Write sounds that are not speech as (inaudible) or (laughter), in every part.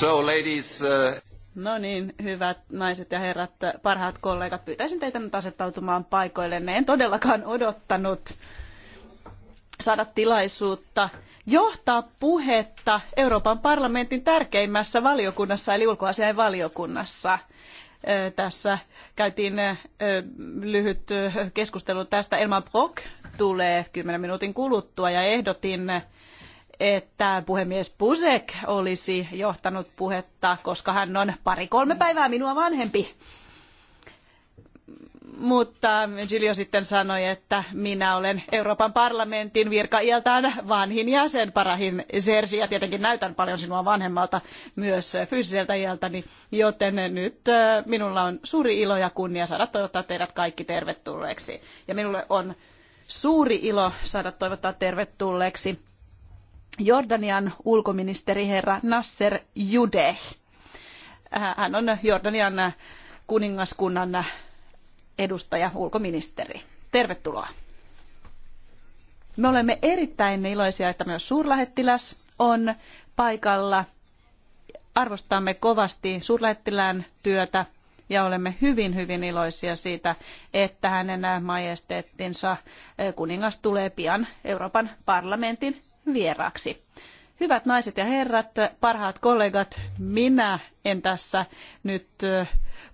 So, ladies, uh... No niin, hyvät naiset ja herrat, parhaat kollegat, pyytäisin teitä nyt asettautumaan paikoillenne. En todellakaan odottanut saada tilaisuutta johtaa puhetta Euroopan parlamentin tärkeimmässä valiokunnassa, eli ulkoasiainvaliokunnassa. Tässä käytiin lyhyt keskustelu tästä. Elman Brock tulee 10 minuutin kuluttua ja ehdotin että puhemies Pusek olisi johtanut puhetta, koska hän on pari-kolme päivää minua vanhempi. Mutta Giulio sitten sanoi, että minä olen Euroopan parlamentin virkaiältään vanhin jäsen, parahin Sersi, ja tietenkin näytän paljon sinua vanhemmalta myös fyysiseltä iältäni, joten nyt äh, minulla on suuri ilo ja kunnia saada toivottaa teidät kaikki tervetulleeksi. Ja minulle on suuri ilo saada toivottaa tervetulleeksi Jordanian ulkoministeri herra Nasser Judeh. Äh, hän on Jordanian kuningaskunnan edustaja, ulkoministeri. Tervetuloa. Me olemme erittäin iloisia, että myös suurlähettiläs on paikalla. Arvostamme kovasti suurlähettilään työtä ja olemme hyvin, hyvin iloisia siitä, että hänen majesteettinsa kuningas tulee pian Euroopan parlamentin vieraaksi. Hyvät naiset ja herrat, parhaat kollegat, minä en tässä nyt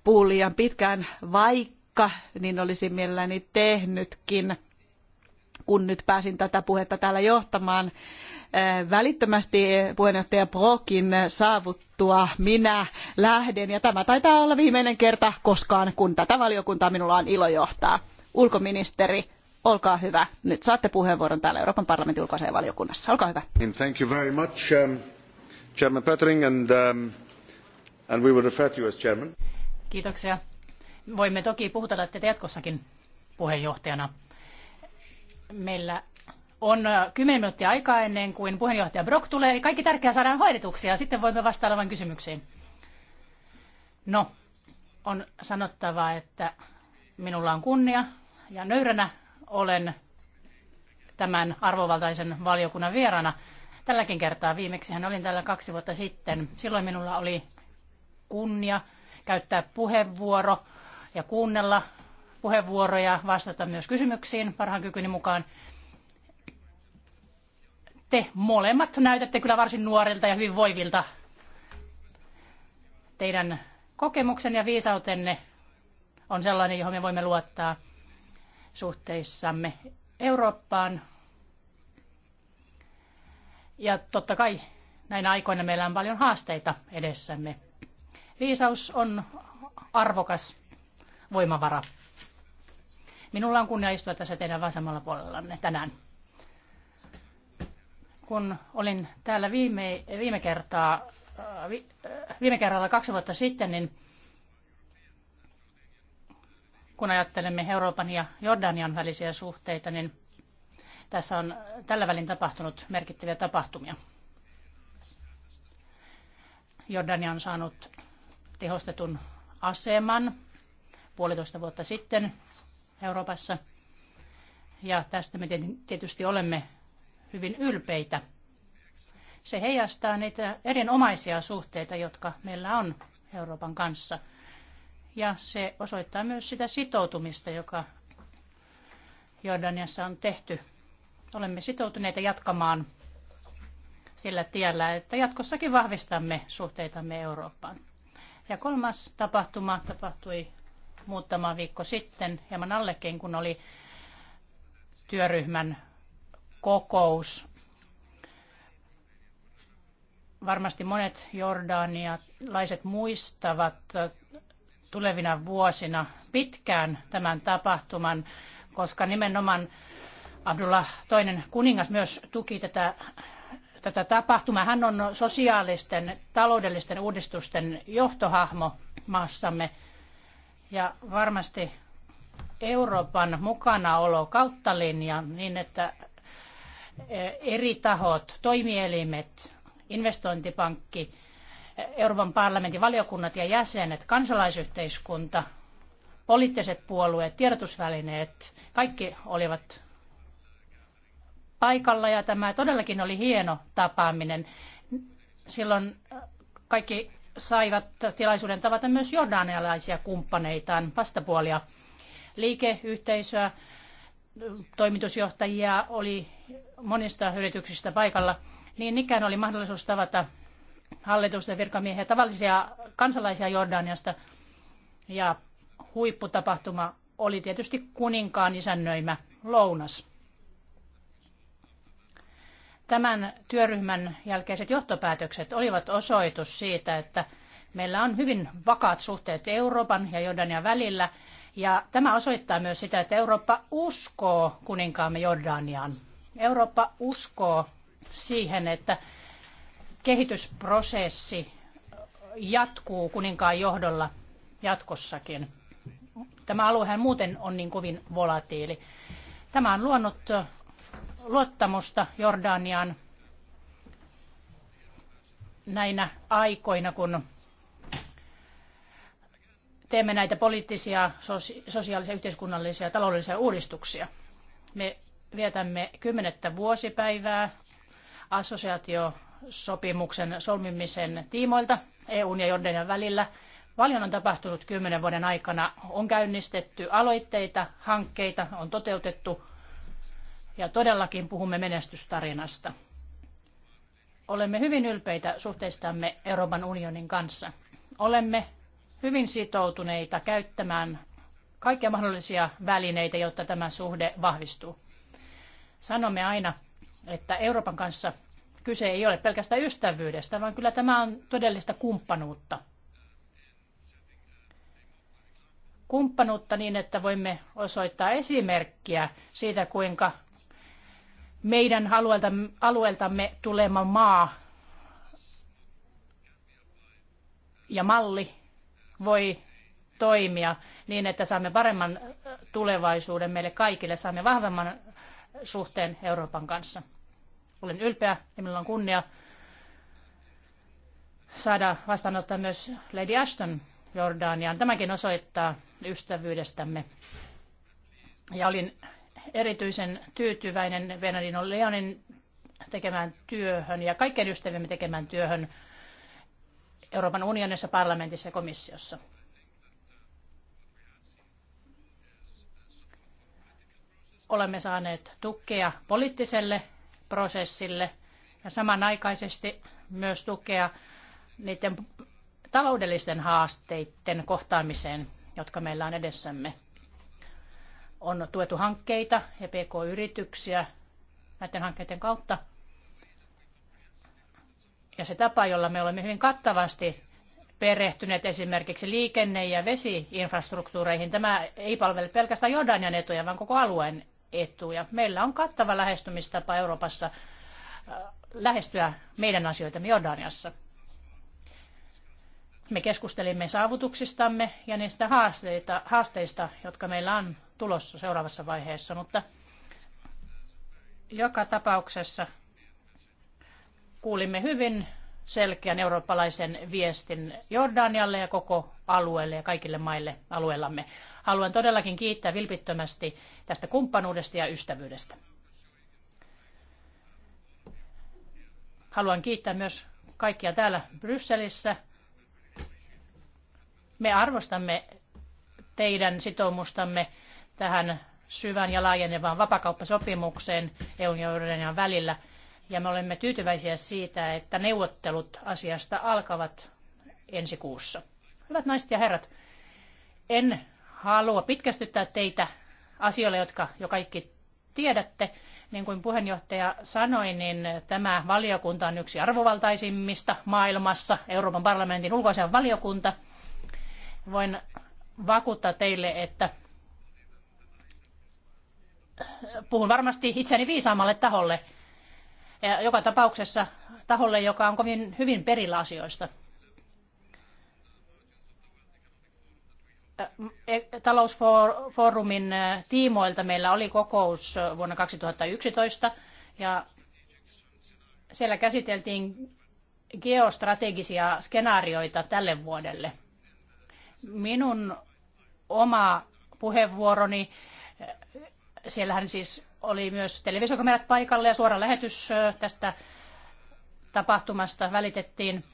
puhu liian pitkään, vaikka niin olisin mielelläni tehnytkin, kun nyt pääsin tätä puhetta täällä johtamaan. Välittömästi puheenjohtaja Brokin saavuttua minä lähden, ja tämä taitaa olla viimeinen kerta koskaan, kun tätä valiokuntaa minulla on ilo johtaa. Ulkoministeri, Olkaa hyvä. Nyt saatte puheenvuoron täällä Euroopan parlamentin ulkoiseen valiokunnassa. Olkaa hyvä. Thank you very much, um, Chairman Pöttering, and, um, and we will refer to you as chairman. Kiitoksia. Voimme toki puhutella teitä jatkossakin puheenjohtajana. Meillä on 10 äh, minuuttia aikaa ennen kuin puheenjohtaja Brock tulee, eli kaikki tärkeää saadaan hoidetuksi ja sitten voimme vastailla vain kysymyksiin. No, on sanottava, että minulla on kunnia ja nöyränä olen tämän arvovaltaisen valiokunnan vierana. Tälläkin kertaa viimeksi hän olin täällä kaksi vuotta sitten. Silloin minulla oli kunnia käyttää puheenvuoro ja kuunnella puheenvuoroja, vastata myös kysymyksiin parhaan kykyni mukaan. Te molemmat näytätte kyllä varsin nuorilta ja hyvin voivilta. Teidän kokemuksen ja viisautenne on sellainen, johon me voimme luottaa suhteissamme Eurooppaan. Ja totta kai näinä aikoina meillä on paljon haasteita edessämme. Viisaus on arvokas voimavara. Minulla on kunnia istua tässä teidän vasemmalla puolellanne tänään. Kun olin täällä viime, viime, kertaa, äh, äh, viime kerralla kaksi vuotta sitten, niin kun ajattelemme Euroopan ja Jordanian välisiä suhteita, niin tässä on tällä välin tapahtunut merkittäviä tapahtumia. Jordania on saanut tehostetun aseman puolitoista vuotta sitten Euroopassa. Ja tästä me tietysti olemme hyvin ylpeitä. Se heijastaa niitä erinomaisia suhteita, jotka meillä on Euroopan kanssa – ja se osoittaa myös sitä sitoutumista, joka Jordaniassa on tehty. Olemme sitoutuneita jatkamaan sillä tiellä, että jatkossakin vahvistamme suhteitamme Eurooppaan. Ja kolmas tapahtuma tapahtui muutama viikko sitten, hieman allekin, kun oli työryhmän kokous. Varmasti monet jordanialaiset muistavat tulevina vuosina pitkään tämän tapahtuman, koska nimenomaan Abdullah toinen kuningas myös tuki tätä, tätä tapahtumaa. Hän on sosiaalisten, taloudellisten uudistusten johtohahmo maassamme ja varmasti Euroopan mukanaolo kautta linjan niin, että eh, eri tahot, toimielimet, investointipankki, Euroopan parlamentin valiokunnat ja jäsenet, kansalaisyhteiskunta, poliittiset puolueet, tiedotusvälineet, kaikki olivat paikalla ja tämä todellakin oli hieno tapaaminen. Silloin kaikki saivat tilaisuuden tavata myös jordanialaisia kumppaneitaan, vastapuolia, liikeyhteisöä, toimitusjohtajia oli monista yrityksistä paikalla. Niin ikään oli mahdollisuus tavata hallitusten virkamiehiä, tavallisia kansalaisia Jordaniasta. Ja huipputapahtuma oli tietysti kuninkaan isännöimä lounas. Tämän työryhmän jälkeiset johtopäätökset olivat osoitus siitä, että meillä on hyvin vakaat suhteet Euroopan ja Jordanian välillä. Ja tämä osoittaa myös sitä, että Eurooppa uskoo kuninkaamme Jordaniaan. Eurooppa uskoo siihen, että kehitysprosessi jatkuu kuninkaan johdolla jatkossakin. Tämä aluehan muuten on niin kovin volatiili. Tämä on luonut luottamusta Jordaniaan näinä aikoina, kun teemme näitä poliittisia, sosiaalisia, yhteiskunnallisia ja taloudellisia uudistuksia. Me vietämme kymmenettä vuosipäivää assosiaatio sopimuksen solmimisen tiimoilta EUn ja Jordanian välillä. Paljon on tapahtunut kymmenen vuoden aikana. On käynnistetty aloitteita, hankkeita, on toteutettu ja todellakin puhumme menestystarinasta. Olemme hyvin ylpeitä suhteistamme Euroopan unionin kanssa. Olemme hyvin sitoutuneita käyttämään kaikkia mahdollisia välineitä, jotta tämä suhde vahvistuu. Sanomme aina, että Euroopan kanssa Kyse ei ole pelkästään ystävyydestä, vaan kyllä tämä on todellista kumppanuutta. Kumppanuutta niin, että voimme osoittaa esimerkkiä siitä, kuinka meidän alueeltamme tulema maa ja malli voi toimia niin, että saamme paremman tulevaisuuden meille kaikille, saamme vahvemman suhteen Euroopan kanssa. Olen ylpeä ja minulla on kunnia saada vastaanottaa myös Lady Ashton Jordaniaan. Tämäkin osoittaa ystävyydestämme. Ja olin erityisen tyytyväinen Venadino Leonin tekemään työhön ja kaikkien ystäviemme tekemään työhön Euroopan unionissa, parlamentissa ja komissiossa. Olemme saaneet tukea poliittiselle prosessille ja samanaikaisesti myös tukea niiden taloudellisten haasteiden kohtaamiseen, jotka meillä on edessämme. On tuettu hankkeita ja pk-yrityksiä näiden hankkeiden kautta. Ja se tapa, jolla me olemme hyvin kattavasti perehtyneet esimerkiksi liikenne- ja vesiinfrastruktuureihin, tämä ei palvele pelkästään Jordanian etuja, vaan koko alueen ja Meillä on kattava lähestymistapa Euroopassa äh, lähestyä meidän asioitamme Jordaniassa. Me keskustelimme saavutuksistamme ja niistä haasteita, haasteista, jotka meillä on tulossa seuraavassa vaiheessa, mutta joka tapauksessa kuulimme hyvin selkeän eurooppalaisen viestin Jordanialle ja koko alueelle ja kaikille maille alueellamme. Haluan todellakin kiittää vilpittömästi tästä kumppanuudesta ja ystävyydestä. Haluan kiittää myös kaikkia täällä Brysselissä. Me arvostamme teidän sitoumustamme tähän syvään ja laajenevaan vapakauppasopimukseen EUn ja Euroopan välillä. Ja me olemme tyytyväisiä siitä, että neuvottelut asiasta alkavat ensi kuussa. Hyvät naiset ja herrat, en halua pitkästyttää teitä asioilla, jotka jo kaikki tiedätte. Niin kuin puheenjohtaja sanoi, niin tämä valiokunta on yksi arvovaltaisimmista maailmassa, Euroopan parlamentin ulkoisen valiokunta. Voin vakuuttaa teille, että puhun varmasti itseni viisaammalle taholle, ja joka tapauksessa taholle, joka on kovin hyvin perillä asioista. E, talousfoorumin tiimoilta meillä oli kokous vuonna 2011 ja siellä käsiteltiin geostrategisia skenaarioita tälle vuodelle. Minun oma puheenvuoroni, siellähän siis oli myös televisiokamerat paikalla ja suora lähetys tästä tapahtumasta välitettiin.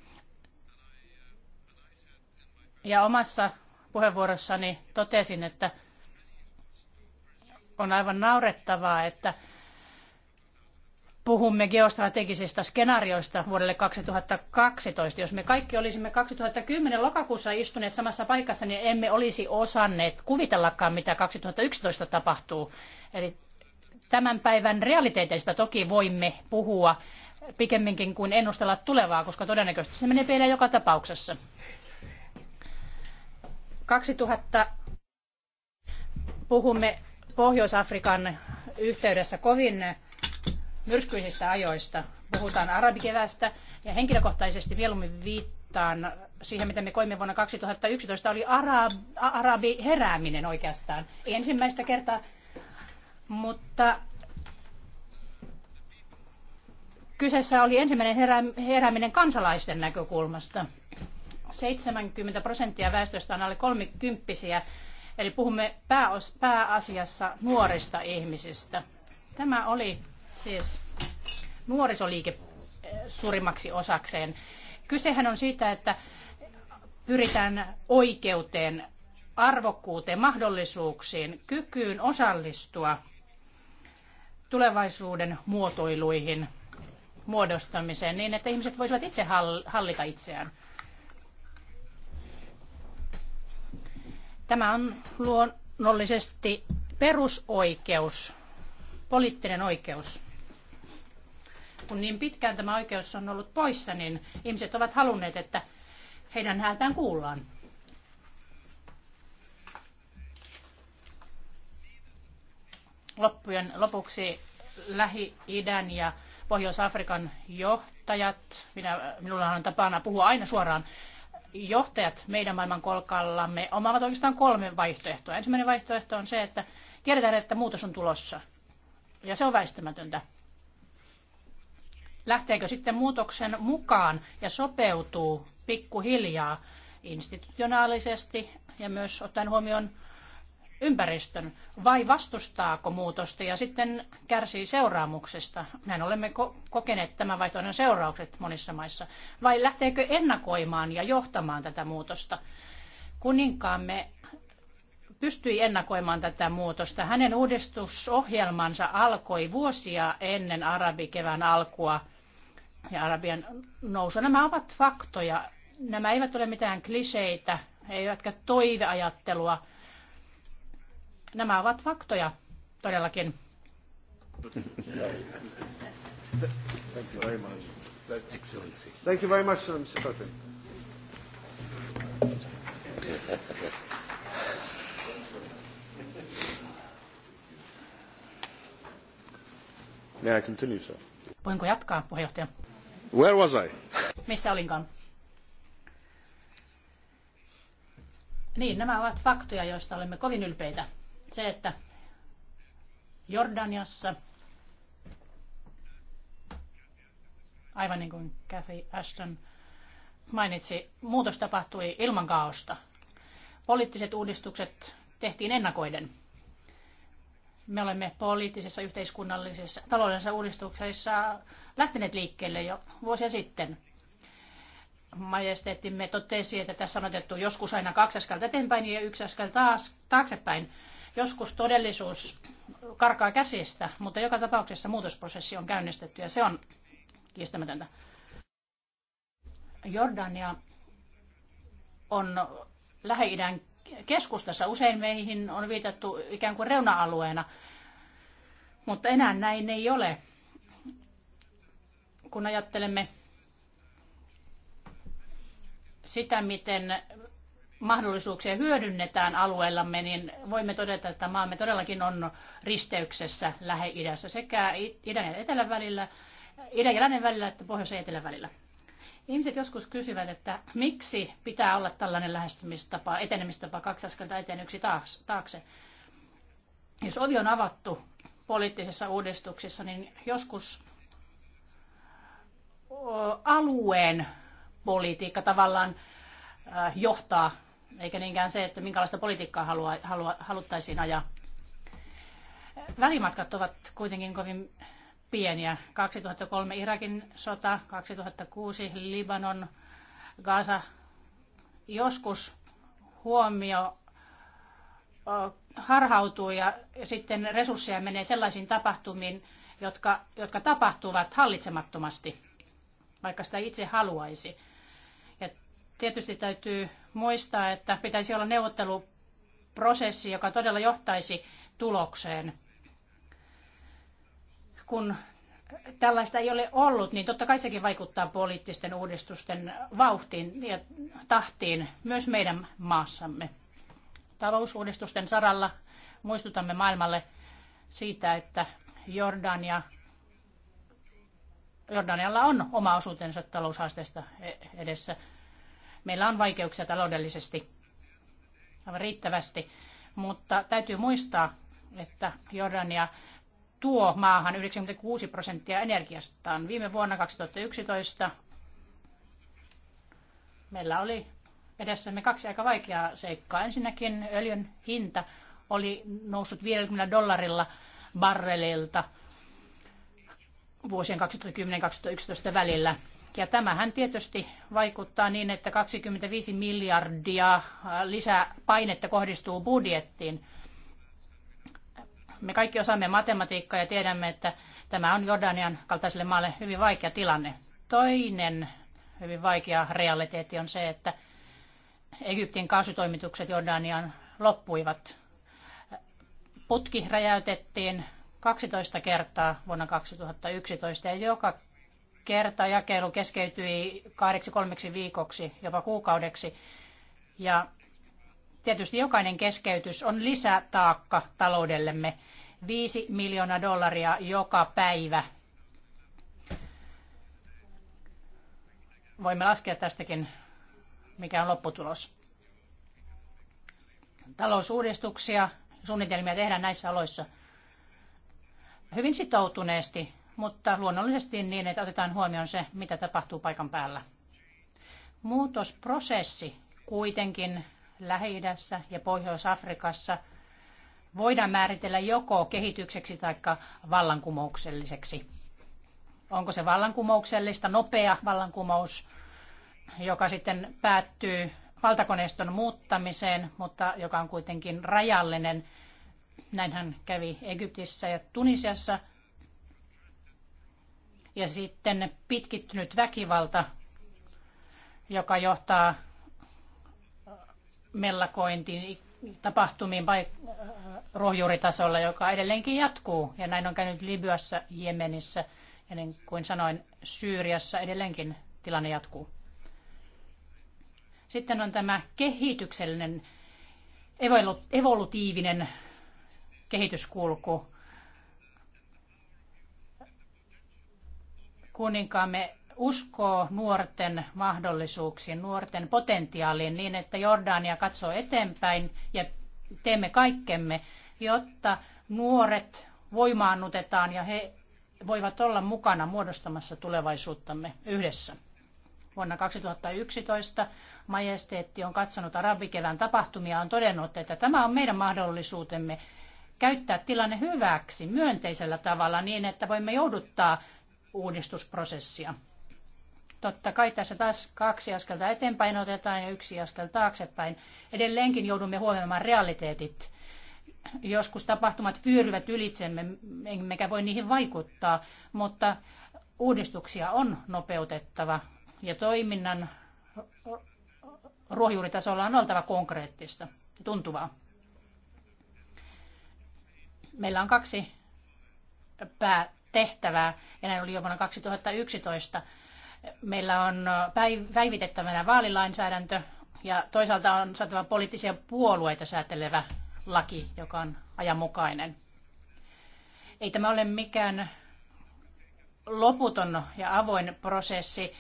Ja omassa puheenvuorossani totesin, että on aivan naurettavaa, että puhumme geostrategisista skenaarioista vuodelle 2012. Jos me kaikki olisimme 2010 lokakuussa istuneet samassa paikassa, niin emme olisi osanneet kuvitellakaan, mitä 2011 tapahtuu. Eli tämän päivän realiteeteista toki voimme puhua pikemminkin kuin ennustella tulevaa, koska todennäköisesti se menee pieleen joka tapauksessa. 2000 puhumme Pohjois-Afrikan yhteydessä kovin myrskyisistä ajoista. Puhutaan arabikevästä ja henkilökohtaisesti mieluummin viittaan siihen, mitä me koimme vuonna 2011, oli arabi, arabi herääminen oikeastaan. Ei ensimmäistä kertaa, mutta kyseessä oli ensimmäinen herääminen kansalaisten näkökulmasta. 70 prosenttia väestöstä on alle kolmikymppisiä, eli puhumme pääos, pääasiassa nuorista ihmisistä. Tämä oli siis nuorisoliike eh, suurimmaksi osakseen. Kysehän on siitä, että pyritään oikeuteen, arvokkuuteen, mahdollisuuksiin, kykyyn osallistua tulevaisuuden muotoiluihin, muodostamiseen niin, että ihmiset voisivat itse hallita itseään. Tämä on luonnollisesti perusoikeus, poliittinen oikeus. Kun niin pitkään tämä oikeus on ollut poissa, niin ihmiset ovat halunneet, että heidän häältään kuullaan. Loppujen lopuksi Lähi-idän ja Pohjois-Afrikan johtajat, minä, minulla on tapana puhua aina suoraan johtajat meidän maailman kolkallamme omaavat oikeastaan kolme vaihtoehtoa. Ensimmäinen vaihtoehto on se, että tiedetään, että muutos on tulossa. Ja se on väistämätöntä. Lähteekö sitten muutoksen mukaan ja sopeutuu pikkuhiljaa institutionaalisesti ja myös ottaen huomioon ympäristön vai vastustaako muutosta ja sitten kärsii seuraamuksesta. Näin olemme ko- kokeneet tämän vaihtoehdon seuraukset monissa maissa. Vai lähteekö ennakoimaan ja johtamaan tätä muutosta? Kuninkaamme pystyi ennakoimaan tätä muutosta. Hänen uudistusohjelmansa alkoi vuosia ennen arabikevään alkua ja arabian nousu. Nämä ovat faktoja. Nämä eivät ole mitään kliseitä, eivätkä toiveajattelua Nämä ovat faktoja todellakin. Thank you very much. Excellency. Thank you very much, sir, Mr. Cotten. May I continue, sir? Voinko jatkaa, puheenjohtaja? Where was I? Missä olinkaan? Niin, nämä ovat faktoja, joista olemme kovin ylpeitä se, että Jordaniassa, aivan niin kuin Cathy Ashton mainitsi, muutos tapahtui ilman kaaosta. Poliittiset uudistukset tehtiin ennakoiden. Me olemme poliittisessa, yhteiskunnallisessa, taloudellisessa uudistuksessa lähteneet liikkeelle jo vuosia sitten. Majesteettimme totesi, että tässä on otettu joskus aina kaksi askelta eteenpäin ja yksi askel taas taaksepäin Joskus todellisuus karkaa käsistä, mutta joka tapauksessa muutosprosessi on käynnistetty ja se on kiistämätöntä. Jordania on Lähi-idän keskustassa. Usein meihin on viitattu ikään kuin reuna-alueena, mutta enää näin ei ole. Kun ajattelemme sitä, miten mahdollisuuksia hyödynnetään alueellamme, niin voimme todeta, että maamme todellakin on risteyksessä Lähi-idässä sekä idän ja etelän välillä, idän ja lännen välillä että pohjois- ja etelän välillä. Ihmiset joskus kysyvät, että miksi pitää olla tällainen lähestymistapa, etenemistapa kaksi askelta eteen yksi taakse. Jos ovi on avattu poliittisessa uudistuksessa, niin joskus alueen politiikka tavallaan johtaa eikä niinkään se, että minkälaista politiikkaa halua, halua, haluttaisiin ajaa. Välimatkat ovat kuitenkin kovin pieniä. 2003 Irakin sota, 2006 Libanon, Gaza. Joskus huomio harhautuu ja sitten resursseja menee sellaisiin tapahtumiin, jotka, jotka tapahtuvat hallitsemattomasti, vaikka sitä itse haluaisi. Tietysti täytyy muistaa, että pitäisi olla neuvotteluprosessi, joka todella johtaisi tulokseen. Kun tällaista ei ole ollut, niin totta kai sekin vaikuttaa poliittisten uudistusten vauhtiin ja tahtiin myös meidän maassamme. Talousuudistusten saralla muistutamme maailmalle siitä, että Jordania, Jordanialla on oma osuutensa taloushaasteista e- edessä. Meillä on vaikeuksia taloudellisesti aivan riittävästi, mutta täytyy muistaa, että Jordania tuo maahan 96 prosenttia energiastaan. Viime vuonna 2011 meillä oli edessämme kaksi aika vaikeaa seikkaa. Ensinnäkin öljyn hinta oli noussut 50 dollarilla barrelilta vuosien 2010-2011 välillä. Ja tämähän tietysti vaikuttaa niin, että 25 miljardia lisäpainetta kohdistuu budjettiin. Me kaikki osaamme matematiikkaa ja tiedämme, että tämä on Jordanian kaltaiselle maalle hyvin vaikea tilanne. Toinen hyvin vaikea realiteetti on se, että Egyptin kaasutoimitukset Jordanian loppuivat. Putki räjäytettiin 12 kertaa vuonna 2011 ja joka kerta jakelu keskeytyi kahdeksi kolmeksi viikoksi, jopa kuukaudeksi. Ja tietysti jokainen keskeytys on lisätaakka taloudellemme. 5 miljoonaa dollaria joka päivä. Voimme laskea tästäkin, mikä on lopputulos. Talousuudistuksia, suunnitelmia tehdään näissä oloissa hyvin sitoutuneesti mutta luonnollisesti niin, että otetaan huomioon se, mitä tapahtuu paikan päällä. Muutosprosessi kuitenkin lähi ja Pohjois-Afrikassa voidaan määritellä joko kehitykseksi tai vallankumoukselliseksi. Onko se vallankumouksellista, nopea vallankumous, joka sitten päättyy valtakoneiston muuttamiseen, mutta joka on kuitenkin rajallinen. Näinhän kävi Egyptissä ja Tunisiassa – ja sitten pitkittynyt väkivalta, joka johtaa mellakointiin, tapahtumiin äh, rohjuuritasolla, joka edelleenkin jatkuu. Ja näin on käynyt Libyassa, Jemenissä ja niin kuin sanoin, Syyriassa edelleenkin tilanne jatkuu. Sitten on tämä kehityksellinen, evolutiivinen kehityskulku. Kuninkaamme uskoo nuorten mahdollisuuksiin, nuorten potentiaaliin niin, että Jordania katsoo eteenpäin ja teemme kaikkemme, jotta nuoret voimaannutetaan ja he voivat olla mukana muodostamassa tulevaisuuttamme yhdessä. Vuonna 2011 majesteetti on katsonut arabikevään tapahtumia ja on todennut, että tämä on meidän mahdollisuutemme käyttää tilanne hyväksi myönteisellä tavalla niin, että voimme jouduttaa uudistusprosessia. Totta kai tässä taas kaksi askelta eteenpäin otetaan ja yksi askel taaksepäin. Edelleenkin joudumme huomioimaan realiteetit. Joskus tapahtumat vyöryvät ylitsemme, emmekä voi niihin vaikuttaa, mutta uudistuksia on nopeutettava ja toiminnan ruohonjuuritasolla on oltava konkreettista ja tuntuvaa. Meillä on kaksi pää tehtävää, ja näin oli jo vuonna 2011. Meillä on päivitettävänä vaalilainsäädäntö, ja toisaalta on saatava poliittisia puolueita säätelevä laki, joka on ajanmukainen. Ei tämä ole mikään loputon ja avoin prosessi,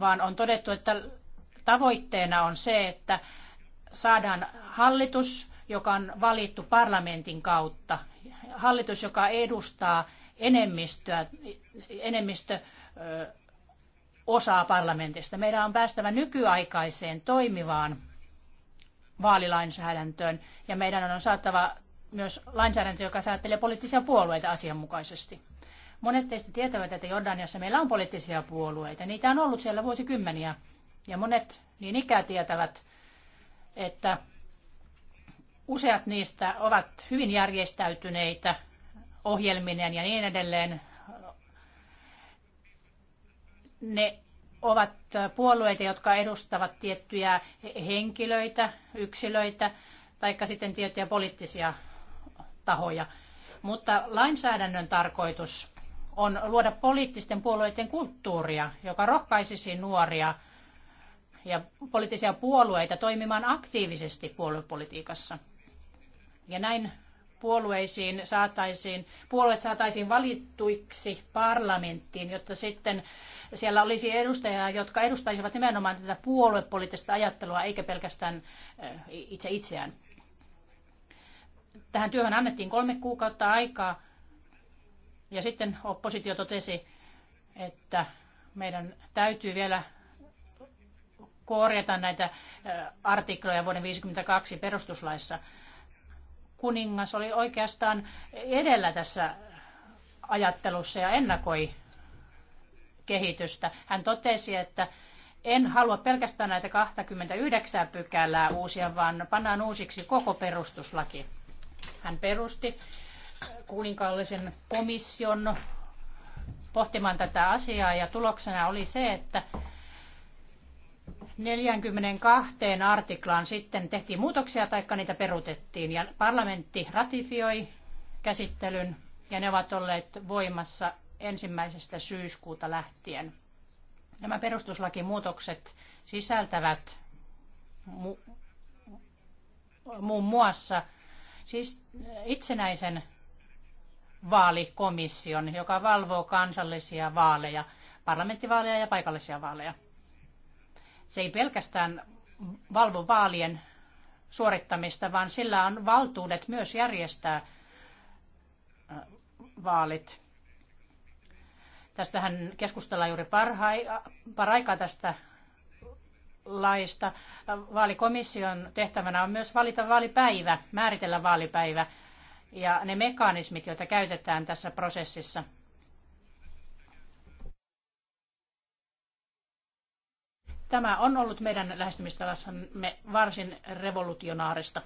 vaan on todettu, että tavoitteena on se, että saadaan hallitus joka on valittu parlamentin kautta, hallitus, joka edustaa enemmistöä, enemmistö osaa parlamentista. Meidän on päästävä nykyaikaiseen toimivaan vaalilainsäädäntöön ja meidän on saattava myös lainsäädäntö, joka säätelee poliittisia puolueita asianmukaisesti. Monet teistä tietävät, että Jordaniassa meillä on poliittisia puolueita. Niitä on ollut siellä vuosikymmeniä. Ja monet niin ikään tietävät, että Useat niistä ovat hyvin järjestäytyneitä ohjelmineen ja niin edelleen. Ne ovat puolueita, jotka edustavat tiettyjä henkilöitä, yksilöitä tai sitten tiettyjä poliittisia tahoja. Mutta lainsäädännön tarkoitus on luoda poliittisten puolueiden kulttuuria, joka rohkaisisi nuoria ja poliittisia puolueita toimimaan aktiivisesti puoluepolitiikassa. Ja näin puolueisiin saataisiin, puolueet saataisiin valittuiksi parlamenttiin, jotta sitten siellä olisi edustajia, jotka edustaisivat nimenomaan tätä puoluepoliittista ajattelua, eikä pelkästään eh, itse itseään. Tähän työhön annettiin kolme kuukautta aikaa, ja sitten oppositio totesi, että meidän täytyy vielä korjata näitä eh, artikloja vuoden 1952 perustuslaissa – kuningas oli oikeastaan edellä tässä ajattelussa ja ennakoi kehitystä. Hän totesi, että en halua pelkästään näitä 29 pykälää uusia, vaan pannaan uusiksi koko perustuslaki. Hän perusti kuninkaallisen komission pohtimaan tätä asiaa ja tuloksena oli se, että 42 artiklaan sitten tehtiin muutoksia tai niitä perutettiin ja parlamentti ratifioi käsittelyn ja ne ovat olleet voimassa ensimmäisestä syyskuuta lähtien. Nämä perustuslakimuutokset sisältävät mu- muun muassa siis itsenäisen vaalikomission, joka valvoo kansallisia vaaleja, parlamenttivaaleja ja paikallisia vaaleja. Se ei pelkästään valvo vaalien suorittamista, vaan sillä on valtuudet myös järjestää vaalit. Tästähän keskustellaan juuri parhai, paraikaa tästä laista. Vaalikomission tehtävänä on myös valita vaalipäivä, määritellä vaalipäivä ja ne mekanismit, joita käytetään tässä prosessissa – Tämä on ollut meidän lähestymistavassamme varsin revolutionaarista.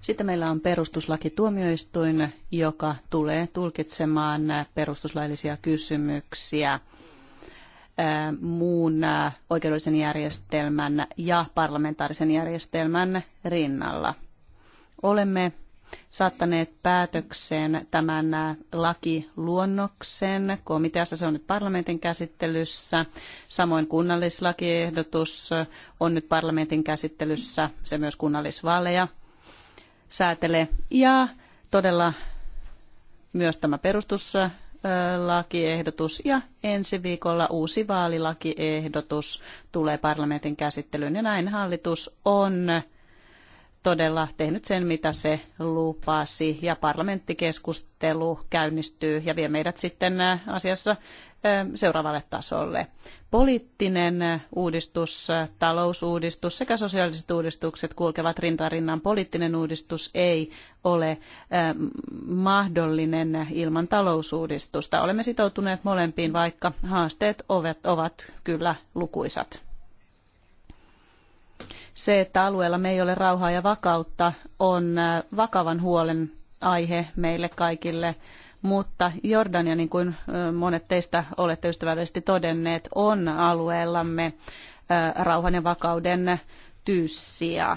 Sitten meillä on perustuslakituomioistuin, joka tulee tulkitsemaan perustuslaillisia kysymyksiä muun oikeudellisen järjestelmän ja parlamentaarisen järjestelmän rinnalla. Olemme saattaneet päätökseen tämän lakiluonnoksen. Komiteassa se on nyt parlamentin käsittelyssä. Samoin kunnallislakiehdotus on nyt parlamentin käsittelyssä. Se myös kunnallisvaaleja säätelee. Ja todella myös tämä perustuslakiehdotus ja ensi viikolla uusi vaalilakiehdotus tulee parlamentin käsittelyyn. Ja näin hallitus on todella tehnyt sen, mitä se lupasi, ja parlamenttikeskustelu käynnistyy ja vie meidät sitten asiassa seuraavalle tasolle. Poliittinen uudistus, talousuudistus sekä sosiaaliset uudistukset kulkevat rintarinnan. Poliittinen uudistus ei ole mahdollinen ilman talousuudistusta. Olemme sitoutuneet molempiin, vaikka haasteet ovat, ovat kyllä lukuisat. Se, että alueella me ei ole rauhaa ja vakautta, on äh, vakavan huolen aihe meille kaikille. Mutta Jordania, niin kuin äh, monet teistä olette ystävällisesti todenneet, on alueellamme äh, rauhan ja vakauden tyyssiä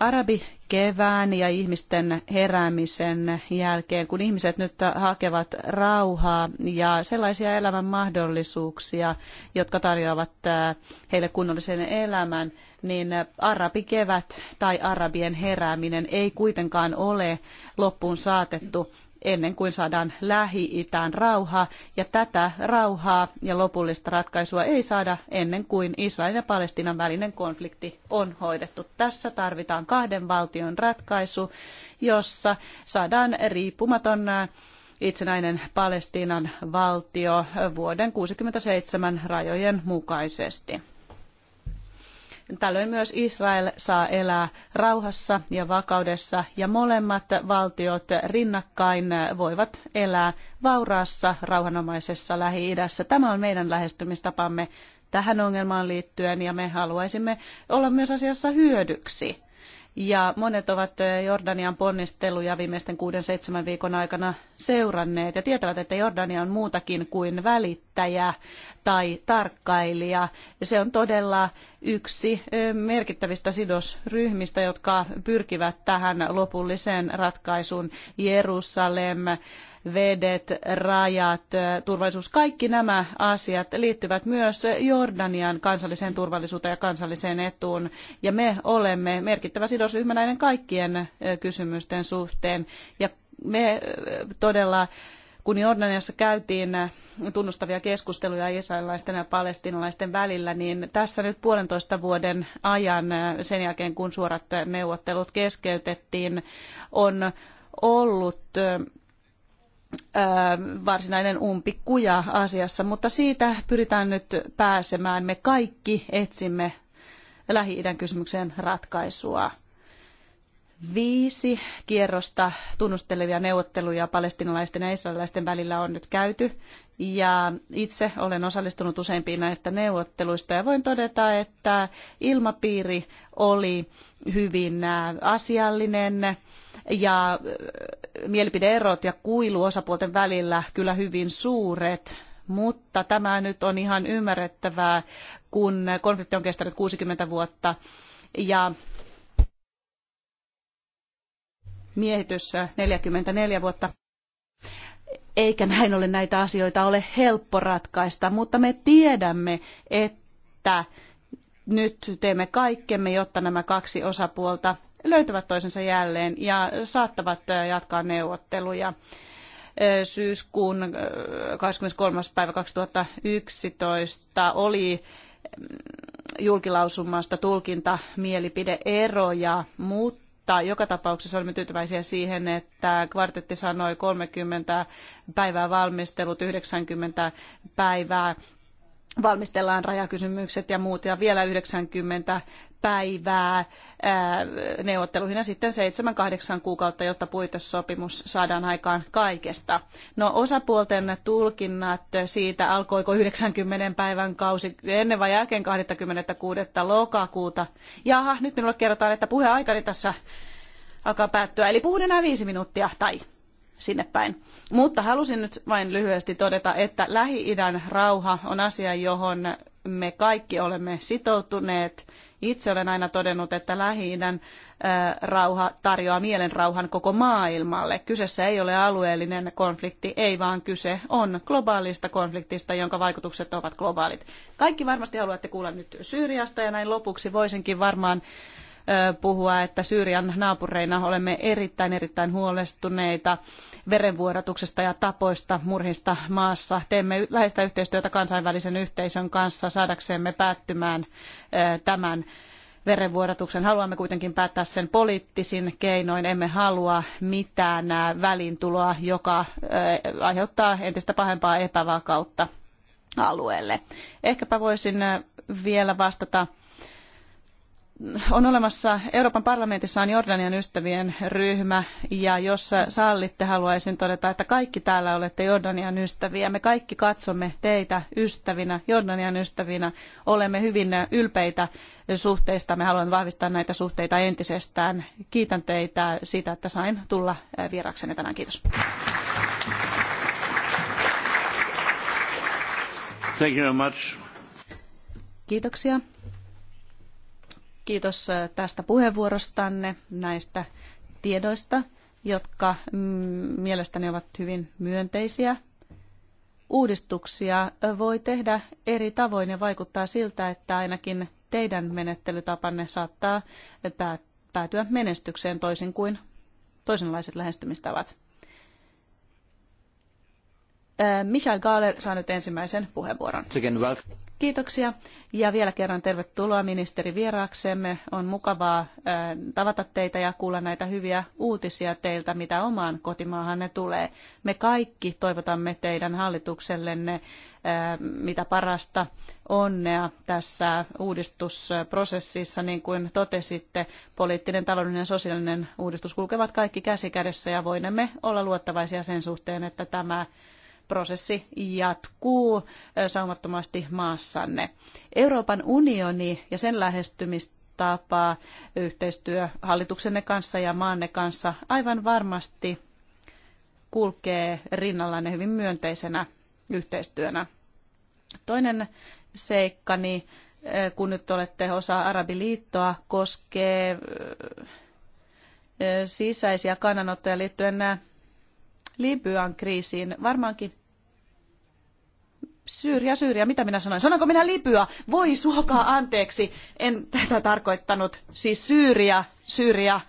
arabikevään ja ihmisten heräämisen jälkeen, kun ihmiset nyt hakevat rauhaa ja sellaisia elämän mahdollisuuksia, jotka tarjoavat äh, heille kunnollisen elämän, niin arabikevät tai arabien herääminen ei kuitenkaan ole loppuun saatettu ennen kuin saadaan Lähi-Itään rauha. Ja tätä rauhaa ja lopullista ratkaisua ei saada ennen kuin Israelin ja Palestiinan välinen konflikti on hoidettu. Tässä tarvitaan kahden valtion ratkaisu, jossa saadaan riippumaton äh, itsenäinen Palestiinan valtio vuoden 1967 rajojen mukaisesti. Tällöin myös Israel saa elää rauhassa ja vakaudessa ja molemmat valtiot rinnakkain voivat elää vauraassa rauhanomaisessa Lähi-idässä. Tämä on meidän lähestymistapamme tähän ongelmaan liittyen ja me haluaisimme olla myös asiassa hyödyksi ja monet ovat eh, Jordanian ponnisteluja viimeisten kuuden seitsemän viikon aikana seuranneet ja tietävät, että Jordania on muutakin kuin välittäjä tai tarkkailija. Se on todella yksi eh, merkittävistä sidosryhmistä, jotka pyrkivät tähän lopulliseen ratkaisuun Jerusalem, vedet, rajat, turvallisuus, kaikki nämä asiat liittyvät myös Jordanian kansalliseen turvallisuuteen ja kansalliseen etuun. Ja me olemme merkittävä sidosryhmä näiden kaikkien kysymysten suhteen. Ja me todella kun Jordaniassa käytiin tunnustavia keskusteluja israelilaisten ja palestinalaisten välillä, niin tässä nyt puolentoista vuoden ajan sen jälkeen, kun suorat neuvottelut keskeytettiin, on ollut varsinainen umpikuja asiassa, mutta siitä pyritään nyt pääsemään. Me kaikki etsimme Lähi-idän kysymykseen ratkaisua. Viisi kierrosta tunnustelevia neuvotteluja palestinalaisten ja israelilaisten välillä on nyt käyty. Ja itse olen osallistunut useimpiin näistä neuvotteluista ja voin todeta, että ilmapiiri oli hyvin äh, asiallinen ja äh, mielipideerot ja kuilu osapuolten välillä kyllä hyvin suuret mutta tämä nyt on ihan ymmärrettävää, kun konflikti on kestänyt 60 vuotta ja miehitys 44 äh, vuotta. Eikä näin ole näitä asioita ole helppo ratkaista, mutta me tiedämme, että nyt teemme kaikkemme, jotta nämä kaksi osapuolta löytävät toisensa jälleen ja saattavat äh, jatkaa neuvotteluja. Äh, syyskuun 23. päivä 2011 oli mm, julkilausumasta tulkinta mielipideeroja, mutta mutta joka tapauksessa olemme tyytyväisiä siihen, että kvartetti sanoi 30 päivää valmistelut, 90 päivää valmistellaan rajakysymykset ja muut ja vielä 90 päivää ää, neuvotteluihin ja sitten 7-8 kuukautta, jotta puitesopimus saadaan aikaan kaikesta. No osapuolten tulkinnat siitä, alkoiko 90 päivän kausi ennen vai jälkeen 26. lokakuuta. Jaha, nyt minulle kerrotaan, että puheaikani tässä alkaa päättyä, eli puhun enää viisi minuuttia tai sinne päin. Mutta halusin nyt vain lyhyesti todeta, että Lähi-idän rauha on asia, johon me kaikki olemme sitoutuneet. Itse olen aina todennut, että Lähi-idän rauha tarjoaa mielenrauhan koko maailmalle. Kyseessä ei ole alueellinen konflikti, ei vaan kyse on globaalista konfliktista, jonka vaikutukset ovat globaalit. Kaikki varmasti haluatte kuulla nyt Syyriasta ja näin lopuksi voisinkin varmaan puhua, että Syyrian naapureina olemme erittäin erittäin huolestuneita verenvuodatuksesta ja tapoista murhista maassa. Teemme läheistä yhteistyötä kansainvälisen yhteisön kanssa saadaksemme päättymään tämän verenvuodatuksen. Haluamme kuitenkin päättää sen poliittisin keinoin. Emme halua mitään välintuloa, joka aiheuttaa entistä pahempaa epävakautta alueelle. Ehkäpä voisin vielä vastata on olemassa, Euroopan parlamentissa on Jordanian ystävien ryhmä ja jos sallitte, haluaisin todeta, että kaikki täällä olette Jordanian ystäviä. Me kaikki katsomme teitä ystävinä, Jordanian ystävinä. Olemme hyvin ylpeitä suhteista. Me haluamme vahvistaa näitä suhteita entisestään. Kiitän teitä siitä, että sain tulla vieraksenne tänään. Kiitos. Thank you very much. Kiitoksia. Kiitos äh, tästä puheenvuorostanne, näistä tiedoista, jotka mm, mielestäni ovat hyvin myönteisiä. Uudistuksia äh, voi tehdä eri tavoin ja vaikuttaa siltä, että ainakin teidän menettelytapanne saattaa äh, päätyä menestykseen toisin kuin toisenlaiset lähestymistavat. Michael Gaaler saa nyt ensimmäisen puheenvuoron. Kiitoksia ja vielä kerran tervetuloa ministeri vieraaksemme. On mukavaa tavata teitä ja kuulla näitä hyviä uutisia teiltä, mitä omaan kotimaahanne tulee. Me kaikki toivotamme teidän hallituksellenne mitä parasta onnea tässä uudistusprosessissa. Niin kuin totesitte, poliittinen, taloudellinen ja sosiaalinen uudistus kulkevat kaikki käsi kädessä ja voinemme olla luottavaisia sen suhteen, että tämä prosessi jatkuu saumattomasti maassanne. Euroopan unioni ja sen lähestymistapa, yhteistyö hallituksenne kanssa ja maanne kanssa aivan varmasti kulkee rinnallanne hyvin myönteisenä yhteistyönä. Toinen seikkani, kun nyt olette osa Arabiliittoa, koskee sisäisiä kannanottoja liittyen Libyan kriisiin. Varmaankin Syyriä, Syyriä, mitä minä sanoin? Sanonko minä Libya? Voi suokaa anteeksi, en tätä tarkoittanut. Siis Syyriä, Syyriä.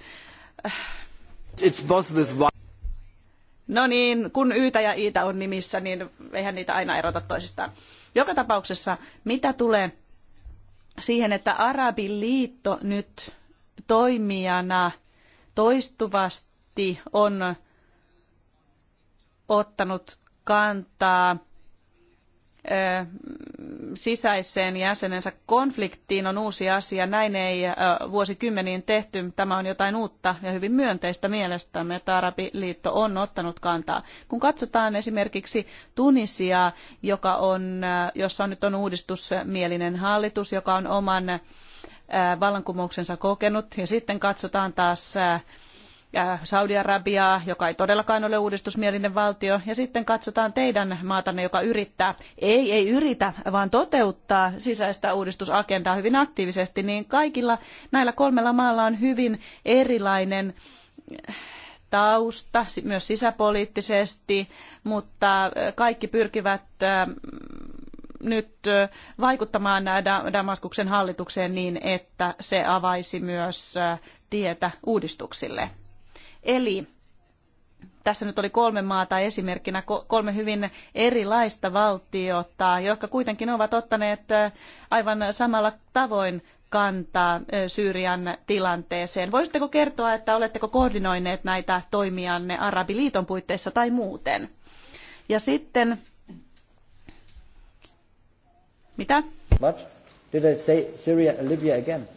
It's No niin, kun Ytä ja Iitä on nimissä, niin eihän niitä aina erota toisistaan. Joka tapauksessa, mitä tulee siihen, että Arabiliitto nyt toimijana toistuvasti on ottanut kantaa sisäiseen jäsenensä konfliktiin on uusi asia. Näin ei vuosikymmeniin tehty. Tämä on jotain uutta ja hyvin myönteistä mielestämme, että Arabiliitto on ottanut kantaa. Kun katsotaan esimerkiksi Tunisiaa, joka on, jossa nyt on uudistusmielinen hallitus, joka on oman vallankumouksensa kokenut, ja sitten katsotaan taas Saudi-Arabiaa, joka ei todellakaan ole uudistusmielinen valtio, ja sitten katsotaan teidän maatanne, joka yrittää, ei, ei yritä, vaan toteuttaa sisäistä uudistusagendaa hyvin aktiivisesti, niin kaikilla näillä kolmella maalla on hyvin erilainen eh, tausta, myös sisäpoliittisesti, mutta eh, kaikki pyrkivät eh, nyt vaikuttamaan Damaskuksen hallitukseen niin, että se avaisi myös tietä uudistuksille. Eli tässä nyt oli kolme maata esimerkkinä, kolme hyvin erilaista valtiota, jotka kuitenkin ovat ottaneet aivan samalla tavoin kantaa Syyrian tilanteeseen. Voisitteko kertoa, että oletteko koordinoineet näitä toimianne Arabiliiton puitteissa tai muuten? Ja sitten... Mitä? What? Did I say Syria Libya again?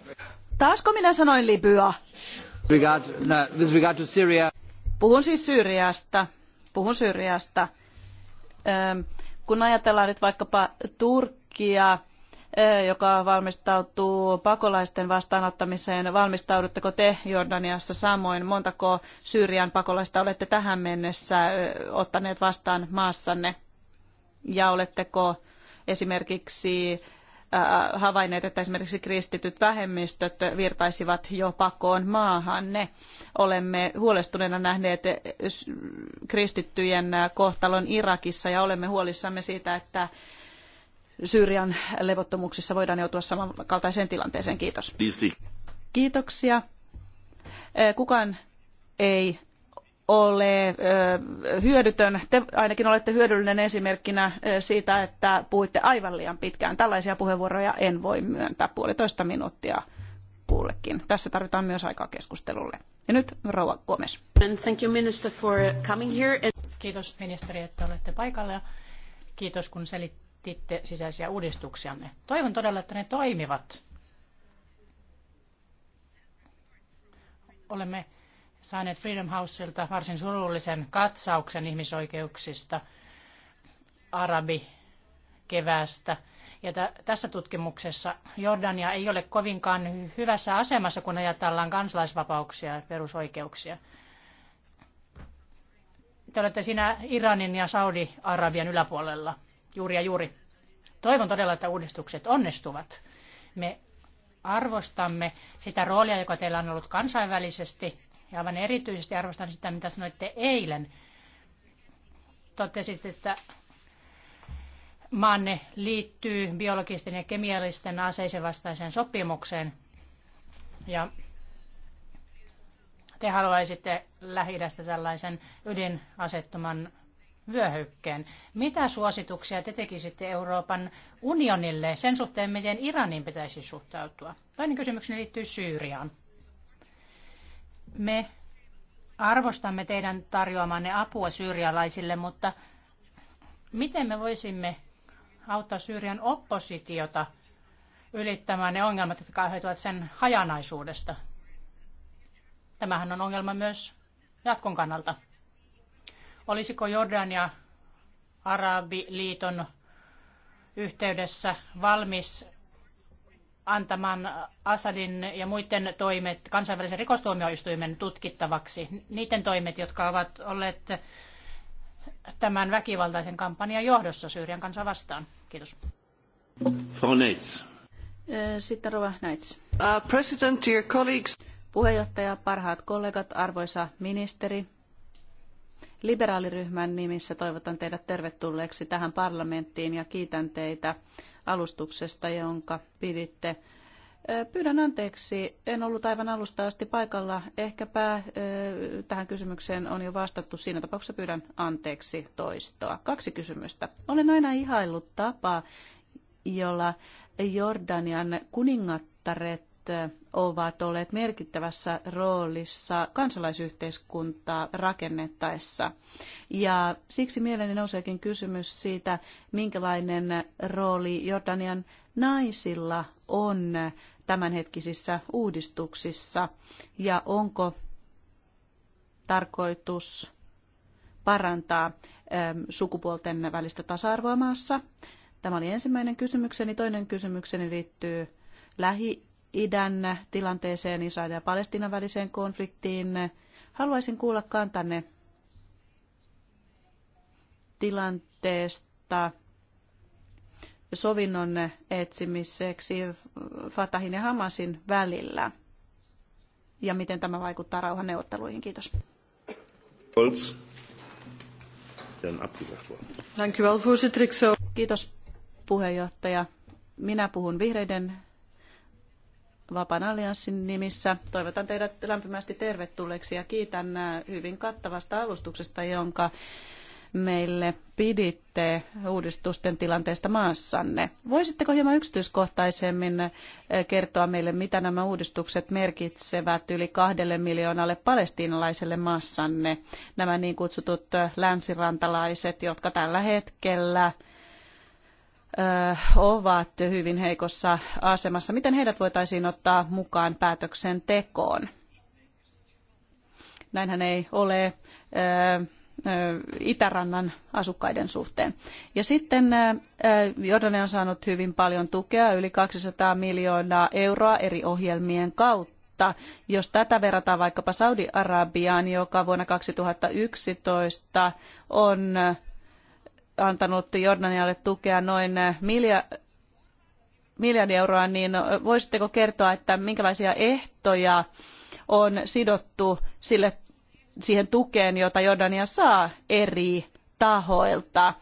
Taasko minä sanoin Libya? No, Puhun siis Syyriasta. Puhun Syyriasta. Kun ajatellaan nyt vaikkapa Turkkia, joka valmistautuu pakolaisten vastaanottamiseen. Valmistaudutteko te Jordaniassa samoin? Montako Syyrian pakolaista olette tähän mennessä ottaneet vastaan maassanne? Ja oletteko esimerkiksi Äh, havainneet, että esimerkiksi kristityt vähemmistöt virtaisivat jo pakoon maahanne. Olemme huolestuneena nähneet kristittyjen kohtalon Irakissa ja olemme huolissamme siitä, että Syyrian levottomuuksissa voidaan joutua samankaltaiseen tilanteeseen. Kiitos. Kiitoksia. Äh, kukaan ei ole hyödytön. Te ainakin olette hyödyllinen esimerkkinä siitä, että puhuitte aivan liian pitkään. Tällaisia puheenvuoroja en voi myöntää puolitoista minuuttia kullekin. Tässä tarvitaan myös aikaa keskustelulle. Ja nyt Rouva Gomes. thank you minister for coming here. Kiitos ministeri, että olette paikalla ja kiitos kun selititte sisäisiä uudistuksianne. Toivon todella, että ne toimivat. Olemme saaneet Freedom Houseilta varsin surullisen katsauksen ihmisoikeuksista arabi kevästä. Ja t- tässä tutkimuksessa Jordania ei ole kovinkaan hyvässä asemassa, kun ajatellaan kansalaisvapauksia ja perusoikeuksia. Te olette siinä Iranin ja Saudi-Arabian yläpuolella, juuri ja juuri. Toivon todella, että uudistukset onnistuvat. Me arvostamme sitä roolia, joka teillä on ollut kansainvälisesti ja aivan erityisesti arvostan sitä, mitä sanoitte eilen. Totesit, että maanne liittyy biologisten ja kemiallisten aseisen vastaiseen sopimukseen. Ja te haluaisitte lähi tällaisen ydinasettoman vyöhykkeen. Mitä suosituksia te tekisitte Euroopan unionille sen suhteen, miten Iranin pitäisi suhtautua? Toinen kysymykseni liittyy Syyriaan. Me arvostamme teidän tarjoamanne apua syyrialaisille, mutta miten me voisimme auttaa Syyrian oppositiota ylittämään ne ongelmat, jotka aiheutuvat sen hajanaisuudesta? Tämähän on ongelma myös jatkon kannalta. Olisiko Jordania Arabiliiton yhteydessä valmis antaman Assadin ja muiden toimet kansainvälisen rikostuomioistuimen tutkittavaksi. Niiden toimet, jotka ovat olleet tämän väkivaltaisen kampanjan johdossa Syyrian kansaa vastaan. Kiitos. Äh, sitten Rova Neitz. Uh, president, dear colleagues. Puheenjohtaja, parhaat kollegat, arvoisa ministeri. Liberaaliryhmän nimissä toivotan teidät tervetulleeksi tähän parlamenttiin ja kiitän teitä alustuksesta, jonka piditte. Pyydän anteeksi, en ollut aivan alusta asti paikalla. Ehkäpä tähän kysymykseen on jo vastattu. Siinä tapauksessa pyydän anteeksi toistoa. Kaksi kysymystä. Olen aina ihaillut tapaa, jolla Jordanian kuningattaret ovat olleet merkittävässä roolissa kansalaisyhteiskuntaa rakennettaessa. Ja siksi mieleeni nouseekin kysymys siitä, minkälainen rooli Jordanian naisilla on tämänhetkisissä uudistuksissa ja onko tarkoitus parantaa sukupuolten välistä tasa-arvoa maassa. Tämä oli ensimmäinen kysymykseni. Toinen kysymykseni liittyy lähi idän tilanteeseen, Israelin ja Palestinan väliseen konfliktiin. Haluaisin kuulla kantanne tilanteesta sovinnon etsimiseksi Fatahin ja Hamasin välillä ja miten tämä vaikuttaa neuvotteluihin? Kiitos. Kiitos puheenjohtaja. Minä puhun vihreiden Vapaan allianssin nimissä. Toivotan teidät lämpimästi tervetulleeksi ja kiitän äh, hyvin kattavasta alustuksesta, jonka meille piditte uudistusten tilanteesta maassanne. Voisitteko hieman yksityiskohtaisemmin äh, kertoa meille, mitä nämä uudistukset merkitsevät yli kahdelle miljoonalle palestiinalaiselle maassanne? Nämä niin kutsutut äh, länsirantalaiset, jotka tällä hetkellä ovat hyvin heikossa asemassa. Miten heidät voitaisiin ottaa mukaan päätöksentekoon? Näinhän ei ole itärannan asukkaiden suhteen. Ja sitten Jordania on saanut hyvin paljon tukea, yli 200 miljoonaa euroa eri ohjelmien kautta. Jos tätä verrataan vaikkapa Saudi-Arabiaan, joka vuonna 2011 on antanut Jordanialle tukea noin eh, milja- miljardi euroa, niin eh, voisitteko kertoa, että minkälaisia ehtoja on sidottu sille, siihen tukeen, jota Jordania saa eri tahoilta,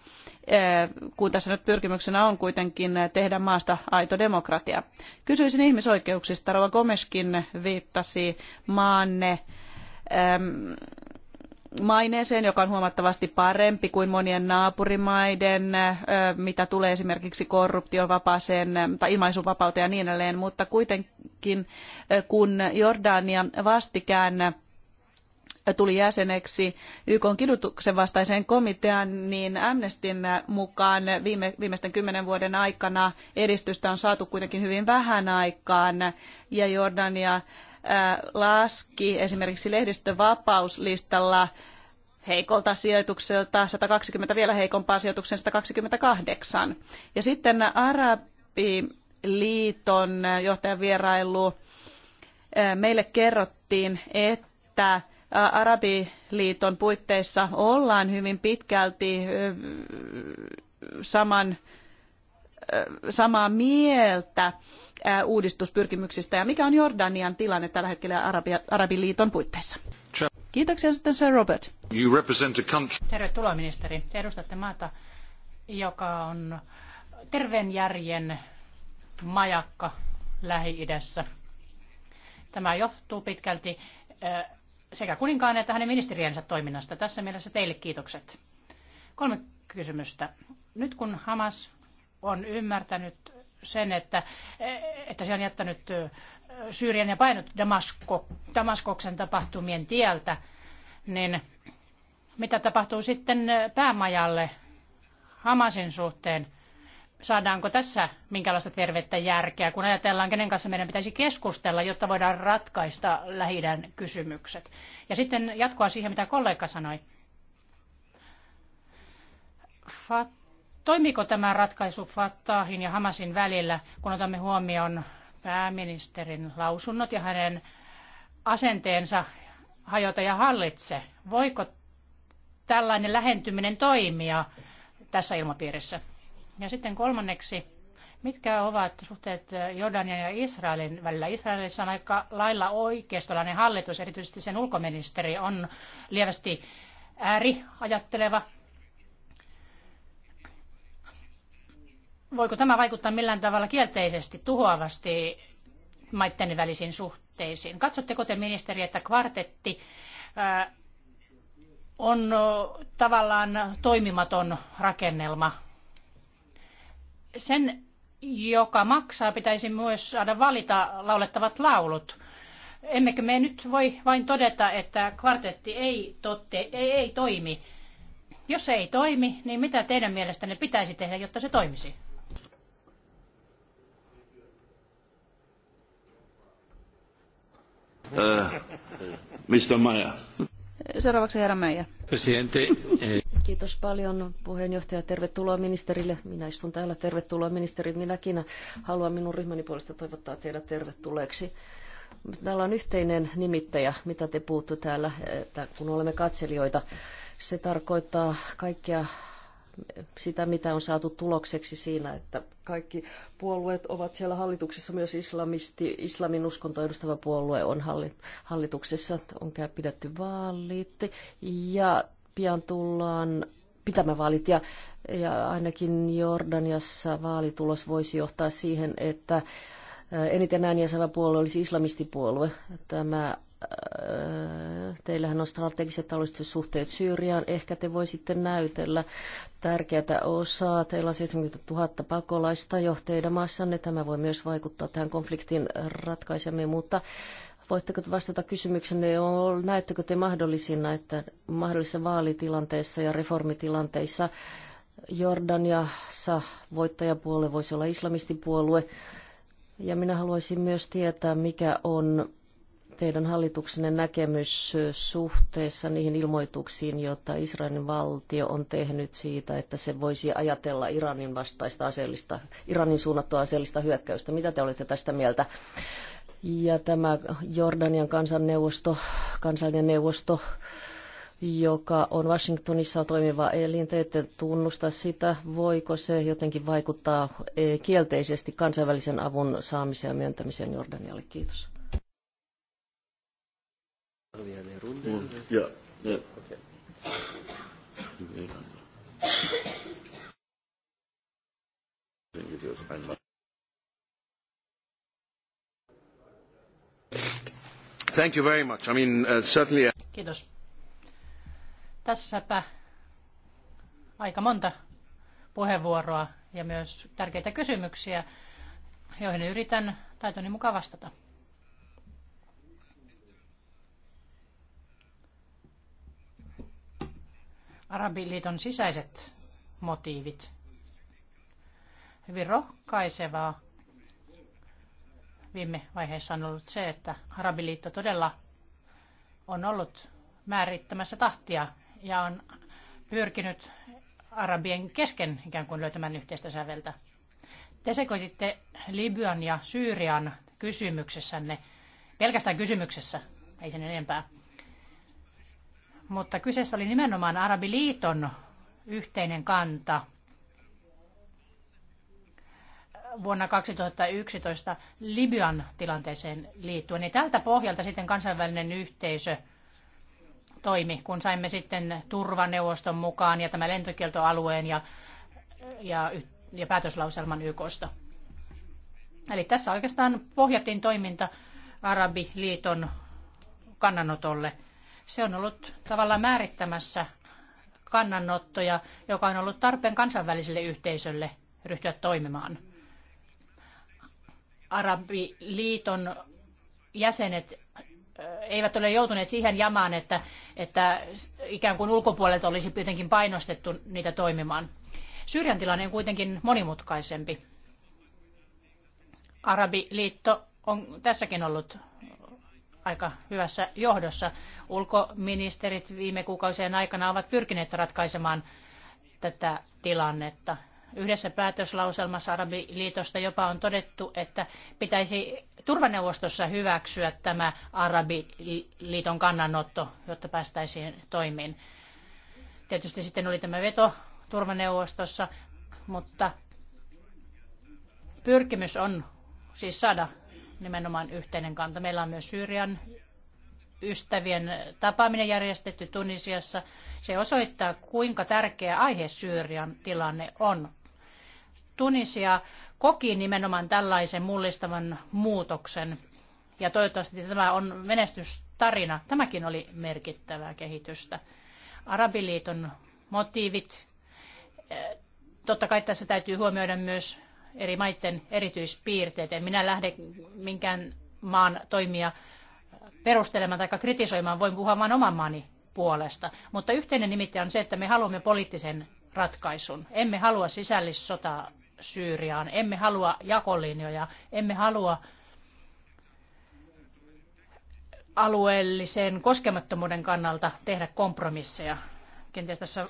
eh, kun tässä nyt pyrkimyksenä on kuitenkin tehdä maasta aito demokratia. Kysyisin ihmisoikeuksista. Rova Gomeskin viittasi maanne ehm, maineeseen, joka on huomattavasti parempi kuin monien naapurimaiden, mitä tulee esimerkiksi korruption vapaaseen tai ilmaisuvapauteen ja niin edelleen, mutta kuitenkin kun Jordania vastikään tuli jäseneksi YK kidutuksen vastaiseen komiteaan, niin Amnestin mukaan viime, viimeisten kymmenen vuoden aikana edistystä on saatu kuitenkin hyvin vähän aikaan ja Jordania laski esimerkiksi lehdistövapauslistalla heikolta sijoitukselta 120 vielä heikompaan sijoituksen 128. Ja sitten Arabiliiton johtajan vierailu meille kerrottiin, että Arabiliiton puitteissa ollaan hyvin pitkälti saman samaa mieltä uudistuspyrkimyksistä ja mikä on Jordanian tilanne tällä hetkellä Arabia, Arabiliiton puitteissa? Kiitoksia sitten Sir Robert. You represent a country. Tervetuloa ministeri. Te edustatte maata, joka on terveen järjen majakka Lähi-idässä. Tämä johtuu pitkälti sekä kuninkaan että hänen ministeriensä toiminnasta. Tässä mielessä teille kiitokset. Kolme kysymystä. Nyt kun Hamas on ymmärtänyt sen, että, että se on jättänyt Syyrian ja painot Damasko, Damaskoksen tapahtumien tieltä, niin mitä tapahtuu sitten päämajalle Hamasin suhteen? Saadaanko tässä minkälaista tervettä järkeä, kun ajatellaan, kenen kanssa meidän pitäisi keskustella, jotta voidaan ratkaista lähi kysymykset? Ja sitten jatkoa siihen, mitä kollega sanoi. Fat- Toimiiko tämä ratkaisu Fattahin ja Hamasin välillä, kun otamme huomioon pääministerin lausunnot ja hänen asenteensa hajota ja hallitse? Voiko tällainen lähentyminen toimia tässä ilmapiirissä? Ja sitten kolmanneksi, mitkä ovat suhteet Jordanian ja Israelin välillä? Israelissa on aika lailla oikeistolainen hallitus, erityisesti sen ulkoministeri on lievästi ääriajatteleva. voiko tämä vaikuttaa millään tavalla kielteisesti, tuhoavasti maitten välisiin suhteisiin? Katsotteko te, ministeri, että kvartetti äh, on tavallaan toimimaton rakennelma? Sen, joka maksaa, pitäisi myös saada valita laulettavat laulut. Emmekö me nyt voi vain todeta, että kvartetti ei, totte, ei, ei toimi? Jos se ei toimi, niin mitä teidän mielestänne pitäisi tehdä, jotta se toimisi? Äh, eh, mistä Maja? Seuraavaksi herra Meija. Eh. Kiitos paljon puheenjohtaja. Tervetuloa ministerille. Minä istun täällä. Tervetuloa ministeri. Minäkin haluan minun ryhmäni puolesta toivottaa teidät tervetulleeksi. Täällä on yhteinen nimittäjä, mitä te puuttu täällä, että eh, kun olemme katselijoita. Se tarkoittaa kaikkia sitä, mitä on saatu tulokseksi siinä, että kaikki puolueet ovat siellä hallituksessa, myös islamisti, islamin uskonto edustava puolue on hallituksessa, on pidetty vaalit ja pian tullaan pitämään vaalit ja, ja ainakin Jordaniassa vaalitulos voisi johtaa siihen, että eniten ääniä saava puolue olisi islamistipuolue. Tämä Äh, teillähän on strategiset taloudelliset suhteet Syyriaan. Ehkä te voisitte näytellä tärkeätä osaa. Teillä on 70 000 pakolaista jo teidän maassanne. Tämä voi myös vaikuttaa tähän konfliktin ratkaisemiin, mutta voitteko vastata kysymykseen, näettekö te mahdollisina, että mahdollisissa vaalitilanteissa ja reformitilanteissa Jordaniassa voittajapuolue voisi olla islamistipuolue, ja minä haluaisin myös tietää, mikä on teidän hallituksenne näkemys suhteessa niihin ilmoituksiin, joita Israelin valtio on tehnyt siitä, että se voisi ajatella Iranin vastaista aseellista, Iranin suunnattua aseellista hyökkäystä? Mitä te olette tästä mieltä? Ja tämä Jordanian kansanneuvosto, kansallinen neuvosto, joka on Washingtonissa toimiva elin, te ette tunnusta sitä, voiko se jotenkin vaikuttaa eh, kielteisesti kansainvälisen avun saamiseen ja myöntämiseen Jordanialle. Kiitos wir eine Runde? Ja. ja. Okay. Dann geht das einmal. Thank you very much. I mean, uh, certainly... Uh, Kiitos. Tässäpä aika monta puheenvuoroa ja myös tärkeitä kysymyksiä, joihin yritän taitoni mukaan vastata. Arabiliiton sisäiset motiivit. Hyvin rohkaisevaa viime vaiheessa on ollut se, että Arabiliitto todella on ollut määrittämässä tahtia ja on pyrkinyt arabien kesken ikään kuin löytämään yhteistä säveltä. Te sekoititte Libyan ja Syyrian kysymyksessänne, pelkästään kysymyksessä, ei sen enempää mutta kyseessä oli nimenomaan Arabiliiton yhteinen kanta vuonna 2011 Libyan tilanteeseen liittyen. Niin tältä pohjalta sitten kansainvälinen yhteisö toimi, kun saimme sitten turvaneuvoston mukaan ja tämä lentokieltoalueen ja, ja, ja päätöslauselman YKsta. Eli tässä oikeastaan pohjattiin toiminta Arabiliiton kannanotolle – se on ollut tavallaan määrittämässä kannanottoja, joka on ollut tarpeen kansainväliselle yhteisölle ryhtyä toimimaan. Arabiliiton jäsenet eivät ole joutuneet siihen jamaan, että, että ikään kuin ulkopuolelta olisi jotenkin painostettu niitä toimimaan. Syyrian tilanne on kuitenkin monimutkaisempi. Arabiliitto on tässäkin ollut aika hyvässä johdossa. Ulkoministerit viime kuukausien aikana ovat pyrkineet ratkaisemaan tätä tilannetta. Yhdessä päätöslauselmassa Arabiliitosta jopa on todettu, että pitäisi turvaneuvostossa hyväksyä tämä Arabiliiton kannanotto, jotta päästäisiin toimiin. Tietysti sitten oli tämä veto turvaneuvostossa, mutta pyrkimys on siis saada nimenomaan yhteinen kanta. Meillä on myös Syyrian ystävien tapaaminen järjestetty Tunisiassa. Se osoittaa, kuinka tärkeä aihe Syyrian tilanne on. Tunisia koki nimenomaan tällaisen mullistavan muutoksen. Ja toivottavasti tämä on menestystarina. Tämäkin oli merkittävää kehitystä. Arabiliiton motiivit. Eh, totta kai tässä täytyy huomioida myös eri maiden erityispiirteet. En minä lähde minkään maan toimia perustelemaan tai kritisoimaan, voin puhua vain oman maani puolesta. Mutta yhteinen nimittäin on se, että me haluamme poliittisen ratkaisun. Emme halua sisällissotaa Syyriaan, emme halua jakolinjoja, emme halua alueellisen koskemattomuuden kannalta tehdä kompromisseja kenties tässä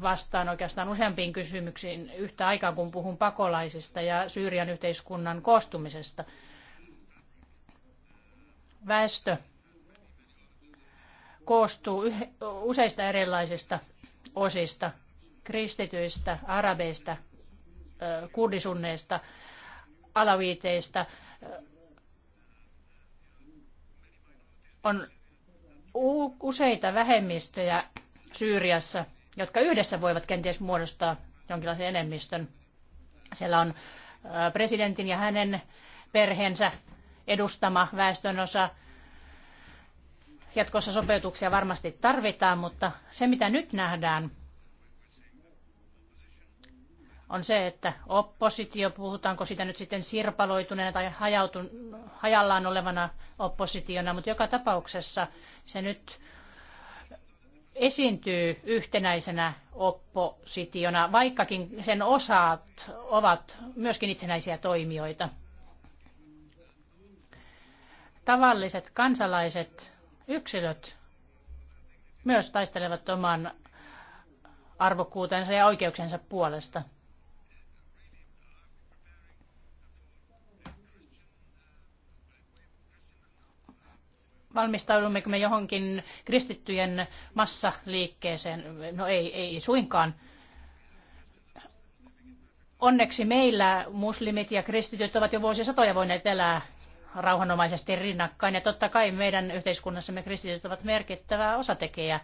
vastaan oikeastaan useampiin kysymyksiin yhtä aikaa, kun puhun pakolaisista ja Syyrian yhteiskunnan koostumisesta. Väestö koostuu useista erilaisista osista, kristityistä, arabeista, kurdisunneista, alaviiteista On useita vähemmistöjä, Syyriassa, jotka yhdessä voivat kenties muodostaa jonkinlaisen enemmistön. Siellä on presidentin ja hänen perheensä edustama väestönosa. Jatkossa sopeutuksia varmasti tarvitaan, mutta se mitä nyt nähdään on se, että oppositio, puhutaanko sitä nyt sitten sirpaloituneena tai hajautun, hajallaan olevana oppositiona, mutta joka tapauksessa se nyt esiintyy yhtenäisenä oppositiona, vaikkakin sen osat ovat myöskin itsenäisiä toimijoita. Tavalliset kansalaiset, yksilöt myös taistelevat oman arvokkuutensa ja oikeuksensa puolesta – valmistaudummeko me johonkin kristittyjen massaliikkeeseen? No ei, ei suinkaan. Onneksi meillä muslimit ja kristityt ovat jo vuosisatoja voineet elää rauhanomaisesti rinnakkain. Ja totta kai meidän yhteiskunnassamme kristityt ovat merkittävä osatekijä.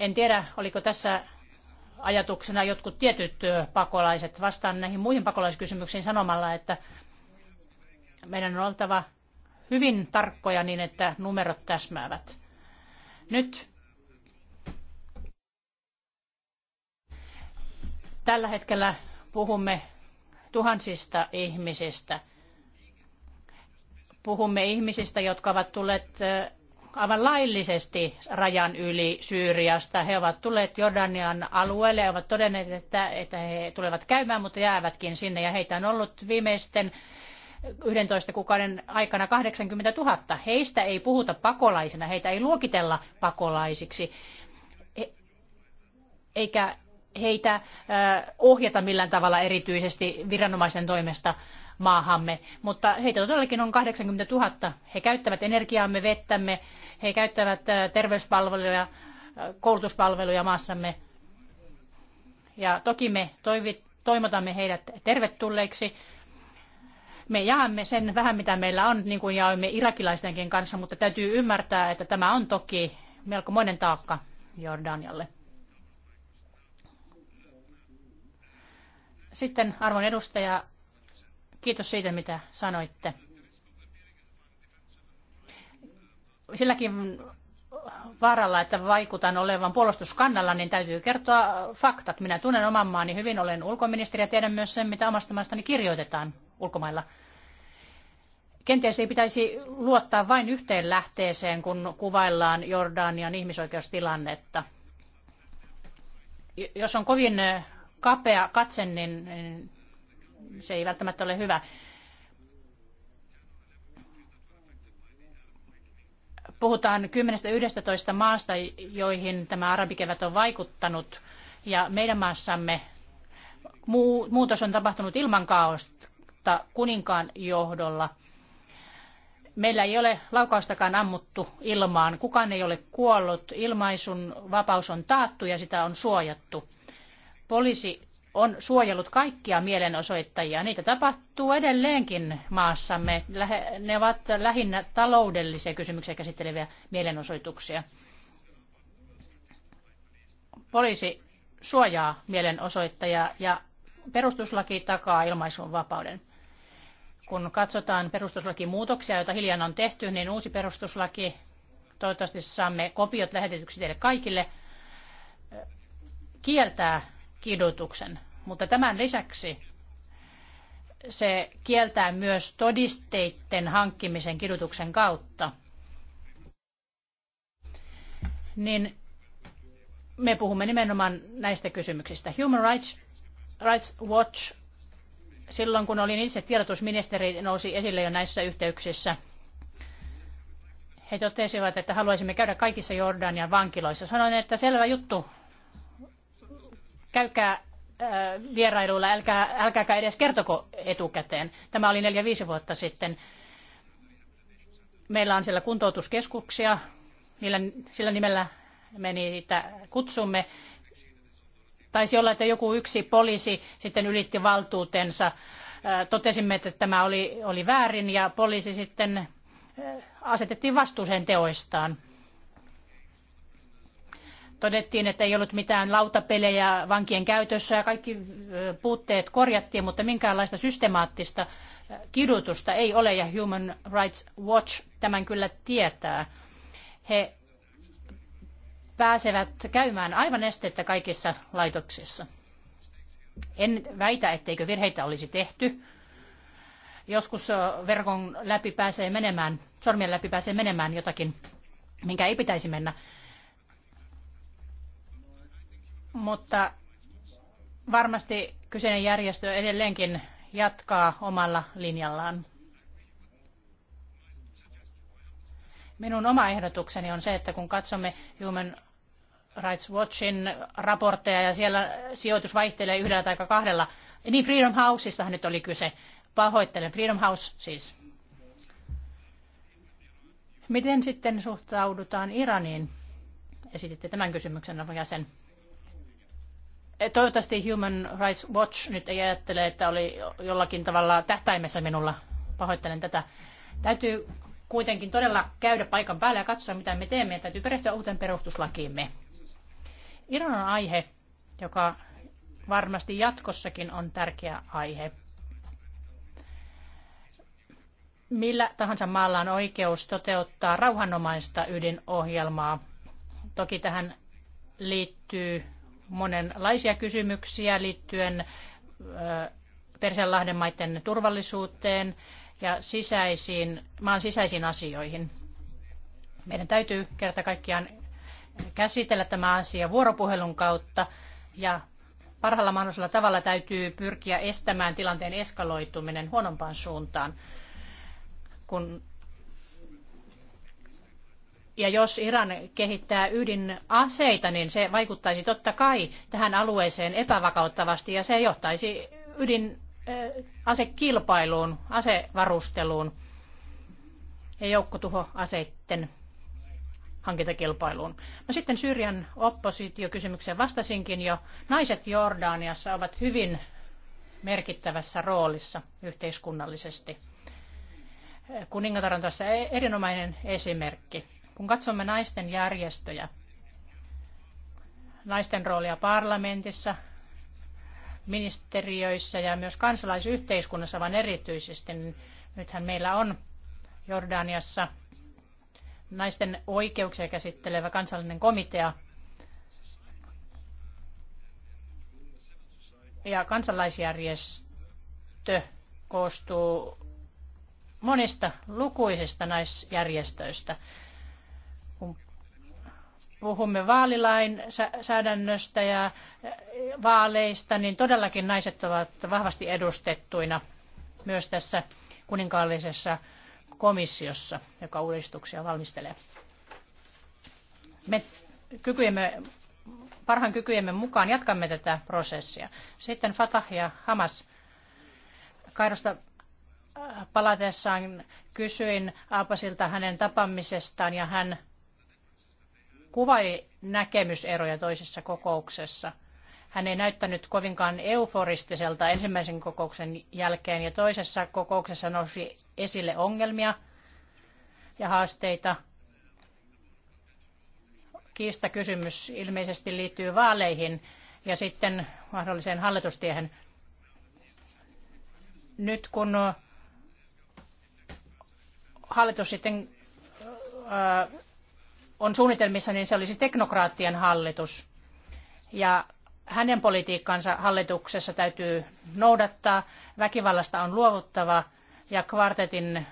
En tiedä, oliko tässä ajatuksena jotkut tietyt pakolaiset vastaan näihin muihin pakolaiskysymyksiin sanomalla, että meidän on oltava hyvin tarkkoja niin, että numerot täsmäävät. Nyt tällä hetkellä puhumme tuhansista ihmisistä. Puhumme ihmisistä, jotka ovat tulleet aivan laillisesti rajan yli Syyriasta. He ovat tulleet Jordanian alueelle ja ovat todenneet, että, että he tulevat käymään, mutta jäävätkin sinne. Ja heitä on ollut viimeisten 11 kuukauden aikana 80 000. Heistä ei puhuta pakolaisena, heitä ei luokitella pakolaisiksi, eikä heitä ohjata millään tavalla erityisesti viranomaisten toimesta maahamme. Mutta heitä todellakin on 80 000. He käyttävät energiaamme, vettämme, he käyttävät terveyspalveluja, koulutuspalveluja maassamme. Ja toki me toivotamme heidät tervetulleiksi, me jaamme sen vähän, mitä meillä on, niin kuin jaoimme irakilaistenkin kanssa, mutta täytyy ymmärtää, että tämä on toki melkomoinen taakka Jordanialle. Sitten arvon edustaja, kiitos siitä, mitä sanoitte. Silläkin vaaralla, että vaikutan olevan puolustuskannalla, niin täytyy kertoa faktat. Minä tunnen oman maani hyvin, olen ulkoministeri ja tiedän myös sen, mitä omasta maastani kirjoitetaan ulkomailla. Kenties ei pitäisi luottaa vain yhteen lähteeseen, kun kuvaillaan Jordanian ihmisoikeustilannetta. Jos on kovin kapea katse, niin, niin se ei välttämättä ole hyvä. puhutaan 10-11 maasta, joihin tämä arabikevät on vaikuttanut. Ja meidän maassamme muutos on tapahtunut ilman kaaosta kuninkaan johdolla. Meillä ei ole laukaustakaan ammuttu ilmaan. Kukaan ei ole kuollut. Ilmaisun vapaus on taattu ja sitä on suojattu. Poliisi on suojellut kaikkia mielenosoittajia. Niitä tapahtuu edelleenkin maassamme. Ne ovat lähinnä taloudellisia kysymyksiä käsitteleviä mielenosoituksia. Poliisi suojaa mielenosoittajia ja perustuslaki takaa ilmaisun vapauden. Kun katsotaan perustuslakimuutoksia, joita hiljan on tehty, niin uusi perustuslaki, toivottavasti saamme kopiot lähetetyksi teille kaikille, kieltää kidutuksen. Mutta tämän lisäksi se kieltää myös todisteiden hankkimisen kidutuksen kautta. Niin me puhumme nimenomaan näistä kysymyksistä. Human Rights, Rights Watch, silloin kun olin itse tiedotusministeri, nousi esille jo näissä yhteyksissä. He totesivat, että haluaisimme käydä kaikissa Jordanian vankiloissa. Sanoin, että selvä juttu, käykää äh, vierailuilla, älkää, älkääkä edes kertoko etukäteen. Tämä oli neljä viisi vuotta sitten. Meillä on siellä kuntoutuskeskuksia, millä, sillä nimellä me niitä kutsumme. Taisi olla, että joku yksi poliisi sitten ylitti valtuutensa. Äh, totesimme, että tämä oli, oli väärin ja poliisi sitten äh, asetettiin vastuuseen teoistaan. Todettiin, että ei ollut mitään lautapelejä vankien käytössä ja kaikki puutteet korjattiin, mutta minkäänlaista systemaattista kidutusta ei ole ja Human Rights Watch tämän kyllä tietää. He pääsevät käymään aivan esteettä kaikissa laitoksissa. En väitä, etteikö virheitä olisi tehty. Joskus verkon läpi pääsee menemään, sormien läpi pääsee menemään jotakin, minkä ei pitäisi mennä. Mutta varmasti kyseinen järjestö edelleenkin jatkaa omalla linjallaan. Minun oma ehdotukseni on se, että kun katsomme Human Rights Watchin raportteja ja siellä sijoitus vaihtelee yhdellä tai kahdella, niin Freedom Houseistahan nyt oli kyse. Pahoittelen, Freedom House siis. Miten sitten suhtaudutaan Iraniin? Esititte tämän kysymyksen, jäsen. sen. Toivottavasti Human Rights Watch nyt ei ajattele, että oli jollakin tavalla tähtäimessä minulla. Pahoittelen tätä. Täytyy kuitenkin todella käydä paikan päällä ja katsoa, mitä me teemme. Täytyy perehtyä uuteen perustuslakiimme. Iran on aihe, joka varmasti jatkossakin on tärkeä aihe. Millä tahansa maalla on oikeus toteuttaa rauhanomaista ydinohjelmaa. Toki tähän liittyy monenlaisia kysymyksiä liittyen Persianlahden maiden turvallisuuteen ja sisäisiin, maan sisäisiin asioihin. Meidän täytyy kerta kaikkiaan käsitellä tämä asia vuoropuhelun kautta ja parhaalla mahdollisella tavalla täytyy pyrkiä estämään tilanteen eskaloituminen huonompaan suuntaan, kun ja jos Iran kehittää ydinaseita, niin se vaikuttaisi totta kai tähän alueeseen epävakauttavasti ja se johtaisi ydinasekilpailuun, äh, asevarusteluun ja joukkotuhoaseiden hankintakilpailuun. No sitten Syyrian oppositiokysymykseen vastasinkin jo. Naiset Jordaniassa ovat hyvin merkittävässä roolissa yhteiskunnallisesti. Äh, kuningatar on tässä e- erinomainen esimerkki. Kun katsomme naisten järjestöjä, naisten roolia parlamentissa, ministeriöissä ja myös kansalaisyhteiskunnassa, vaan erityisesti, niin nythän meillä on Jordaniassa naisten oikeuksia käsittelevä kansallinen komitea. Ja kansalaisjärjestö koostuu monista lukuisista naisjärjestöistä puhumme vaalilainsäädännöstä ja eh, vaaleista, niin todellakin naiset ovat vahvasti edustettuina myös tässä kuninkaallisessa komissiossa, joka uudistuksia valmistelee. Me kykyjemme, parhaan kykyjemme mukaan jatkamme tätä prosessia. Sitten Fatah ja Hamas. Kairosta eh, palatessaan kysyin Aapasilta hänen tapaamisestaan ja hän kuvaili näkemyseroja toisessa kokouksessa. Hän ei näyttänyt kovinkaan euforistiselta ensimmäisen kokouksen jälkeen ja toisessa kokouksessa nousi esille ongelmia ja haasteita. Kiista kysymys ilmeisesti liittyy vaaleihin ja sitten mahdolliseen hallitustiehen. Nyt kun hallitus sitten on suunnitelmissa, niin se olisi teknokraattien hallitus. Ja hänen politiikkansa hallituksessa täytyy noudattaa, väkivallasta on luovuttava ja kvartetin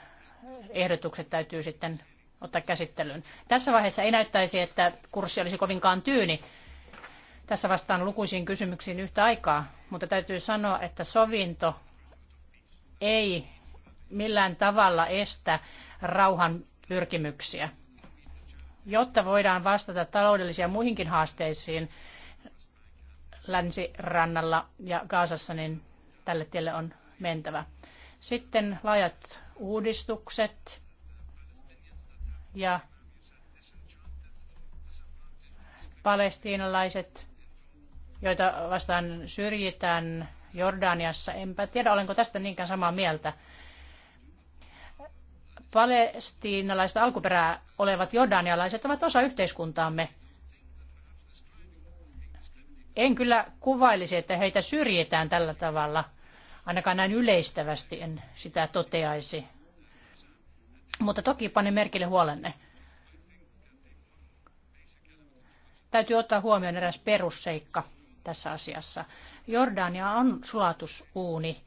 ehdotukset täytyy sitten ottaa käsittelyyn. Tässä vaiheessa ei näyttäisi, että kurssi olisi kovinkaan tyyni. Tässä vastaan lukuisiin kysymyksiin yhtä aikaa, mutta täytyy sanoa, että sovinto ei millään tavalla estä rauhan pyrkimyksiä. Jotta voidaan vastata taloudellisiin ja muihinkin haasteisiin länsirannalla ja Kaasassa, niin tälle tielle on mentävä. Sitten laajat uudistukset ja palestiinalaiset, joita vastaan syrjitään Jordaniassa. Enpä tiedä, olenko tästä niinkään samaa mieltä palestiinalaista alkuperää olevat jordanialaiset ovat osa yhteiskuntaamme. En kyllä kuvailisi, että heitä syrjitään tällä tavalla. Ainakaan näin yleistävästi en sitä toteaisi. Mutta toki pane merkille huolenne. Täytyy ottaa huomioon eräs perusseikka tässä asiassa. Jordania on sulatusuuni.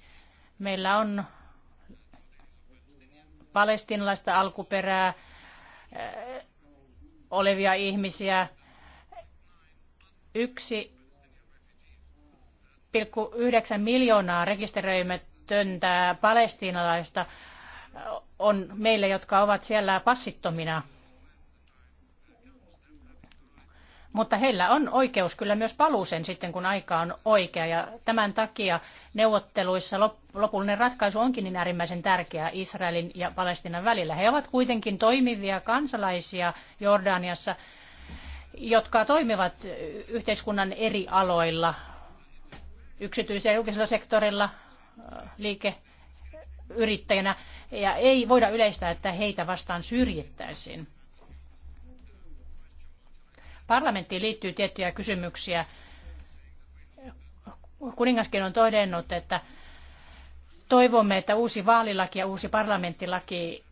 Meillä on palestinalaista alkuperää äh, olevia ihmisiä. Yksi 1,9 miljoonaa rekisteröimätöntä palestinalaista on meille, jotka ovat siellä passittomina. Mutta heillä on oikeus kyllä myös paluusen sitten, kun aika on oikea. Ja tämän takia neuvotteluissa lopullinen ratkaisu onkin niin äärimmäisen tärkeä Israelin ja Palestinan välillä. He ovat kuitenkin toimivia kansalaisia Jordaniassa, jotka toimivat yhteiskunnan eri aloilla, yksityisellä ja julkisella sektorilla, äh, liikeyrittäjänä, ja ei voida yleistää, että heitä vastaan syrjittäisiin. Parlamenttiin liittyy tiettyjä kysymyksiä. Kuningaskin on todennut, että toivomme, että uusi vaalilaki ja uusi parlamenttilaki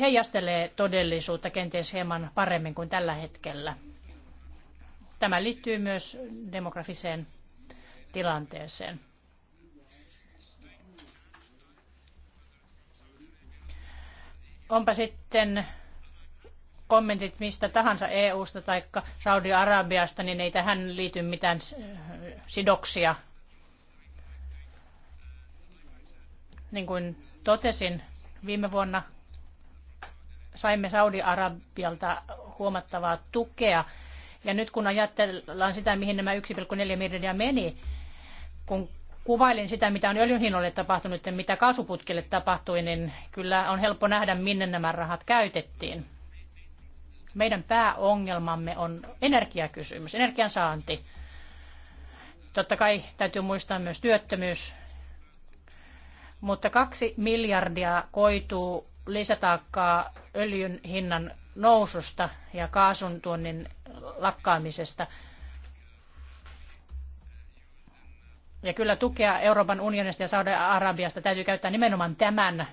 heijastelee todellisuutta kenties hieman paremmin kuin tällä hetkellä. Tämä liittyy myös demografiseen tilanteeseen. Onpa sitten kommentit mistä tahansa EU-sta tai Saudi-Arabiasta, niin ei tähän liity mitään sidoksia. Niin kuin totesin, viime vuonna saimme Saudi-Arabialta huomattavaa tukea. Ja nyt kun ajatellaan sitä, mihin nämä 1,4 miljardia meni, kun kuvailin sitä, mitä on öljyn hinnoille tapahtunut ja mitä kaasuputkille tapahtui, niin kyllä on helppo nähdä, minne nämä rahat käytettiin. Meidän pääongelmamme on energiakysymys, energiansaanti. Totta kai täytyy muistaa myös työttömyys, mutta kaksi miljardia koituu lisätaakkaa öljyn hinnan noususta ja kaasun tuonnin lakkaamisesta. Ja kyllä tukea Euroopan unionista ja Saudi-Arabiasta täytyy käyttää nimenomaan tämän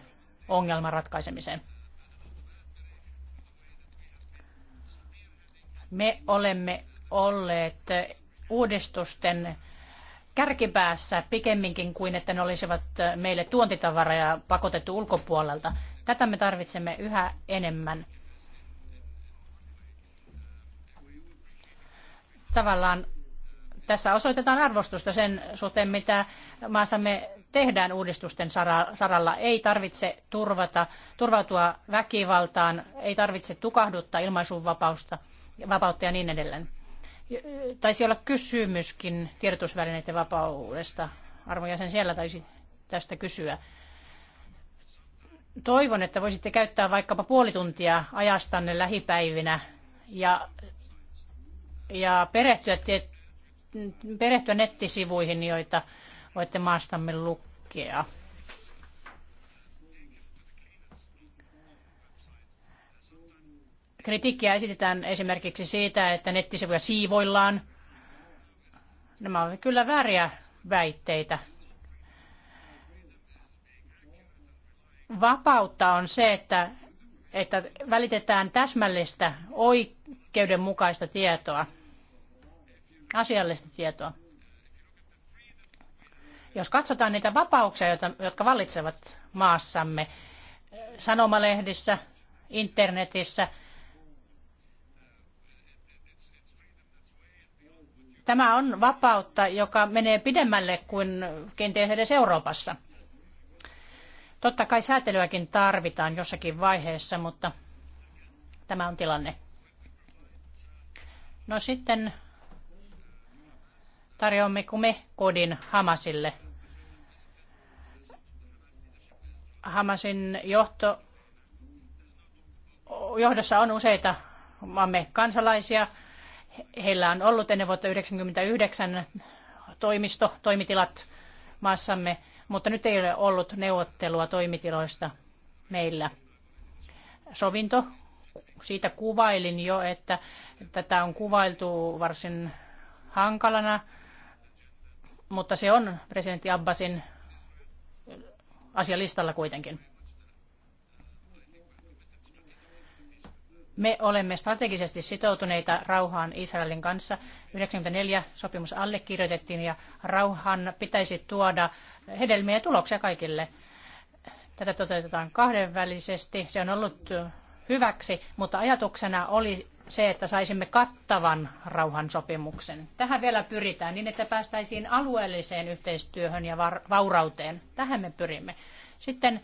ongelman ratkaisemiseen. Me olemme olleet uudistusten kärkipäässä pikemminkin kuin että ne olisivat meille tuontitavaraa pakotettu ulkopuolelta. Tätä me tarvitsemme yhä enemmän. Tavallaan tässä osoitetaan arvostusta sen suhteen, mitä maassamme tehdään uudistusten saralla. Ei tarvitse turvata, turvautua väkivaltaan, ei tarvitse tukahduttaa ilmaisunvapausta vapautta ja niin edelleen. Taisi olla kysymyskin tiedotusvälineiden vapaudesta. Arvojäsen siellä taisi tästä kysyä. Toivon, että voisitte käyttää vaikkapa puoli tuntia ajastanne lähipäivinä ja, ja perehtyä, perehtyä nettisivuihin, joita voitte maastamme lukea. Kritiikkiä esitetään esimerkiksi siitä, että nettisivuja siivoillaan. Nämä ovat kyllä vääriä väitteitä. Vapautta on se, että, että välitetään täsmällistä, oikeudenmukaista tietoa, asiallista tietoa. Jos katsotaan niitä vapauksia, jotka vallitsevat maassamme, sanomalehdissä, internetissä – Tämä on vapautta, joka menee pidemmälle kuin kenties edes Euroopassa. Totta kai säätelyäkin tarvitaan jossakin vaiheessa, mutta tämä on tilanne. No sitten tarjoammeko me kodin Hamasille? Hamasin johto, johdossa on useita maamme kansalaisia, Heillä on ollut ennen vuotta 1999 toimisto, toimitilat maassamme, mutta nyt ei ole ollut neuvottelua toimitiloista meillä. Sovinto, siitä kuvailin jo, että tätä on kuvailtu varsin hankalana, mutta se on presidentti Abbasin asialistalla kuitenkin. Me olemme strategisesti sitoutuneita rauhaan Israelin kanssa. 94 sopimus allekirjoitettiin ja rauhan pitäisi tuoda hedelmiä ja tuloksia kaikille. Tätä toteutetaan kahdenvälisesti. Se on ollut hyväksi, mutta ajatuksena oli se, että saisimme kattavan rauhansopimuksen. Tähän vielä pyritään niin, että päästäisiin alueelliseen yhteistyöhön ja vaurauteen. Tähän me pyrimme. Sitten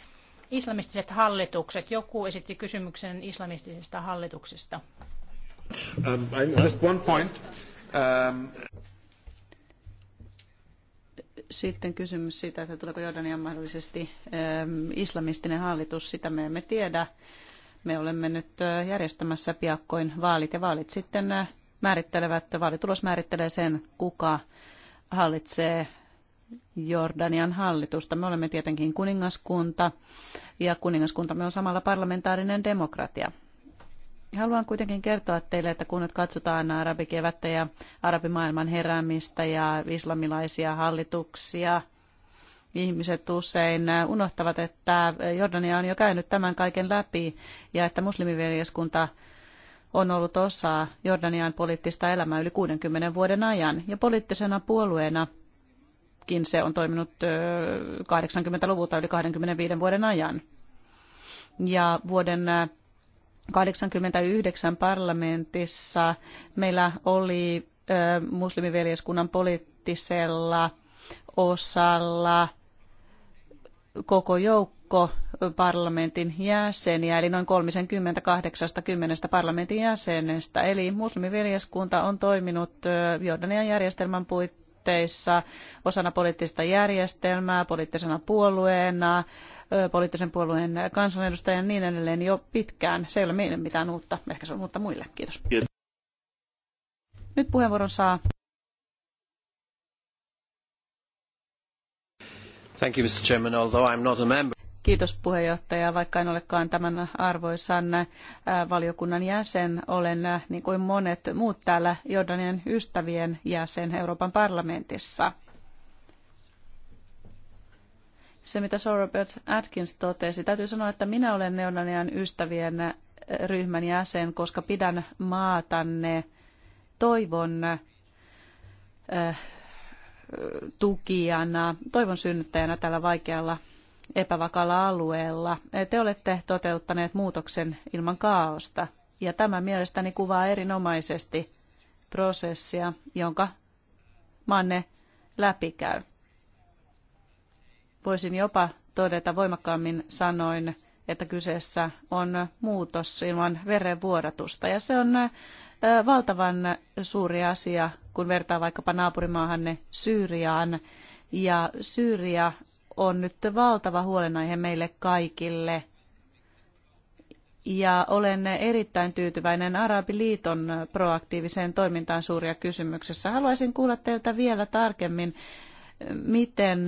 Islamistiset hallitukset. Joku esitti kysymyksen islamistisista hallituksista. Um, just one point. Um... Sitten kysymys siitä, että tuleeko Jordania mahdollisesti um, islamistinen hallitus, sitä me emme tiedä. Me olemme nyt uh, järjestämässä piakkoin vaalit ja vaalit sitten uh, määrittelevät, vaalitulos määrittelee sen, kuka hallitsee Jordanian hallitusta. Me olemme tietenkin kuningaskunta ja kuningaskuntamme on samalla parlamentaarinen demokratia. Haluan kuitenkin kertoa teille, että kun nyt katsotaan arabikevättä ja arabimaailman heräämistä ja islamilaisia hallituksia, ihmiset usein unohtavat, että Jordania on jo käynyt tämän kaiken läpi ja että muslimiveljeskunta on ollut osa Jordanian poliittista elämää yli 60 vuoden ajan. Ja poliittisena puolueena nytkin se on toiminut 80-luvulta yli 25 vuoden ajan. Ja vuoden 89 parlamentissa meillä oli muslimiveljeskunnan poliittisella osalla koko joukko parlamentin jäseniä, eli noin 30-80 parlamentin jäsenestä. Eli muslimiveljeskunta on toiminut Jordanian järjestelmän puitteissa suhteissa osana poliittista järjestelmää, poliittisena puolueena, poliittisen puolueen kansanedustajan ja niin edelleen jo pitkään. Se ei ole meille mitään uutta, ehkä se on uutta muille. Kiitos. Nyt puheenvuoron saa. Thank you, Mr. Chairman. Although I'm not a member Kiitos puheenjohtaja. Vaikka en olekaan tämän arvoisan äh, valiokunnan jäsen, olen äh, niin kuin monet muut täällä Jordanian ystävien jäsen Euroopan parlamentissa. Se, mitä Sir Robert Atkins totesi, täytyy sanoa, että minä olen Jordanian ystävien äh, ryhmän jäsen, koska pidän maatanne toivon äh, tukijana, toivon synnyttäjänä tällä vaikealla epävakaalla alueella. Te olette toteuttaneet muutoksen ilman kaaosta, ja tämä mielestäni kuvaa erinomaisesti prosessia, jonka maanne läpikäy. Voisin jopa todeta voimakkaammin sanoin, että kyseessä on muutos ilman verenvuodatusta. Ja se on valtavan suuri asia, kun vertaa vaikkapa naapurimaahanne Syyriaan. Ja Syyria on nyt valtava huolenaihe meille kaikille. Ja olen erittäin tyytyväinen Arabiliiton proaktiiviseen toimintaan suuria kysymyksessä. Haluaisin kuulla teiltä vielä tarkemmin, miten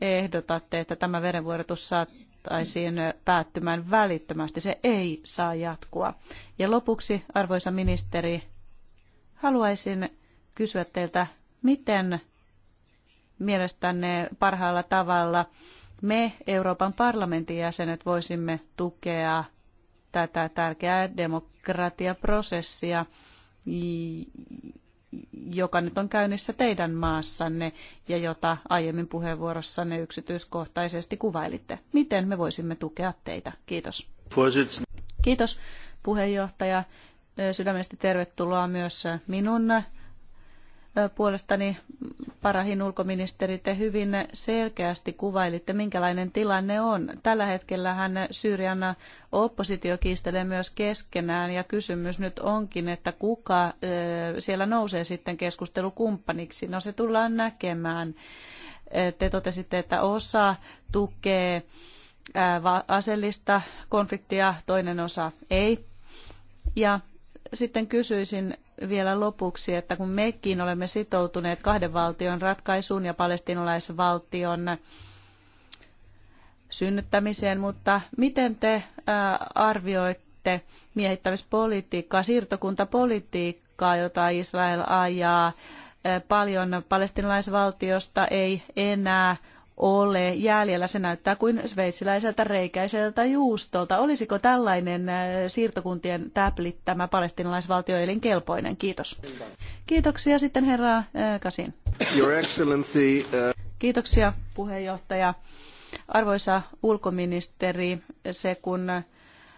ehdotatte, että tämä verenvuorotus saataisiin päättymään välittömästi. Se ei saa jatkua. Ja lopuksi, arvoisa ministeri, haluaisin kysyä teiltä, miten mielestänne parhaalla tavalla me Euroopan parlamentin jäsenet voisimme tukea tätä tärkeää demokratiaprosessia, joka nyt on käynnissä teidän maassanne ja jota aiemmin puheenvuorossanne yksityiskohtaisesti kuvailitte. Miten me voisimme tukea teitä? Kiitos. Kiitos puheenjohtaja. Sydämestä tervetuloa myös minun puolestani parahin ulkoministeri, te hyvin selkeästi kuvailitte, minkälainen tilanne on. Tällä hetkellä Syyrian oppositio kiistelee myös keskenään ja kysymys nyt onkin, että kuka siellä nousee sitten keskustelukumppaniksi. No se tullaan näkemään. Te totesitte, että osa tukee aseellista konfliktia, toinen osa ei. Ja sitten kysyisin, vielä lopuksi, että kun mekin olemme sitoutuneet kahden valtion ratkaisuun ja palestinalaisvaltion synnyttämiseen, mutta miten te arvioitte miehittämispolitiikkaa, siirtokuntapolitiikkaa, jota Israel ajaa? Paljon palestinalaisvaltiosta ei enää ole jäljellä. Se näyttää kuin sveitsiläiseltä reikäiseltä juustolta. Olisiko tällainen äh, siirtokuntien tämä palestinalaisvaltio kelpoinen Kiitos. Kiitoksia sitten herra äh, Kasin. Your Excellency, äh, Kiitoksia puheenjohtaja. Arvoisa ulkoministeri, se kun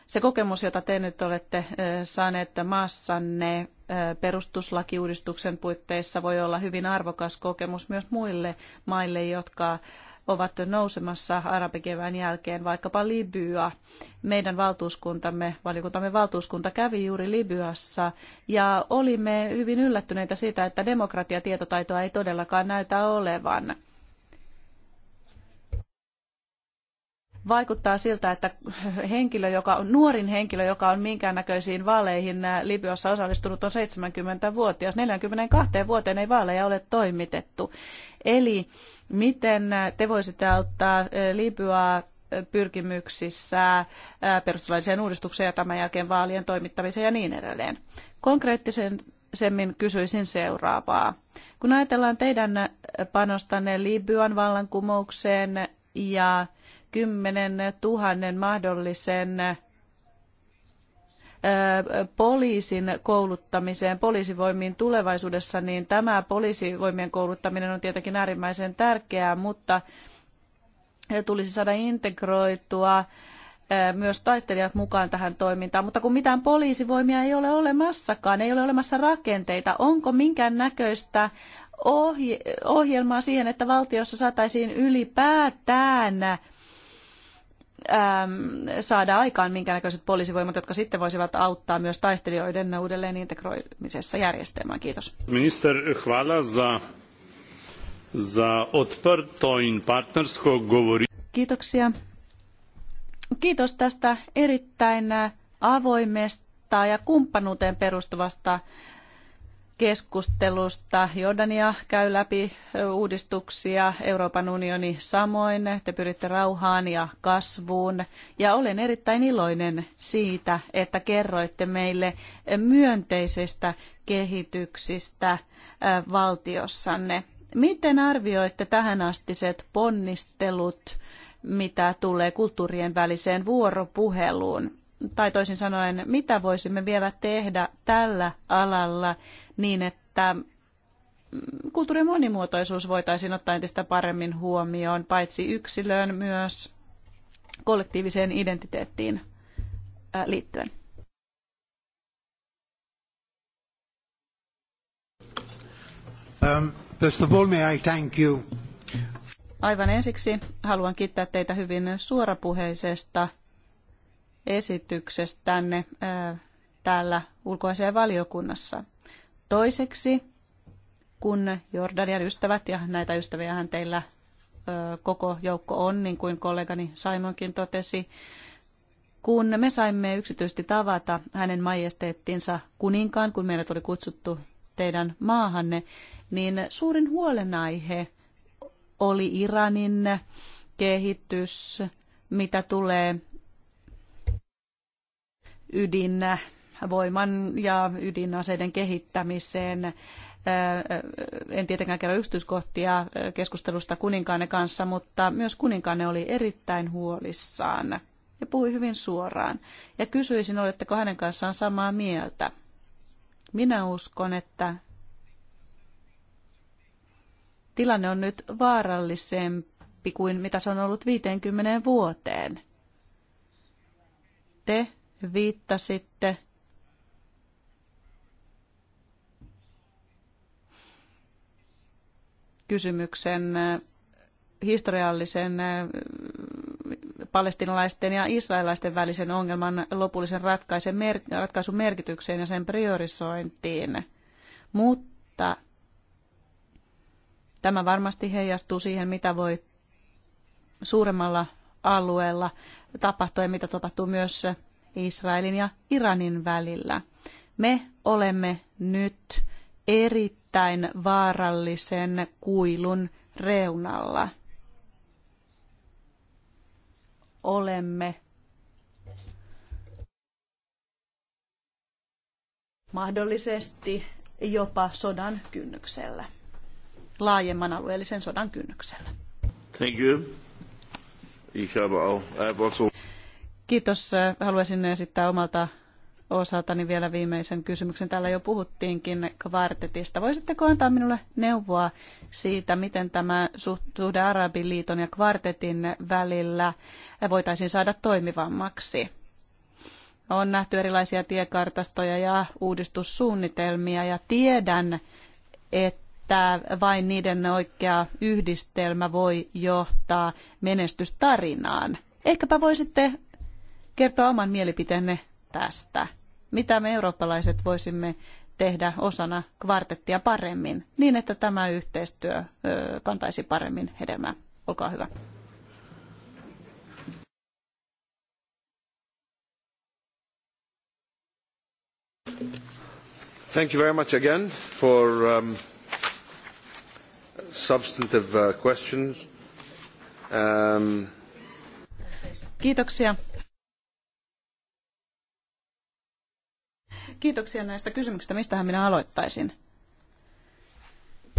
se kokemus, jota te nyt olette saaneet maassanne perustuslakiuudistuksen puitteissa, voi olla hyvin arvokas kokemus myös muille maille, jotka ovat nousemassa arabikevään jälkeen, vaikkapa Libya. Meidän valtuuskuntamme, valiokuntamme valtuuskunta kävi juuri Libyassa ja olimme hyvin yllättyneitä siitä, että demokratiatietotaitoa ei todellakaan näytä olevan. vaikuttaa siltä, että henkilö, joka on, nuorin henkilö, joka on minkäännäköisiin vaaleihin äh, Libyassa osallistunut, on 70-vuotias. 42 vuoteen ei vaaleja ole toimitettu. Eli miten äh, te voisitte auttaa äh, Libyaa pyrkimyksissä perustuslailliseen uudistukseen ja tämän jälkeen vaalien toimittamiseen ja niin edelleen. Konkreettisen semmin kysyisin seuraavaa. Kun ajatellaan teidän panostanne Libyan vallankumoukseen ja 10 tuhannen mahdollisen poliisin kouluttamiseen, poliisivoimiin tulevaisuudessa, niin tämä poliisivoimien kouluttaminen on tietenkin äärimmäisen tärkeää, mutta tulisi saada integroitua myös taistelijat mukaan tähän toimintaan, mutta kun mitään poliisivoimia ei ole olemassakaan, ei ole olemassa rakenteita, onko minkään näköistä ohjelmaa siihen, että valtiossa saataisiin ylipäätään Ähm, saada aikaan minkäännäköiset poliisivoimat, jotka sitten voisivat auttaa myös taistelijoiden uudelleen integroimisessa järjestelmään. Kiitos. Minister, hvala za, za otprto partnersko govori. Kiitoksia. Kiitos tästä erittäin avoimesta ja kumppanuuteen perustuvasta keskustelusta. Jordania käy läpi uudistuksia, Euroopan unioni samoin. Te pyritte rauhaan ja kasvuun. Ja olen erittäin iloinen siitä, että kerroitte meille myönteisestä kehityksistä valtiossanne. Miten arvioitte tähänastiset ponnistelut, mitä tulee kulttuurien väliseen vuoropuheluun? tai toisin sanoen, mitä voisimme vielä tehdä tällä alalla niin, että kulttuurin monimuotoisuus voitaisiin ottaa entistä paremmin huomioon, paitsi yksilöön myös kollektiiviseen identiteettiin liittyen. Um, first of all, may I thank you. Aivan ensiksi haluan kiittää teitä hyvin suorapuheisesta esityksestänne täällä valiokunnassa. Toiseksi, kun Jordanian ystävät, ja näitä ystäviähän teillä koko joukko on, niin kuin kollegani Simonkin totesi, kun me saimme yksityisesti tavata hänen majesteettinsa kuninkaan, kun meidät oli kutsuttu teidän maahanne, niin suurin huolenaihe oli Iranin kehitys, mitä tulee ydinvoiman ja ydinaseiden kehittämiseen. En tietenkään kerro yksityiskohtia keskustelusta kuninkaanne kanssa, mutta myös kuninkaanne oli erittäin huolissaan ja puhui hyvin suoraan. Ja kysyisin, oletteko hänen kanssaan samaa mieltä. Minä uskon, että tilanne on nyt vaarallisempi kuin mitä se on ollut 50 vuoteen. Te viittasitte. kysymyksen historiallisen palestinalaisten ja israelaisten välisen ongelman lopullisen ratkaisun merkitykseen ja sen priorisointiin. Mutta tämä varmasti heijastuu siihen, mitä voi suuremmalla alueella tapahtua ja mitä tapahtuu myös Israelin ja Iranin välillä. Me olemme nyt erittäin vaarallisen kuilun reunalla. Olemme mahdollisesti jopa sodan kynnyksellä, laajemman alueellisen sodan kynnyksellä. Thank you. Ich habe auch, also... Kiitos. Haluaisin esittää omalta osaltani vielä viimeisen kysymyksen. Täällä jo puhuttiinkin kvartetista. Voisitteko antaa minulle neuvoa siitä, miten tämä suhde Arabiliiton ja kvartetin välillä voitaisiin saada toimivammaksi? On nähty erilaisia tiekartastoja ja uudistussuunnitelmia ja tiedän, että vain niiden oikea yhdistelmä voi johtaa menestystarinaan. Ehkäpä voisitte kertoa oman mielipiteenne tästä. Mitä me eurooppalaiset voisimme tehdä osana kvartettia paremmin, niin että tämä yhteistyö kantaisi paremmin hedelmää. Olkaa hyvä. Thank you very much again for um, substantive uh, questions. Um... Kiitoksia Kiitoksia näistä kysymyksistä. Mistähän minä aloittaisin?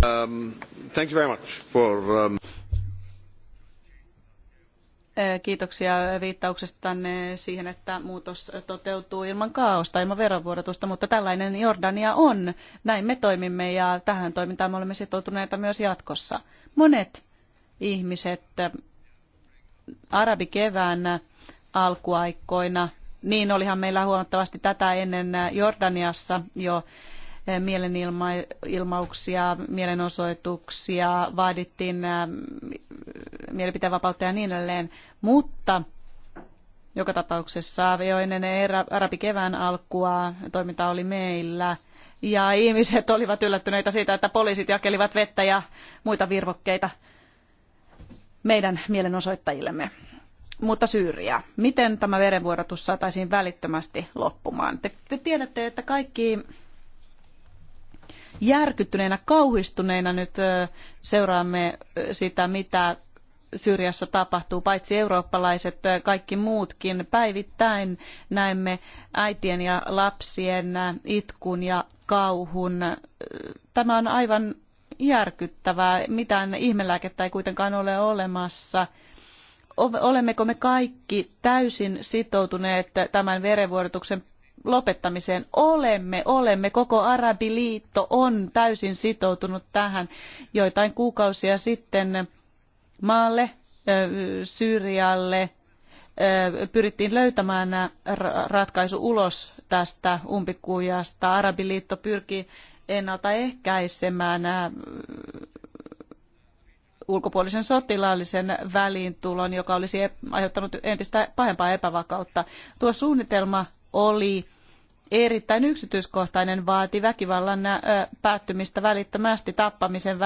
Um, thank you very much for, um... Eh, kiitoksia viittauksestanne siihen, että muutos toteutuu ilman kaaosta, ilman verovuodatusta, mutta tällainen Jordania on. Näin me toimimme ja tähän toimintaan me olemme sitoutuneita myös jatkossa. Monet ihmiset eh, arabikevään alkuaikkoina niin olihan meillä huomattavasti tätä ennen äh, Jordaniassa jo äh, mielenilmauksia, mielenosoituksia, vaadittiin äh, mielipiteenvapautta ja niin edelleen. Mutta joka tapauksessa jo ennen arabikevään alkua toiminta oli meillä. Ja ihmiset (laughs) olivat yllättyneitä siitä, että poliisit jakelivat vettä ja muita virvokkeita meidän mielenosoittajillemme mutta Syyriä. Miten tämä verenvuodatus saataisiin välittömästi loppumaan? Te, te tiedätte, että kaikki järkyttyneinä, kauhistuneina nyt seuraamme sitä, mitä Syyriassa tapahtuu, paitsi eurooppalaiset, kaikki muutkin. Päivittäin näemme äitien ja lapsien itkun ja kauhun. Tämä on aivan järkyttävää. Mitään ihmelääkettä ei kuitenkaan ole olemassa olemmeko me kaikki täysin sitoutuneet tämän verenvuorotuksen lopettamiseen. Olemme, olemme. Koko Arabiliitto on täysin sitoutunut tähän. Joitain kuukausia sitten maalle, Syyrialle, pyrittiin löytämään ratkaisu ulos tästä umpikujasta. Arabiliitto pyrki ennaltaehkäisemään ulkopuolisen sotilaallisen väliintulon, joka olisi e- aiheuttanut entistä pahempaa epävakautta. Tuo suunnitelma oli erittäin yksityiskohtainen vaati väkivallan päättymistä välittömästi, tappamisen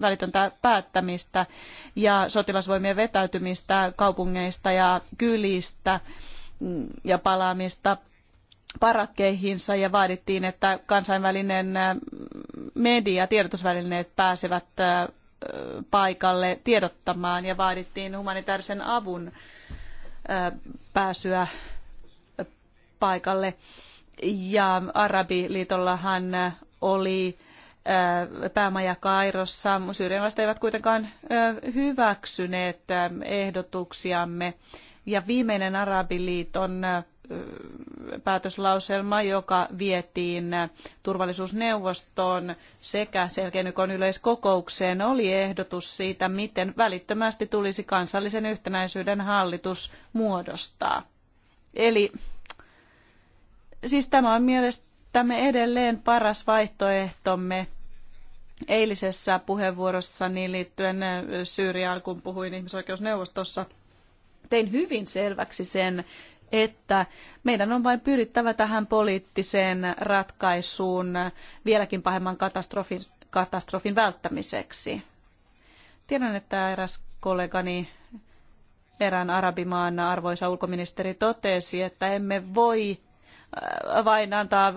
välitöntä päättämistä ja sotilasvoimien vetäytymistä kaupungeista ja kylistä mm, ja palaamista parakkeihinsa ja vaadittiin, että kansainvälinen media, tiedotusvälineet pääsevät paikalle tiedottamaan ja vaadittiin humanitaarisen avun pääsyä paikalle. Ja Arabiliitollahan oli päämaja Kairossa. Syyrialaiset eivät kuitenkaan hyväksyneet ehdotuksiamme. Ja viimeinen Arabiliiton päätöslauselma, joka vietiin turvallisuusneuvostoon sekä Selkeänykon yleiskokoukseen, oli ehdotus siitä, miten välittömästi tulisi kansallisen yhtenäisyyden hallitus muodostaa. Eli siis tämä on mielestämme edelleen paras vaihtoehtomme eilisessä puheenvuorossani liittyen Syyriaan, kun puhuin ihmisoikeusneuvostossa, tein hyvin selväksi sen, että meidän on vain pyrittävä tähän poliittiseen ratkaisuun vieläkin pahemman katastrofin, katastrofin välttämiseksi. Tiedän, että eräs kollegani erään arabimaan arvoisa ulkoministeri totesi, että emme voi äh, vain antaa äh,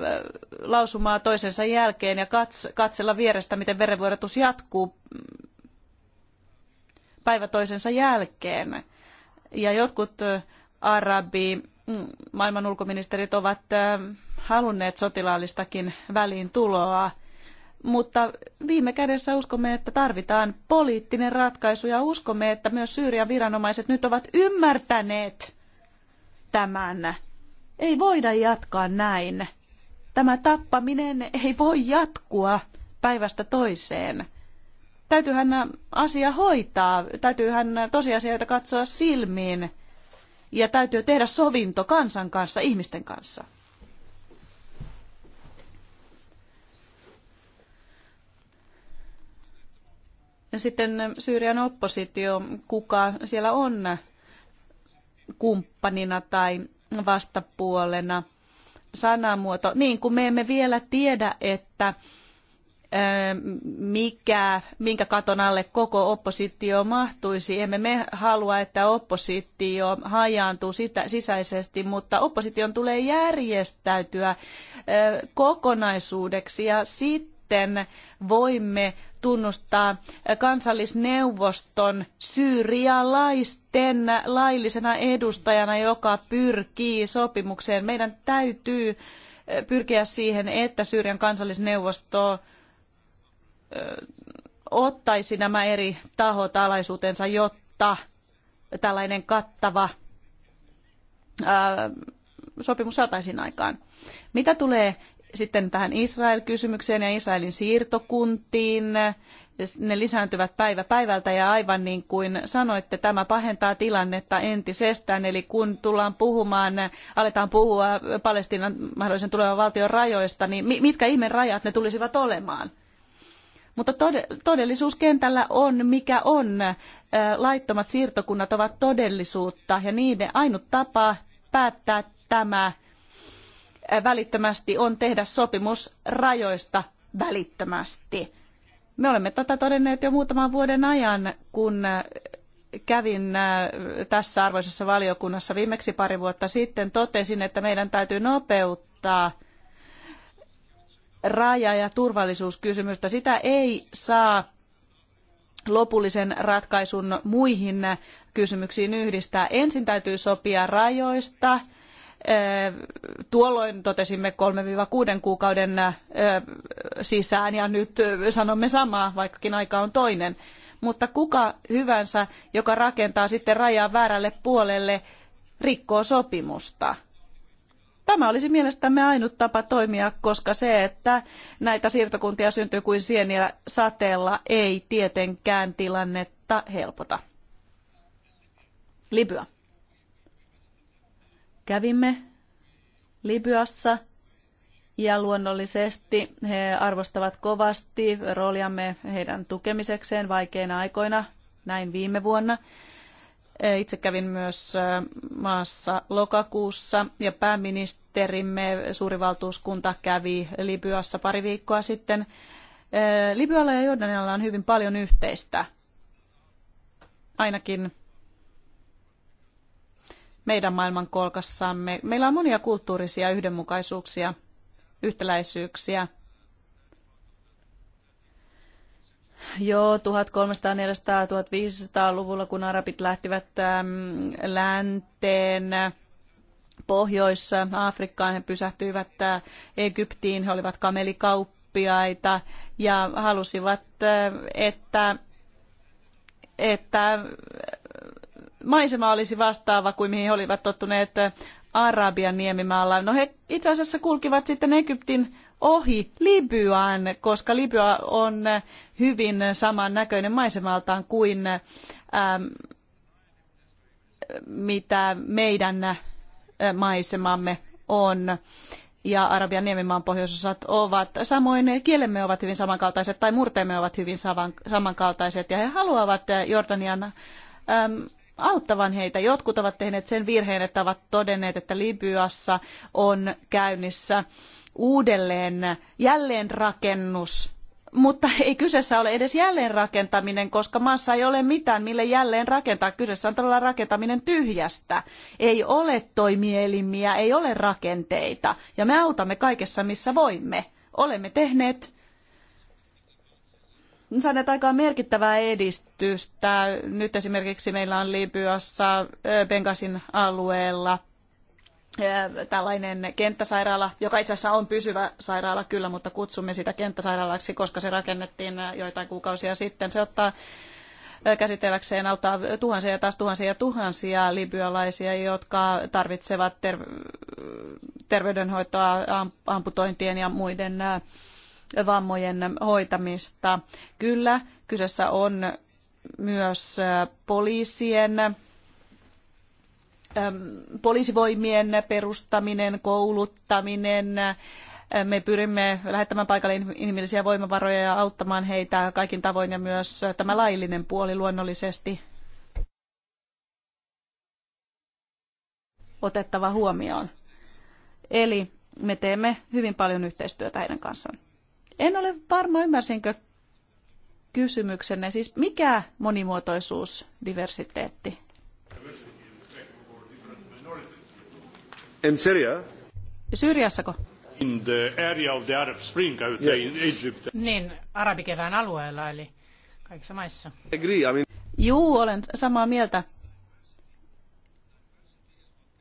lausumaa toisensa jälkeen ja katsella vierestä, miten verenvuodatus jatkuu päivä toisensa jälkeen. Ja jotkut äh, arabi mm, maailman ulkoministerit ovat halunneet sotilaallistakin väliin tuloa, mutta viime kädessä uskomme, että tarvitaan poliittinen ratkaisu ja uskomme, että myös Syyrian viranomaiset nyt ovat ymmärtäneet tämän. Ei voida jatkaa näin. Tämä tappaminen ei voi jatkua päivästä toiseen. Täytyyhän asia hoitaa, täytyyhän tosiasioita katsoa silmiin ja täytyy tehdä sovinto kansan kanssa, ihmisten kanssa. Ja sitten Syyrian oppositio, kuka siellä on kumppanina tai vastapuolena, sanamuoto, niin kuin me emme vielä tiedä, että mikä, minkä katon alle koko oppositio mahtuisi. Emme me halua, että oppositio hajaantuu sitä, sisäisesti, mutta opposition tulee järjestäytyä kokonaisuudeksi ja sitten voimme tunnustaa kansallisneuvoston syyrialaisten laillisena edustajana, joka pyrkii sopimukseen. Meidän täytyy pyrkiä siihen, että Syyrian kansallisneuvosto ottaisi nämä eri tahot alaisuutensa, jotta tällainen kattava sopimus saataisiin aikaan. Mitä tulee sitten tähän Israel-kysymykseen ja Israelin siirtokuntiin, ne lisääntyvät päivä päivältä ja aivan niin kuin sanoitte, tämä pahentaa tilannetta entisestään. Eli kun tullaan puhumaan, aletaan puhua Palestiinan mahdollisen tulevan valtion rajoista, niin mitkä ihmeen rajat ne tulisivat olemaan? Mutta todellisuus kentällä on, mikä on. Laittomat siirtokunnat ovat todellisuutta ja niiden ainut tapa päättää tämä välittömästi on tehdä sopimus rajoista välittömästi. Me olemme tätä todenneet jo muutaman vuoden ajan, kun kävin tässä arvoisessa valiokunnassa viimeksi pari vuotta sitten, totesin, että meidän täytyy nopeuttaa – raja- ja turvallisuuskysymystä. Sitä ei saa lopullisen ratkaisun muihin kysymyksiin yhdistää. Ensin täytyy sopia rajoista. Tuolloin totesimme 3-6 kuukauden sisään ja nyt sanomme samaa, vaikkakin aika on toinen. Mutta kuka hyvänsä, joka rakentaa sitten rajaa väärälle puolelle, rikkoo sopimusta. Tämä olisi mielestämme ainut tapa toimia, koska se, että näitä siirtokuntia syntyy kuin sieniä sateella, ei tietenkään tilannetta helpota. Libya. Kävimme Libyassa ja luonnollisesti he arvostavat kovasti rooliamme heidän tukemisekseen vaikeina aikoina, näin viime vuonna. Eh, itse kävin myös eh, maassa lokakuussa ja pääministerimme suurivaltuuskunta kävi Libyassa pari viikkoa sitten. Eh, Libyalla ja Jordanialla on hyvin paljon yhteistä. Ainakin meidän maailmankolkassamme. Meillä on monia kulttuurisia yhdenmukaisuuksia, yhtäläisyyksiä – jo 1300-1500-luvulla, kun arabit lähtivät länteen, äh, pohjoissa afrikkaan he pysähtyivät äh, Egyptiin, he olivat kamelikauppiaita ja halusivat, äh, että, että maisema olisi vastaava kuin mihin he olivat tottuneet Arabian niemimaalla. No he itse asiassa kulkivat sitten Egyptin ohi Libyaan, koska Libya on hyvin samannäköinen maisemaltaan kuin ähm, mitä meidän äh, maisemamme on ja Arabian niemimaan pohjoisosat ovat. Samoin kielemme ovat hyvin samankaltaiset tai murteemme ovat hyvin samankaltaiset ja he haluavat Jordanian ähm, auttavan heitä. Jotkut ovat tehneet sen virheen, että ovat todenneet, että Libyassa on käynnissä uudelleen jälleenrakennus, mutta ei kyseessä ole edes jälleenrakentaminen, koska maassa ei ole mitään, mille jälleen rakentaa. Kyseessä on todella rakentaminen tyhjästä. Ei ole toimielimiä, ei ole rakenteita. Ja me autamme kaikessa, missä voimme. Olemme tehneet saaneet aikaan merkittävää edistystä. Nyt esimerkiksi meillä on Libyassa, Bengasin alueella tällainen kenttäsairaala, joka itse asiassa on pysyvä sairaala kyllä, mutta kutsumme sitä kenttäsairaalaksi, koska se rakennettiin joitain kuukausia sitten. Se ottaa käsitelläkseen auttaa tuhansia ja taas tuhansia ja tuhansia libyalaisia, jotka tarvitsevat ter- terveydenhoitoa amputointien ja muiden vammojen hoitamista. Kyllä, kyseessä on myös poliisien poliisivoimien perustaminen, kouluttaminen, me pyrimme lähettämään paikalle inhimillisiä voimavaroja ja auttamaan heitä kaikin tavoin ja myös tämä laillinen puoli luonnollisesti otettava huomioon. Eli me teemme hyvin paljon yhteistyötä heidän kanssaan. En ole varma, ymmärsinkö kysymyksenne. Siis mikä monimuotoisuus, diversiteetti Syyriassako? In the area of the Arab Spring, I would say yes. in Egypt. Niin, arabikevään alueella, eli kaikissa maissa. Agree, I mean... Juu, olen samaa mieltä.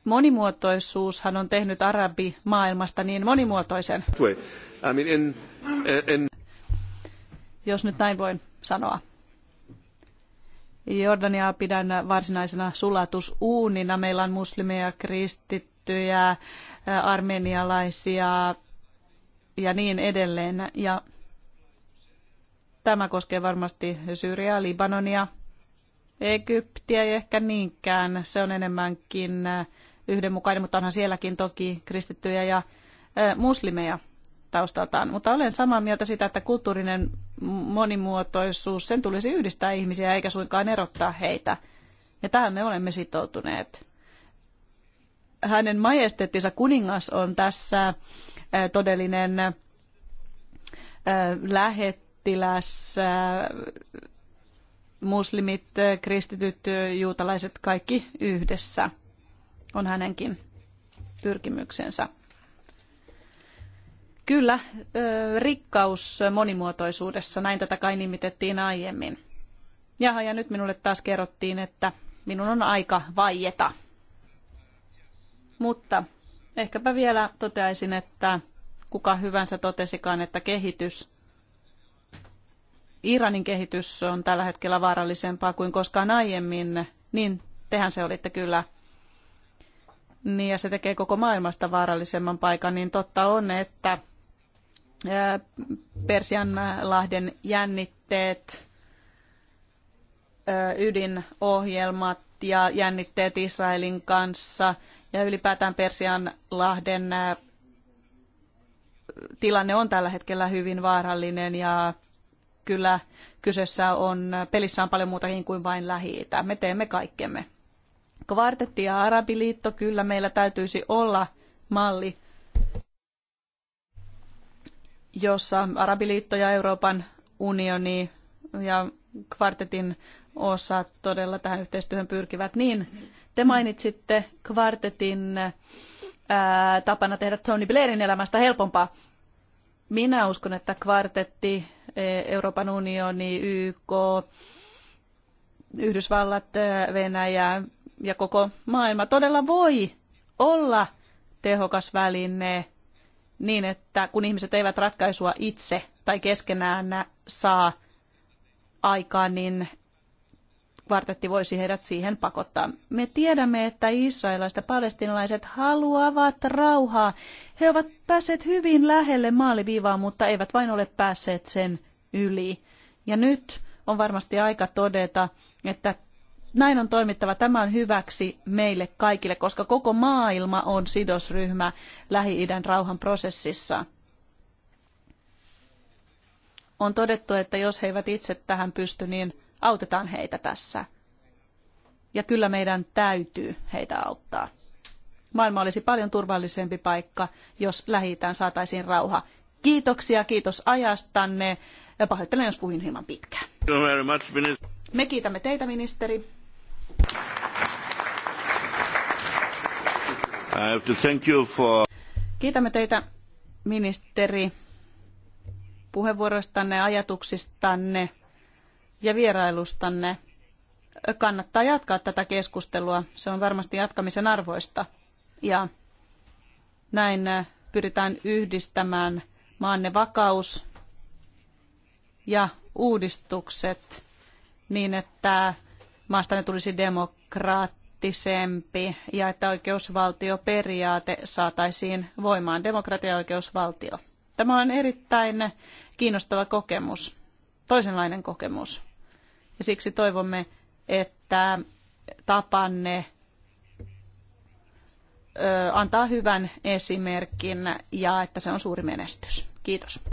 Monimuotoisuushan on tehnyt arabimaailmasta niin monimuotoisen. I mean, in, eh, in... Jos nyt näin voin sanoa. Jordaniaa pidän varsinaisena sulatusuunina. Meillä on muslimeja, kristit, kristittyjä, armenialaisia ja niin edelleen. Ja tämä koskee varmasti Syyriaa, Libanonia, Egyptiä ei ehkä niinkään. Se on enemmänkin yhdenmukainen, mutta onhan sielläkin toki kristittyjä ja muslimeja taustaltaan. Mutta olen samaa mieltä sitä, että kulttuurinen monimuotoisuus, sen tulisi yhdistää ihmisiä eikä suinkaan erottaa heitä. Ja tähän me olemme sitoutuneet hänen majesteettinsa kuningas on tässä äh, todellinen äh, lähettiläs, äh, muslimit, kristityt, juutalaiset, kaikki yhdessä on hänenkin pyrkimyksensä. Kyllä, rikkaus monimuotoisuudessa, näin tätä kai nimitettiin aiemmin. Jaha, ja nyt minulle taas kerrottiin, että minun on aika vaieta. Mutta ehkäpä vielä toteaisin, että kuka hyvänsä totesikaan, että kehitys, Iranin kehitys on tällä hetkellä vaarallisempaa kuin koskaan aiemmin, niin tehän se olitte kyllä. Niin, ja se tekee koko maailmasta vaarallisemman paikan, niin totta on, että Persianlahden jännitteet, ydinohjelmat ja jännitteet Israelin kanssa ja ylipäätään Persian lahden tilanne on tällä hetkellä hyvin vaarallinen ja kyllä kyseessä on, pelissä on paljon muutakin kuin vain lähi -itä. Me teemme kaikkemme. Kvartetti ja Arabiliitto, kyllä meillä täytyisi olla malli, jossa Arabiliitto ja Euroopan unioni ja kvartetin osat todella tähän yhteistyöhön pyrkivät niin te mainitsitte kvartetin ää, tapana tehdä Tony Blairin elämästä helpompaa. Minä uskon, että kvartetti, e, Euroopan unioni, YK, Yhdysvallat, e, Venäjä ja koko maailma todella voi olla tehokas väline niin, että kun ihmiset eivät ratkaisua itse tai keskenään saa aikaan, niin kvartetti voisi heidät siihen pakottaa. Me tiedämme, että israelaiset ja palestinalaiset haluavat rauhaa. He ovat päässeet hyvin lähelle maaliviivaa, mutta eivät vain ole päässeet sen yli. Ja nyt on varmasti aika todeta, että näin on toimittava. Tämä on hyväksi meille kaikille, koska koko maailma on sidosryhmä Lähi-idän rauhan prosessissa. On todettu, että jos he eivät itse tähän pysty, niin autetaan heitä tässä. Ja kyllä meidän täytyy heitä auttaa. Maailma olisi paljon turvallisempi paikka, jos lähi saataisiin rauha. Kiitoksia, kiitos ajastanne. Ja pahoittelen, jos puhuin hieman pitkään. Me kiitämme teitä, ministeri. I have to thank you for... Kiitämme teitä, ministeri, puheenvuoroistanne, ajatuksistanne ja vierailustanne. Kannattaa jatkaa tätä keskustelua. Se on varmasti jatkamisen arvoista. Ja näin äh, pyritään yhdistämään maanne vakaus ja uudistukset niin, että maastanne tulisi demokraattisempi ja että oikeusvaltioperiaate saataisiin voimaan, demokratia ja oikeusvaltio. Tämä on erittäin kiinnostava kokemus, toisenlainen kokemus. Ja siksi toivomme, että tapanne antaa hyvän esimerkin ja että se on suuri menestys. Kiitos.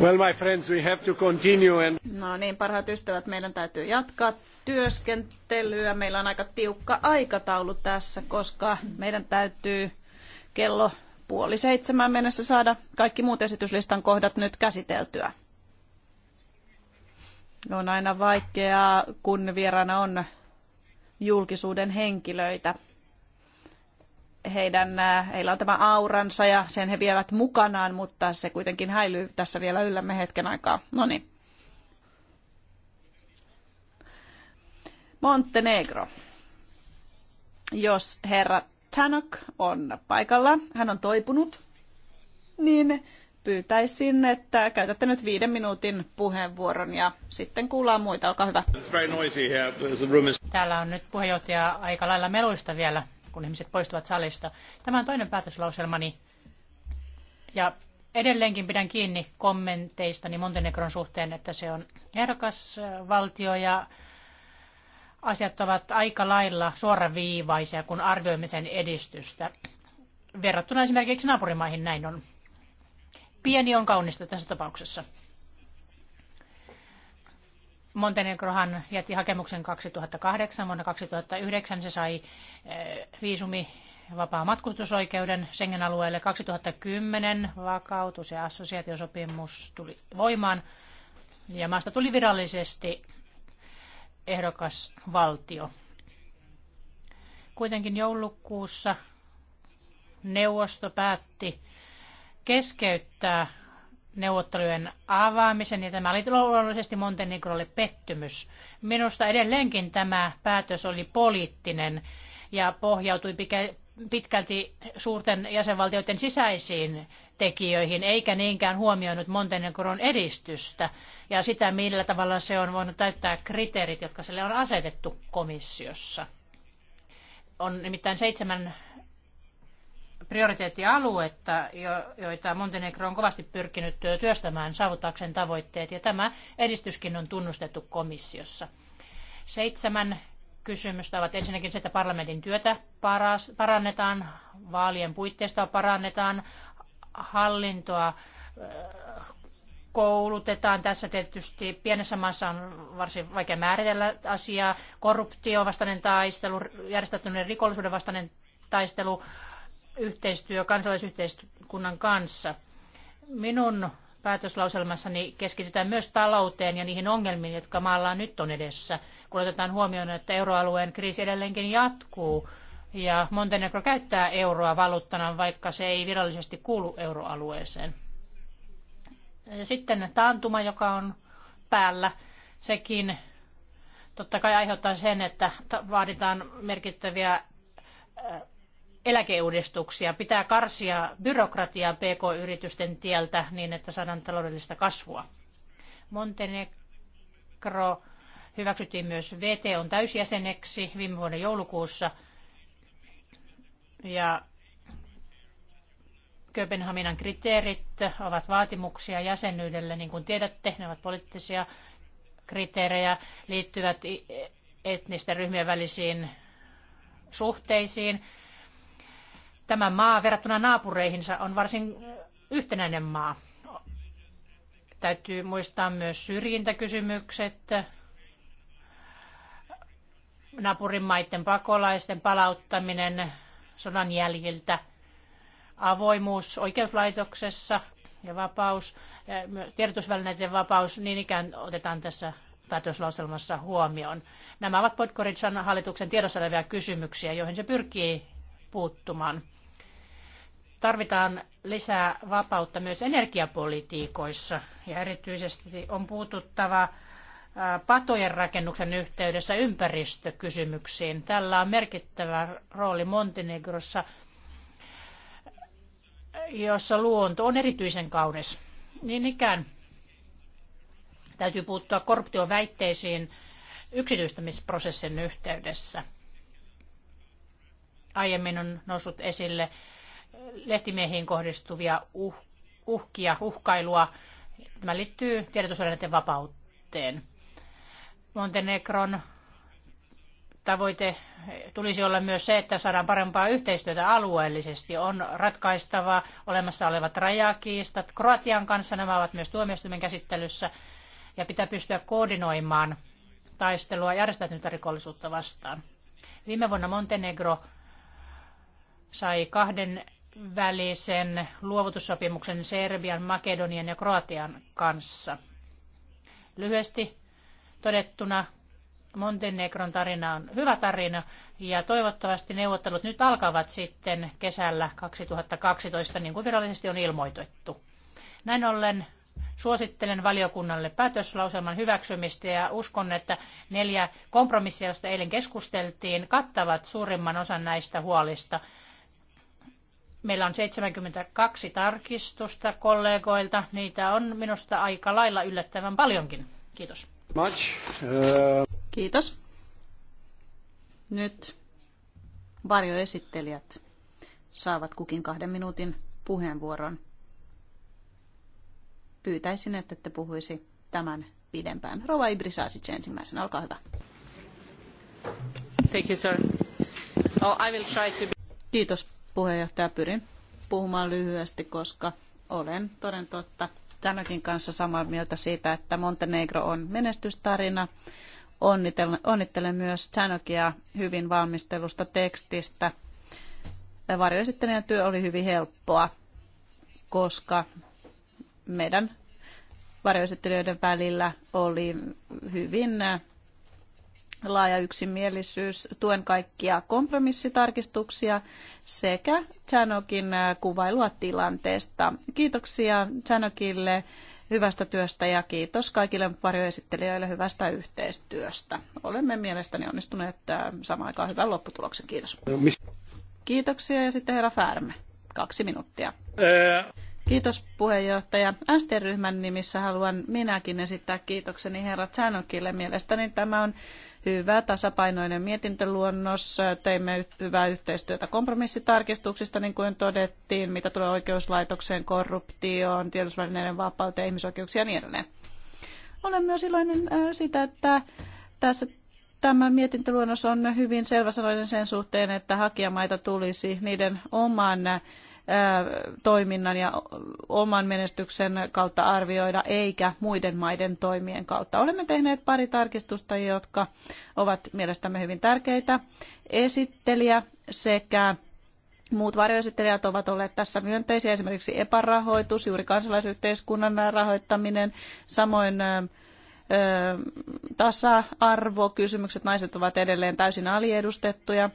Well, my friends, we have to continue and... No niin, parhaat ystävät, meidän täytyy jatkaa työskentelyä. Meillä on aika tiukka aikataulu tässä, koska meidän täytyy kello puoli seitsemään mennessä saada kaikki muut esityslistan kohdat nyt käsiteltyä. On aina vaikeaa, kun vieraana on julkisuuden henkilöitä heidän, äh, heillä on tämä auransa ja sen he vievät mukanaan, mutta se kuitenkin häilyy tässä vielä yllämme hetken aikaa. No niin. Montenegro. Jos herra Tanok on paikalla, hän on toipunut, niin pyytäisin, että käytätte nyt viiden minuutin puheenvuoron ja sitten kuullaan muita. Olkaa hyvä. Täällä on nyt puheenjohtaja aika lailla meluista vielä kun ihmiset poistuvat salista. Tämä on toinen päätöslauselmani. Ja edelleenkin pidän kiinni kommenteistani Montenegron suhteen, että se on ehdokas valtio ja asiat ovat aika lailla suoraviivaisia, kun arvioimme sen edistystä. Verrattuna esimerkiksi naapurimaihin näin on. Pieni on kaunista tässä tapauksessa. Montenegrohan jätti hakemuksen 2008. Vuonna 2009 se sai eh, viisumi vapaa matkustusoikeuden Schengen-alueelle. 2010 vakautus- ja assosiaatiosopimus tuli voimaan ja maasta tuli virallisesti ehdokas valtio. Kuitenkin joulukuussa neuvosto päätti keskeyttää neuvottelujen avaamisen, ja tämä oli luonnollisesti Montenegrolle pettymys. Minusta edelleenkin tämä päätös oli poliittinen ja pohjautui pitkälti suurten jäsenvaltioiden sisäisiin tekijöihin, eikä niinkään huomioinut Montenegron edistystä ja sitä, millä tavalla se on voinut täyttää kriteerit, jotka sille on asetettu komissiossa. On nimittäin seitsemän prioriteettialuetta, joita Montenegro on kovasti pyrkinyt työstämään saavuttaakseen tavoitteet, ja tämä edistyskin on tunnustettu komissiossa. Seitsemän kysymystä ovat ensinnäkin se, että parlamentin työtä parannetaan, vaalien puitteista parannetaan, hallintoa koulutetaan. Tässä tietysti pienessä maassa on varsin vaikea määritellä asiaa. Korruptio vastainen taistelu, järjestäytyneen rikollisuuden vastainen taistelu, yhteistyö kansalaisyhteiskunnan kanssa. Minun päätöslauselmassani keskitytään myös talouteen ja niihin ongelmiin, jotka maalla nyt on edessä, kun otetaan huomioon, että euroalueen kriisi edelleenkin jatkuu ja Montenegro käyttää euroa valuuttana, vaikka se ei virallisesti kuulu euroalueeseen. Ja sitten taantuma, joka on päällä, sekin totta kai aiheuttaa sen, että vaaditaan merkittäviä äh, eläkeuudistuksia. Pitää karsia byrokratiaa PK-yritysten tieltä niin, että saadaan taloudellista kasvua. Montenegro hyväksyttiin myös VTOn täysjäseneksi viime vuoden joulukuussa. Ja Kööpenhaminan kriteerit ovat vaatimuksia jäsenyydelle, niin kuin tiedätte, ne ovat poliittisia kriteerejä, liittyvät etnisten ryhmien välisiin suhteisiin. Tämä maa verrattuna naapureihinsa on varsin yhtenäinen maa. Täytyy muistaa myös syrjintäkysymykset, naapurimaiden pakolaisten palauttaminen sodan jäljiltä, avoimuus oikeuslaitoksessa ja vapaus, tiedotusvälineiden vapaus, niin ikään otetaan tässä päätöslauselmassa huomioon. Nämä ovat Podgoritsan hallituksen tiedossa olevia kysymyksiä, joihin se pyrkii puuttumaan. Tarvitaan lisää vapautta myös energiapolitiikoissa ja erityisesti on puututtava patojen rakennuksen yhteydessä ympäristökysymyksiin. Tällä on merkittävä rooli Montenegrossa, jossa luonto on erityisen kaunis. Niin ikään täytyy puuttua korruptioväitteisiin yksityistämisprosessin yhteydessä. Aiemmin on noussut esille lehtimiehiin kohdistuvia uh, uhkia, uhkailua. Tämä liittyy tiedotusvälineiden vapauteen. Montenegron tavoite tulisi olla myös se, että saadaan parempaa yhteistyötä alueellisesti. On ratkaistava olemassa olevat rajakiistat. Kroatian kanssa nämä ovat myös tuomioistuimen käsittelyssä ja pitää pystyä koordinoimaan taistelua järjestäytynyttä rikollisuutta vastaan. Viime vuonna Montenegro sai kahden välisen luovutussopimuksen Serbian, Makedonian ja Kroatian kanssa. Lyhyesti todettuna Montenegron tarina on hyvä tarina ja toivottavasti neuvottelut nyt alkavat sitten kesällä 2012, niin kuin virallisesti on ilmoitettu. Näin ollen suosittelen valiokunnalle päätöslauselman hyväksymistä ja uskon, että neljä kompromissia, joista eilen keskusteltiin, kattavat suurimman osan näistä huolista. Meillä on 72 tarkistusta kollegoilta. Niitä on minusta aika lailla yllättävän paljonkin. Kiitos. Much. Uh... Kiitos. Nyt varjoesittelijät saavat kukin kahden minuutin puheenvuoron. Pyytäisin, että te puhuisi tämän pidempään. Rova Ibrisasic ensimmäisenä, olkaa hyvä. Thank you, sir. Oh, I will try to be... Kiitos puheenjohtaja. Pyrin puhumaan lyhyesti, koska olen toden totta Tämäkin kanssa samaa mieltä siitä, että Montenegro on menestystarina. Onnittelen, onnittelen myös Tanokia hyvin valmistelusta tekstistä. Varjoesittelijän työ oli hyvin helppoa, koska meidän varjoesittelijöiden välillä oli hyvin laaja yksimielisyys, tuen kaikkia kompromissitarkistuksia sekä Chanokin äh, kuvailua tilanteesta. Kiitoksia Chanokille hyvästä työstä ja kiitos kaikille varjoesittelijöille hyvästä yhteistyöstä. Olemme mielestäni onnistuneet äh, samaan aikaan hyvän lopputuloksen. Kiitos. No, Kiitoksia ja sitten herra Färme. Kaksi minuuttia. Ää... Äh. Kiitos puheenjohtaja. ST-ryhmän nimissä haluan minäkin esittää kiitokseni herra Chanokille. Mielestäni tämä on hyvä tasapainoinen mietintöluonnos. Teimme hyvää yhteistyötä kompromissitarkistuksista, niin kuin todettiin, mitä tulee oikeuslaitokseen, korruptioon, tiedotusvälineiden vapauteen, ihmisoikeuksia ja niin edelleen. Olen myös iloinen äh, sitä, että tässä tämä mietintöluonnos on hyvin selväsanoinen sen suhteen, että hakijamaita tulisi niiden oman toiminnan ja oman menestyksen kautta arvioida, eikä muiden maiden toimien kautta. Olemme tehneet pari tarkistusta, jotka ovat mielestämme hyvin tärkeitä. Esittelijä sekä Muut varjoesittelijät ovat olleet tässä myönteisiä, esimerkiksi epärahoitus, juuri kansalaisyhteiskunnan rahoittaminen, samoin tasa-arvokysymykset, naiset ovat edelleen täysin aliedustettuja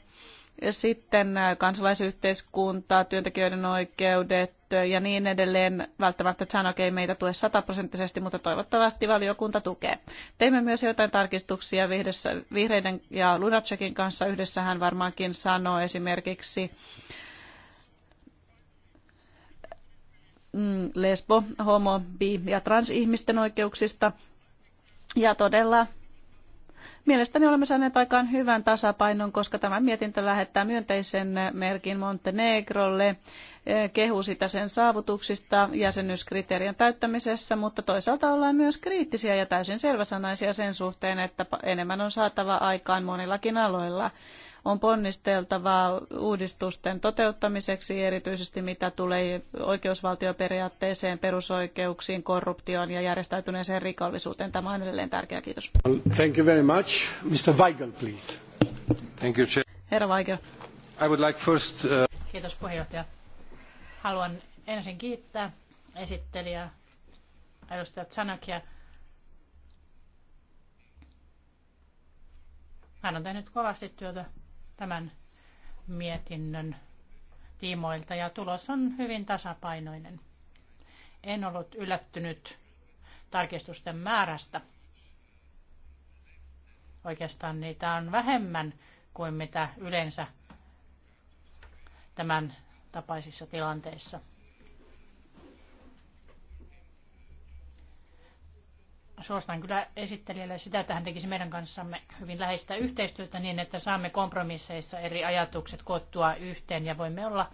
sitten kansalaisyhteiskunta, työntekijöiden oikeudet ja niin edelleen. Välttämättä Chanok ei meitä tue sataprosenttisesti, mutta toivottavasti valiokunta tukee. Teimme myös jotain tarkistuksia vihdessä, vihreiden ja Lunacekin kanssa. Yhdessä hän varmaankin sanoo esimerkiksi mm, lesbo, homo, bi ja transihmisten oikeuksista. Ja todella Mielestäni olemme saaneet aikaan hyvän tasapainon, koska tämä mietintö lähettää myönteisen merkin Montenegrolle, eh, kehu sitä sen saavutuksista jäsenyyskriteerien täyttämisessä, mutta toisaalta ollaan myös kriittisiä ja täysin selväsanaisia sen suhteen, että enemmän on saatava aikaan monillakin aloilla on ponnisteltava uudistusten toteuttamiseksi, erityisesti mitä tulee oikeusvaltioperiaatteeseen, perusoikeuksiin, korruptioon ja järjestäytyneeseen rikollisuuteen. Tämä on edelleen tärkeä. Kiitos. Thank you very much arvoisa puhemies Herra Weigel. I would like first, uh, puheenjohtaja. Haluan ensin kiittää esittelijää, edustaja Tsanakia. Hän on tehnyt kovasti työtä tämän mietinnön tiimoilta ja tulos on hyvin tasapainoinen. En ollut yllättynyt tarkistusten määrästä. Oikeastaan niitä on vähemmän kuin mitä yleensä tämän tapaisissa tilanteissa. suostan kyllä esittelijälle sitä, että hän tekisi meidän kanssamme hyvin läheistä yhteistyötä niin, että saamme kompromisseissa eri ajatukset koottua yhteen ja voimme olla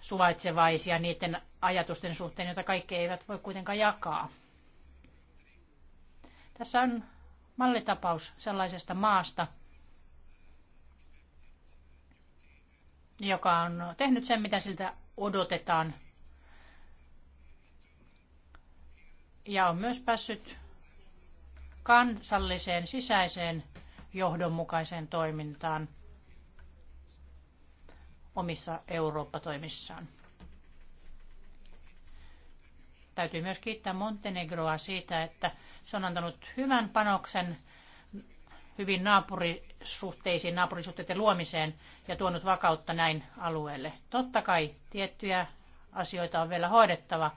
suvaitsevaisia niiden ajatusten suhteen, joita kaikki eivät voi kuitenkaan jakaa. Tässä on mallitapaus sellaisesta maasta, joka on tehnyt sen, mitä siltä odotetaan. Ja on myös päässyt kansalliseen sisäiseen johdonmukaiseen toimintaan omissa Eurooppa-toimissaan. Täytyy myös kiittää Montenegroa siitä, että se on antanut hyvän panoksen hyvin naapurisuhteisiin, naapurisuhteiden luomiseen ja tuonut vakautta näin alueelle. Totta kai tiettyjä asioita on vielä hoidettava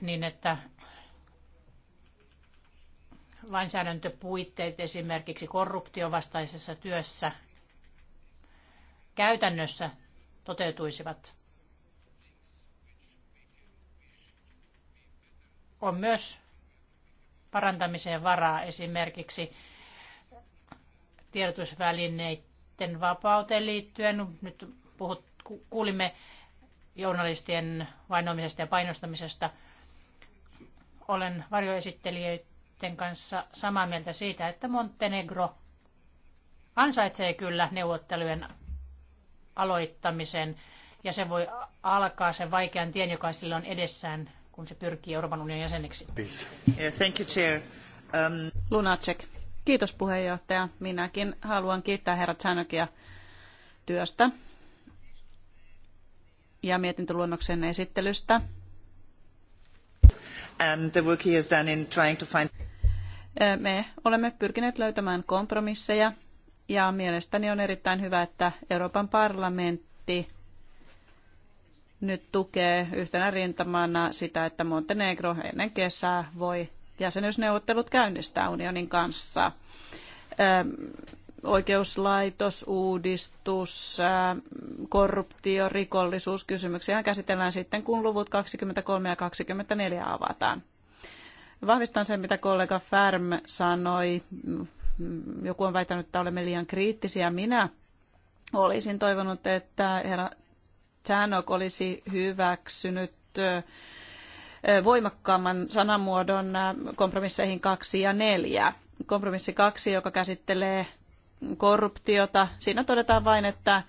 niin, että lainsäädäntöpuitteet esimerkiksi korruptiovastaisessa työssä käytännössä toteutuisivat. on myös parantamiseen varaa esimerkiksi tiedotusvälineiden vapauteen liittyen. Nyt puhut, kuulimme journalistien vainoamisesta ja painostamisesta. Olen varjoesittelijöiden kanssa samaa mieltä siitä, että Montenegro ansaitsee kyllä neuvottelujen aloittamisen ja se voi alkaa sen vaikean tien, joka sillä on edessään kun se pyrkii Euroopan unionin jäseneksi. thank you, chair. Um, Lunacek. Kiitos puheenjohtaja. Minäkin haluan kiittää herra Tsanokia työstä ja mietintöluonnoksen esittelystä. And the work he has done in trying to find... Eh, me olemme pyrkineet löytämään kompromisseja ja mielestäni on erittäin hyvä, että Euroopan parlamentti nyt tukee yhtenä rintamana sitä, että Montenegro ennen kesää voi jäsenyysneuvottelut käynnistää unionin kanssa. uudistus, korruptio, kysymyksiä käsitellään sitten, kun luvut 23 ja 24 avataan. Vahvistan sen, mitä kollega Färm sanoi. Joku on väittänyt, että olemme liian kriittisiä. Minä olisin toivonut, että herra Tanok olisi hyväksynyt voimakkaamman sanamuodon kompromisseihin kaksi ja neljä. Kompromissi kaksi, joka käsittelee korruptiota. Siinä todetaan vain, että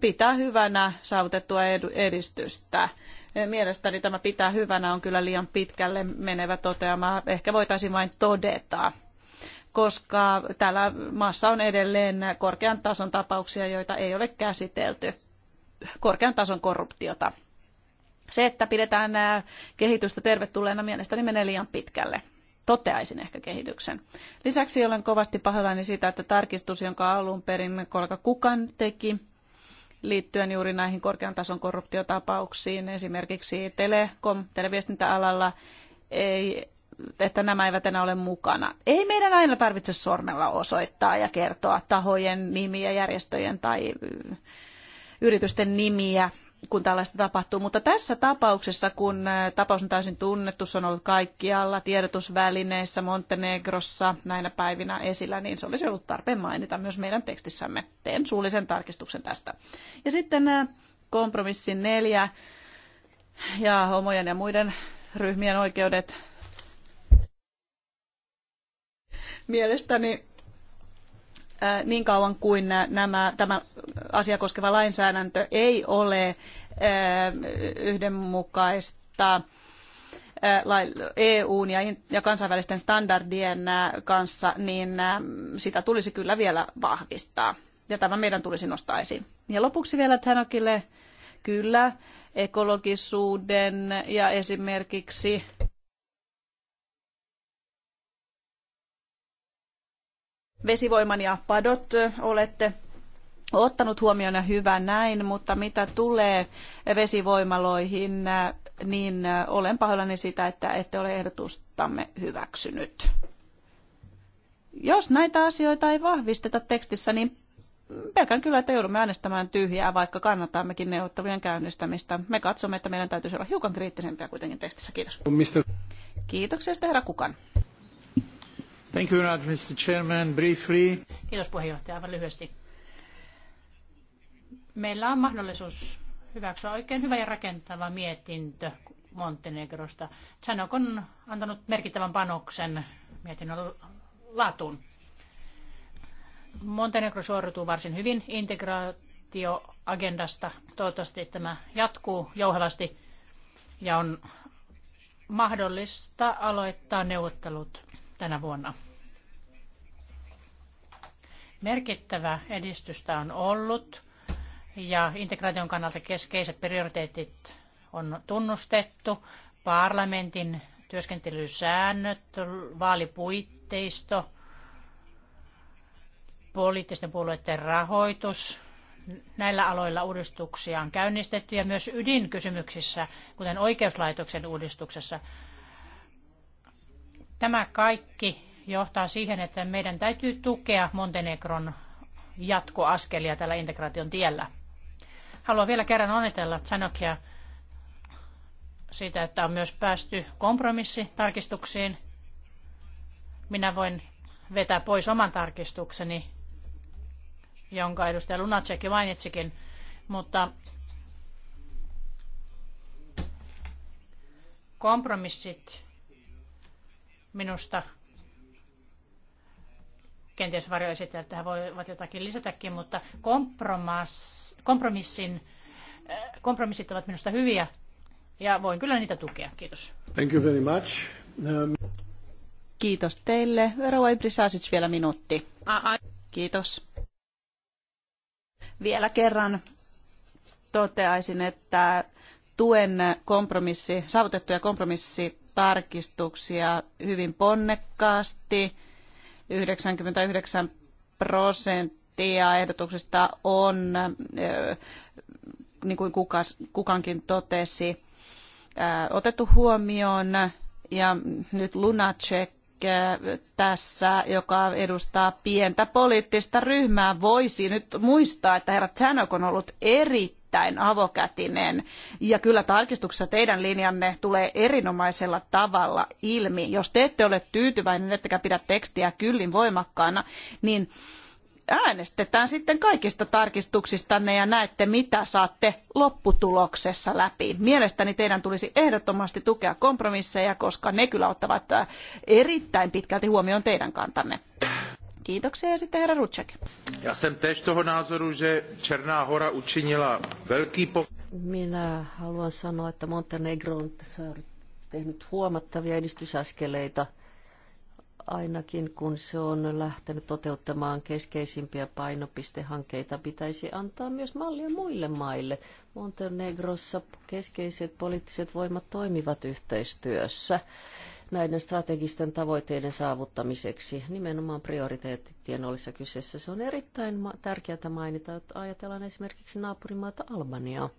pitää hyvänä saavutettua edistystä. Mielestäni tämä pitää hyvänä on kyllä liian pitkälle menevä toteama. Ehkä voitaisiin vain todeta koska täällä maassa on edelleen korkean tason tapauksia, joita ei ole käsitelty korkean tason korruptiota. Se, että pidetään kehitystä tervetulleena, mielestäni menee liian pitkälle toteaisin ehkä kehityksen. Lisäksi olen kovasti pahoillani siitä, että tarkistus, jonka alun perin kolka Kukan teki, liittyen juuri näihin korkean tason korruptiotapauksiin, esimerkiksi telekom, televiestintäalalla, ei, että nämä eivät enää ole mukana. Ei meidän aina tarvitse sormella osoittaa ja kertoa tahojen nimiä, järjestöjen tai yritysten nimiä, kun tällaista tapahtuu. Mutta tässä tapauksessa, kun äh, tapaus on täysin tunnettu, se on ollut kaikkialla tiedotusvälineissä, Montenegrossa näinä päivinä esillä, niin se olisi ollut tarpeen mainita myös meidän tekstissämme. Teen suullisen tarkistuksen tästä. Ja sitten äh, kompromissi neljä ja homojen ja muiden ryhmien oikeudet. Mielestäni äh, niin kauan kuin nämä, tämä asia koskeva lainsäädäntö ei ole äh, yhdenmukaista äh, EUn ja kansainvälisten standardien äh, kanssa, niin sitä tulisi kyllä vielä vahvistaa. Ja tämä meidän tulisi nostaa esiin. Ja lopuksi vielä Tänokille, kyllä, ekologisuuden ja esimerkiksi vesivoiman ja padot olette ottanut huomioon ja hyvä näin, mutta mitä tulee vesivoimaloihin, niin olen pahoillani sitä, että ette ole ehdotustamme hyväksynyt. Jos näitä asioita ei vahvisteta tekstissä, niin pelkään kyllä, että joudumme äänestämään tyhjää, vaikka kannatammekin neuvottelujen käynnistämistä. Me katsomme, että meidän täytyisi olla hiukan kriittisempiä kuitenkin tekstissä. Kiitos. Kiitoksia, herra Kukan. Thank you, Mr. Chairman. Briefly. Kiitos puheenjohtaja, aivan lyhyesti Meillä on mahdollisuus hyväksyä oikein hyvä ja rakentava mietintö Montenegrosta. Chanok on antanut merkittävän panoksen mietinnön laatuun. Montenegro suorituu varsin hyvin integraatioagendasta. Toivottavasti tämä jatkuu jouhevasti ja on mahdollista aloittaa neuvottelut tänä vuonna. Merkittävä edistystä on ollut ja integraation kannalta keskeiset prioriteetit on tunnustettu. Parlamentin työskentelysäännöt, vaalipuitteisto, poliittisten puolueiden rahoitus. Näillä aloilla uudistuksia on käynnistetty ja myös ydinkysymyksissä, kuten oikeuslaitoksen uudistuksessa. Tämä kaikki johtaa siihen, että meidän täytyy tukea Montenegron jatkoaskelia tällä integraation tiellä. Haluan vielä kerran onnitella Tsanokia siitä, että on myös päästy kompromissitarkistuksiin. Minä voin vetää pois oman tarkistukseni, jonka edustaja Lunacek mainitsikin, mutta kompromissit minusta kenties varjoesittäjät tähän voivat jotakin lisätäkin, mutta kompromassi Kompromissin, äh, kompromissit ovat minusta hyviä ja voin kyllä niitä tukea. Kiitos. Thank you very much. Um... Kiitos teille. Rauha Ibrisasic vielä minuutti. Kiitos. Vielä kerran toteaisin, että tuen kompromissi, saavutettuja kompromissitarkistuksia hyvin ponnekkaasti. 99 prosenttia prosenttia ehdotuksesta on, niin kuin kukas, kukankin totesi, otettu huomioon. Ja nyt Lunacek tässä, joka edustaa pientä poliittista ryhmää, voisi nyt muistaa, että herra Chanok on ollut erittäin avokätinen. Ja kyllä tarkistuksessa teidän linjanne tulee erinomaisella tavalla ilmi. Jos te ette ole tyytyväinen, ettekä pidä tekstiä kyllin voimakkaana, niin äänestetään sitten kaikista tarkistuksistanne ja näette, mitä saatte lopputuloksessa läpi. Mielestäni teidän tulisi ehdottomasti tukea kompromisseja, koska ne kyllä ottavat äh, erittäin pitkälti huomioon teidän kantanne. Kiitoksia ja sitten herra Rutsek. Ja jsem tež toho názoru, že Černá hora učinila velký po... Minä haluan sanoa, että Montenegro on tehnyt huomattavia edistysaskeleita – ainakin kun se on lähtenyt toteuttamaan keskeisimpiä painopistehankkeita, pitäisi antaa myös mallia muille maille. Montenegrossa keskeiset poliittiset voimat toimivat yhteistyössä näiden strategisten tavoitteiden saavuttamiseksi. Nimenomaan prioriteettien ollessa kyseessä. Se on erittäin tärkeää mainita, että ajatellaan esimerkiksi naapurimaata Albaniaa.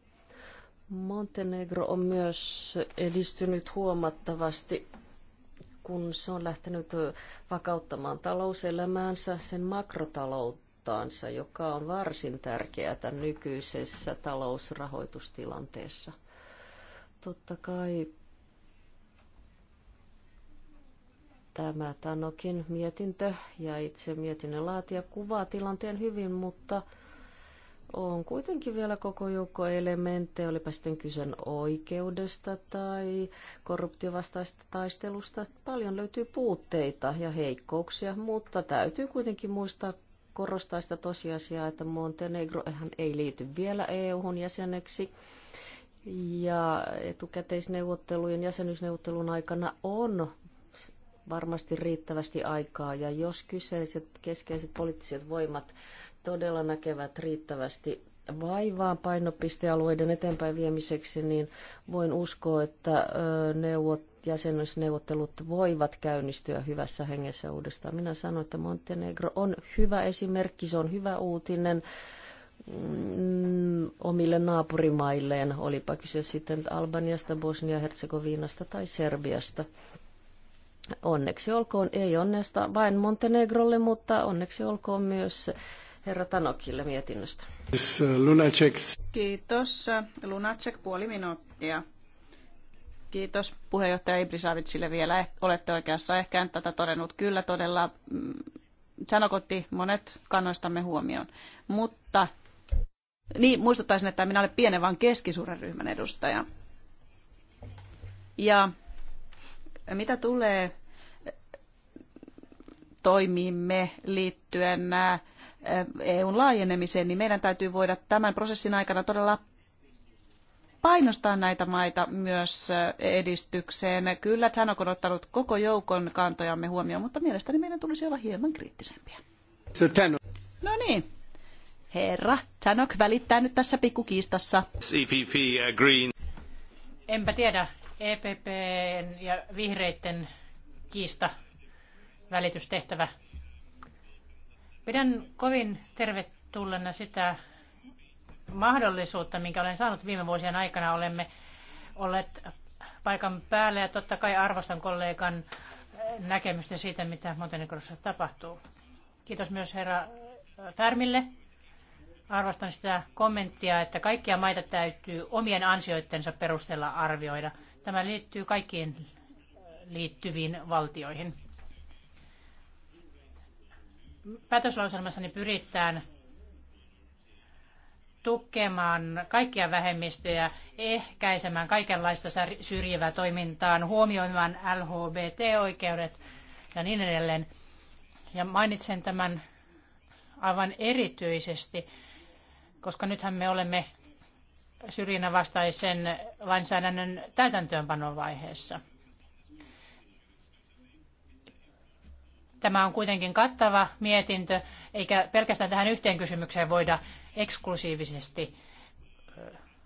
Montenegro on myös edistynyt huomattavasti kun se on lähtenyt vakauttamaan talouselämäänsä, sen makrotalouttaansa, joka on varsin tärkeää nykyisessä talousrahoitustilanteessa. Totta kai tämä Tanokin mietintö ja itse mietinnön laatija kuvaa tilanteen hyvin, mutta on kuitenkin vielä koko joukko elementtejä, olipa sitten kyse oikeudesta tai korruptiovastaista taistelusta. Paljon löytyy puutteita ja heikkouksia, mutta täytyy kuitenkin muistaa korostaa sitä tosiasiaa, että Montenegro ei liity vielä EU-hun jäseneksi. Ja etukäteisneuvottelujen jäsenyysneuvottelun aikana on varmasti riittävästi aikaa. Ja jos kyseiset keskeiset poliittiset voimat todella näkevät riittävästi vaivaa painopistealueiden eteenpäin viemiseksi, niin voin uskoa, että neuvot, jäsenyysneuvottelut voivat käynnistyä hyvässä hengessä uudestaan. Minä sanoin, että Montenegro on hyvä esimerkki, se on hyvä uutinen mm, omille naapurimailleen, olipa kyse sitten Albaniasta, Bosnia-Herzegovinasta tai Serbiasta. Onneksi olkoon, ei onnesta vain Montenegrolle, mutta onneksi olkoon myös herra Tanokille mietinnöstä. Siis, äh, Kiitos. Lunacek puoli minuuttia. Kiitos puheenjohtaja Ibrisavitsille vielä. Eh, olette oikeassa. Ehkä en tätä todennut. Kyllä todella mm, sanokotti monet kannoistamme huomioon. Mutta niin, muistuttaisin, että minä olen pienen vaan keskisuuren ryhmän edustaja. Ja mitä tulee eh, toimiimme liittyen eh, EUn laajenemiseen, niin meidän täytyy voida tämän prosessin aikana todella painostaa näitä maita myös edistykseen. Kyllä Chanok on ottanut koko joukon kantojamme huomioon, mutta mielestäni meidän tulisi olla hieman kriittisempiä. No niin. Herra Chanok välittää nyt tässä pikkukiistassa. CPP uh, Green. Enpä tiedä. EPP ja vihreiden kiista välitystehtävä Pidän kovin tervetulleena sitä mahdollisuutta, minkä olen saanut viime vuosien aikana. Olemme olleet paikan päällä ja totta kai arvostan kollegan näkemystä siitä, mitä Montenegrossa tapahtuu. Kiitos myös herra Färmille. Arvostan sitä kommenttia, että kaikkia maita täytyy omien ansioittensa perusteella arvioida. Tämä liittyy kaikkiin liittyviin valtioihin päätöslauselmassani pyritään tukemaan kaikkia vähemmistöjä, ehkäisemään kaikenlaista syrjivää toimintaa, huomioimaan LHBT-oikeudet ja niin edelleen. Ja mainitsen tämän aivan erityisesti, koska nythän me olemme syrjinnän vastaisen lainsäädännön täytäntöönpanon vaiheessa. Tämä on kuitenkin kattava mietintö, eikä pelkästään tähän yhteen kysymykseen voida eksklusiivisesti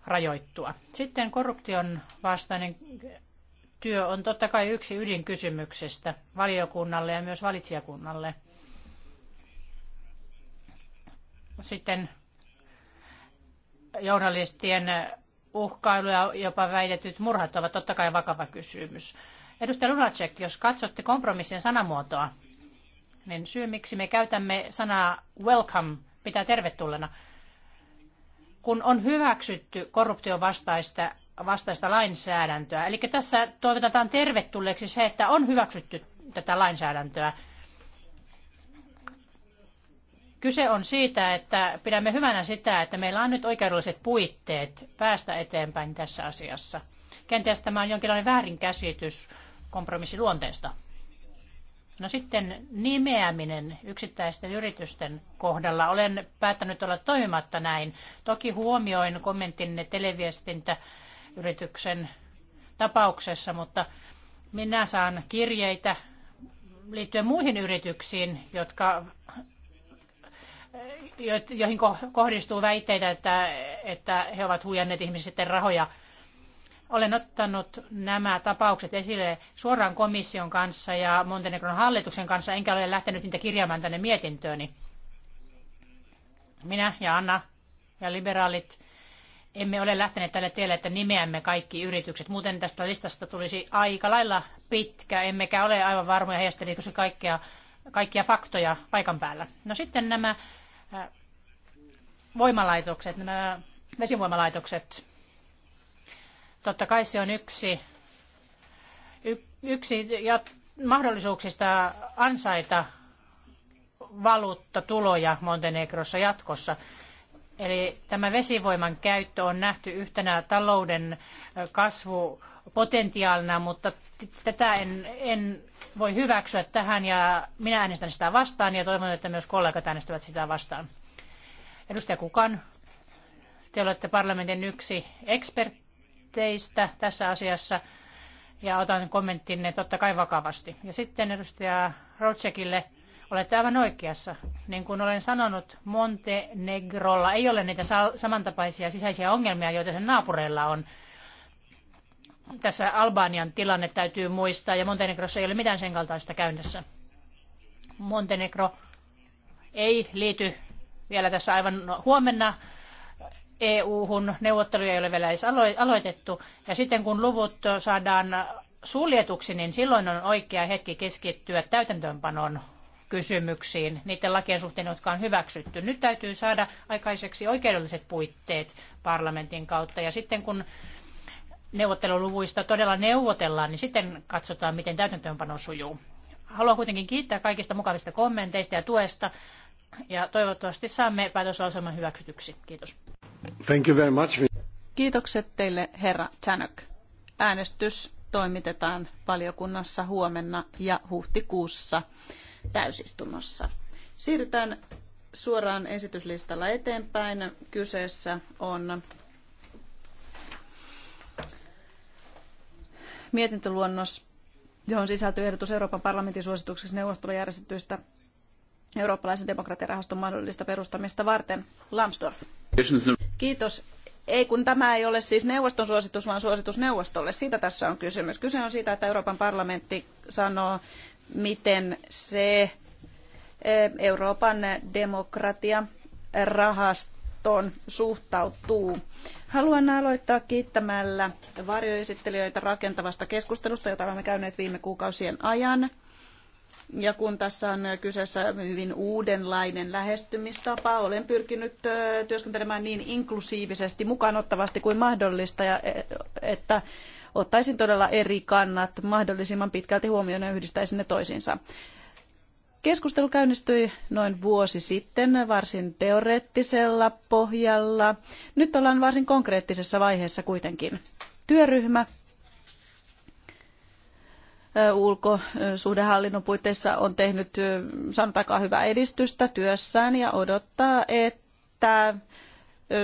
rajoittua. Sitten korruption vastainen työ on totta kai yksi ydinkysymyksestä valiokunnalle ja myös valitsijakunnalle. Sitten journalistien uhkailu ja jopa väitetyt murhat ovat totta kai vakava kysymys. Edustaja Lunacek, jos katsotte kompromissin sanamuotoa, niin syy miksi me käytämme sanaa welcome, pitää tervetullena, kun on hyväksytty korruption vastaista, vastaista lainsäädäntöä. Eli tässä toivotetaan tervetulleeksi se, että on hyväksytty tätä lainsäädäntöä. Kyse on siitä, että pidämme hyvänä sitä, että meillä on nyt oikeudelliset puitteet päästä eteenpäin tässä asiassa. Kenties tämä on jonkinlainen väärinkäsitys kompromissiluonteesta. No sitten nimeäminen yksittäisten yritysten kohdalla. Olen päättänyt olla toimimatta näin. Toki huomioin kommenttinne televiestintäyrityksen tapauksessa, mutta minä saan kirjeitä liittyen muihin yrityksiin, jotka, joihin kohdistuu väitteitä, että, että he ovat huijanneet ihmisten rahoja. Olen ottanut nämä tapaukset esille suoraan komission kanssa ja Montenegron hallituksen kanssa, enkä ole lähtenyt niitä kirjaamaan tänne mietintööni. Minä ja Anna ja liberaalit emme ole lähteneet tälle tielle, että nimeämme kaikki yritykset. Muuten tästä listasta tulisi aika lailla pitkä, emmekä ole aivan varmoja heijasteliko se kaikkea, kaikkia faktoja paikan päällä. No sitten nämä äh, voimalaitokset, nämä vesivoimalaitokset. Totta kai se on yksi, yksi ja mahdollisuuksista ansaita tuloja Montenegrossa jatkossa. Eli tämä vesivoiman käyttö on nähty yhtenä talouden kasvupotentiaalina, mutta tätä en, en voi hyväksyä tähän ja minä äänestän sitä vastaan ja toivon, että myös kollegat äänestävät sitä vastaan. Edustaja Kukan, te olette parlamentin yksi ekspertti teistä tässä asiassa ja otan kommenttinne totta kai vakavasti. Ja sitten edustaja Rotsekille, olette aivan oikeassa. Niin kuin olen sanonut, Montenegrolla ei ole niitä samantapaisia sisäisiä ongelmia, joita sen naapureilla on. Tässä Albanian tilanne täytyy muistaa ja Montenegrossa ei ole mitään sen kaltaista käynnissä. Montenegro ei liity vielä tässä aivan huomenna EU-hun. Neuvotteluja ei ole vielä edes aloitettu. Ja sitten kun luvut saadaan suljetuksi, niin silloin on oikea hetki keskittyä täytäntöönpanon kysymyksiin niiden lakien suhteen, jotka on hyväksytty. Nyt täytyy saada aikaiseksi oikeudelliset puitteet parlamentin kautta. Ja sitten kun neuvotteluluvuista todella neuvotellaan, niin sitten katsotaan, miten täytäntöönpano sujuu. Haluan kuitenkin kiittää kaikista mukavista kommenteista ja tuesta, ja toivottavasti saamme päätöslauselman hyväksytyksi. Kiitos. Kiitokset teille, herra Chanok. Äänestys toimitetaan valiokunnassa huomenna ja huhtikuussa täysistunnossa. Siirrytään suoraan esityslistalla eteenpäin. Kyseessä on mietintöluonnos, johon sisältyy ehdotus Euroopan parlamentin suosituksessa neuvostolla järjestetyistä eurooppalaisen demokratiarahaston mahdollista perustamista varten. Lambsdorff. Kiitos. Ei kun tämä ei ole siis neuvoston suositus, vaan suositus neuvostolle. Siitä tässä on kysymys. Kyse on siitä, että Euroopan parlamentti sanoo, miten se eh, Euroopan demokratia rahaston suhtautuu. Haluan aloittaa kiittämällä varjoesittelijöitä rakentavasta keskustelusta, jota olemme käyneet viime kuukausien ajan. Ja kun tässä on kyseessä hyvin uudenlainen lähestymistapa, olen pyrkinyt työskentelemään niin inklusiivisesti, mukaanottavasti kuin mahdollista, ja e, että ottaisin todella eri kannat mahdollisimman pitkälti huomioon ja yhdistäisin ne toisiinsa. Keskustelu käynnistyi noin vuosi sitten varsin teoreettisella pohjalla. Nyt ollaan varsin konkreettisessa vaiheessa kuitenkin. Työryhmä ulkosuhdehallinnon puitteissa on tehnyt sanotaanko hyvää edistystä työssään ja odottaa, että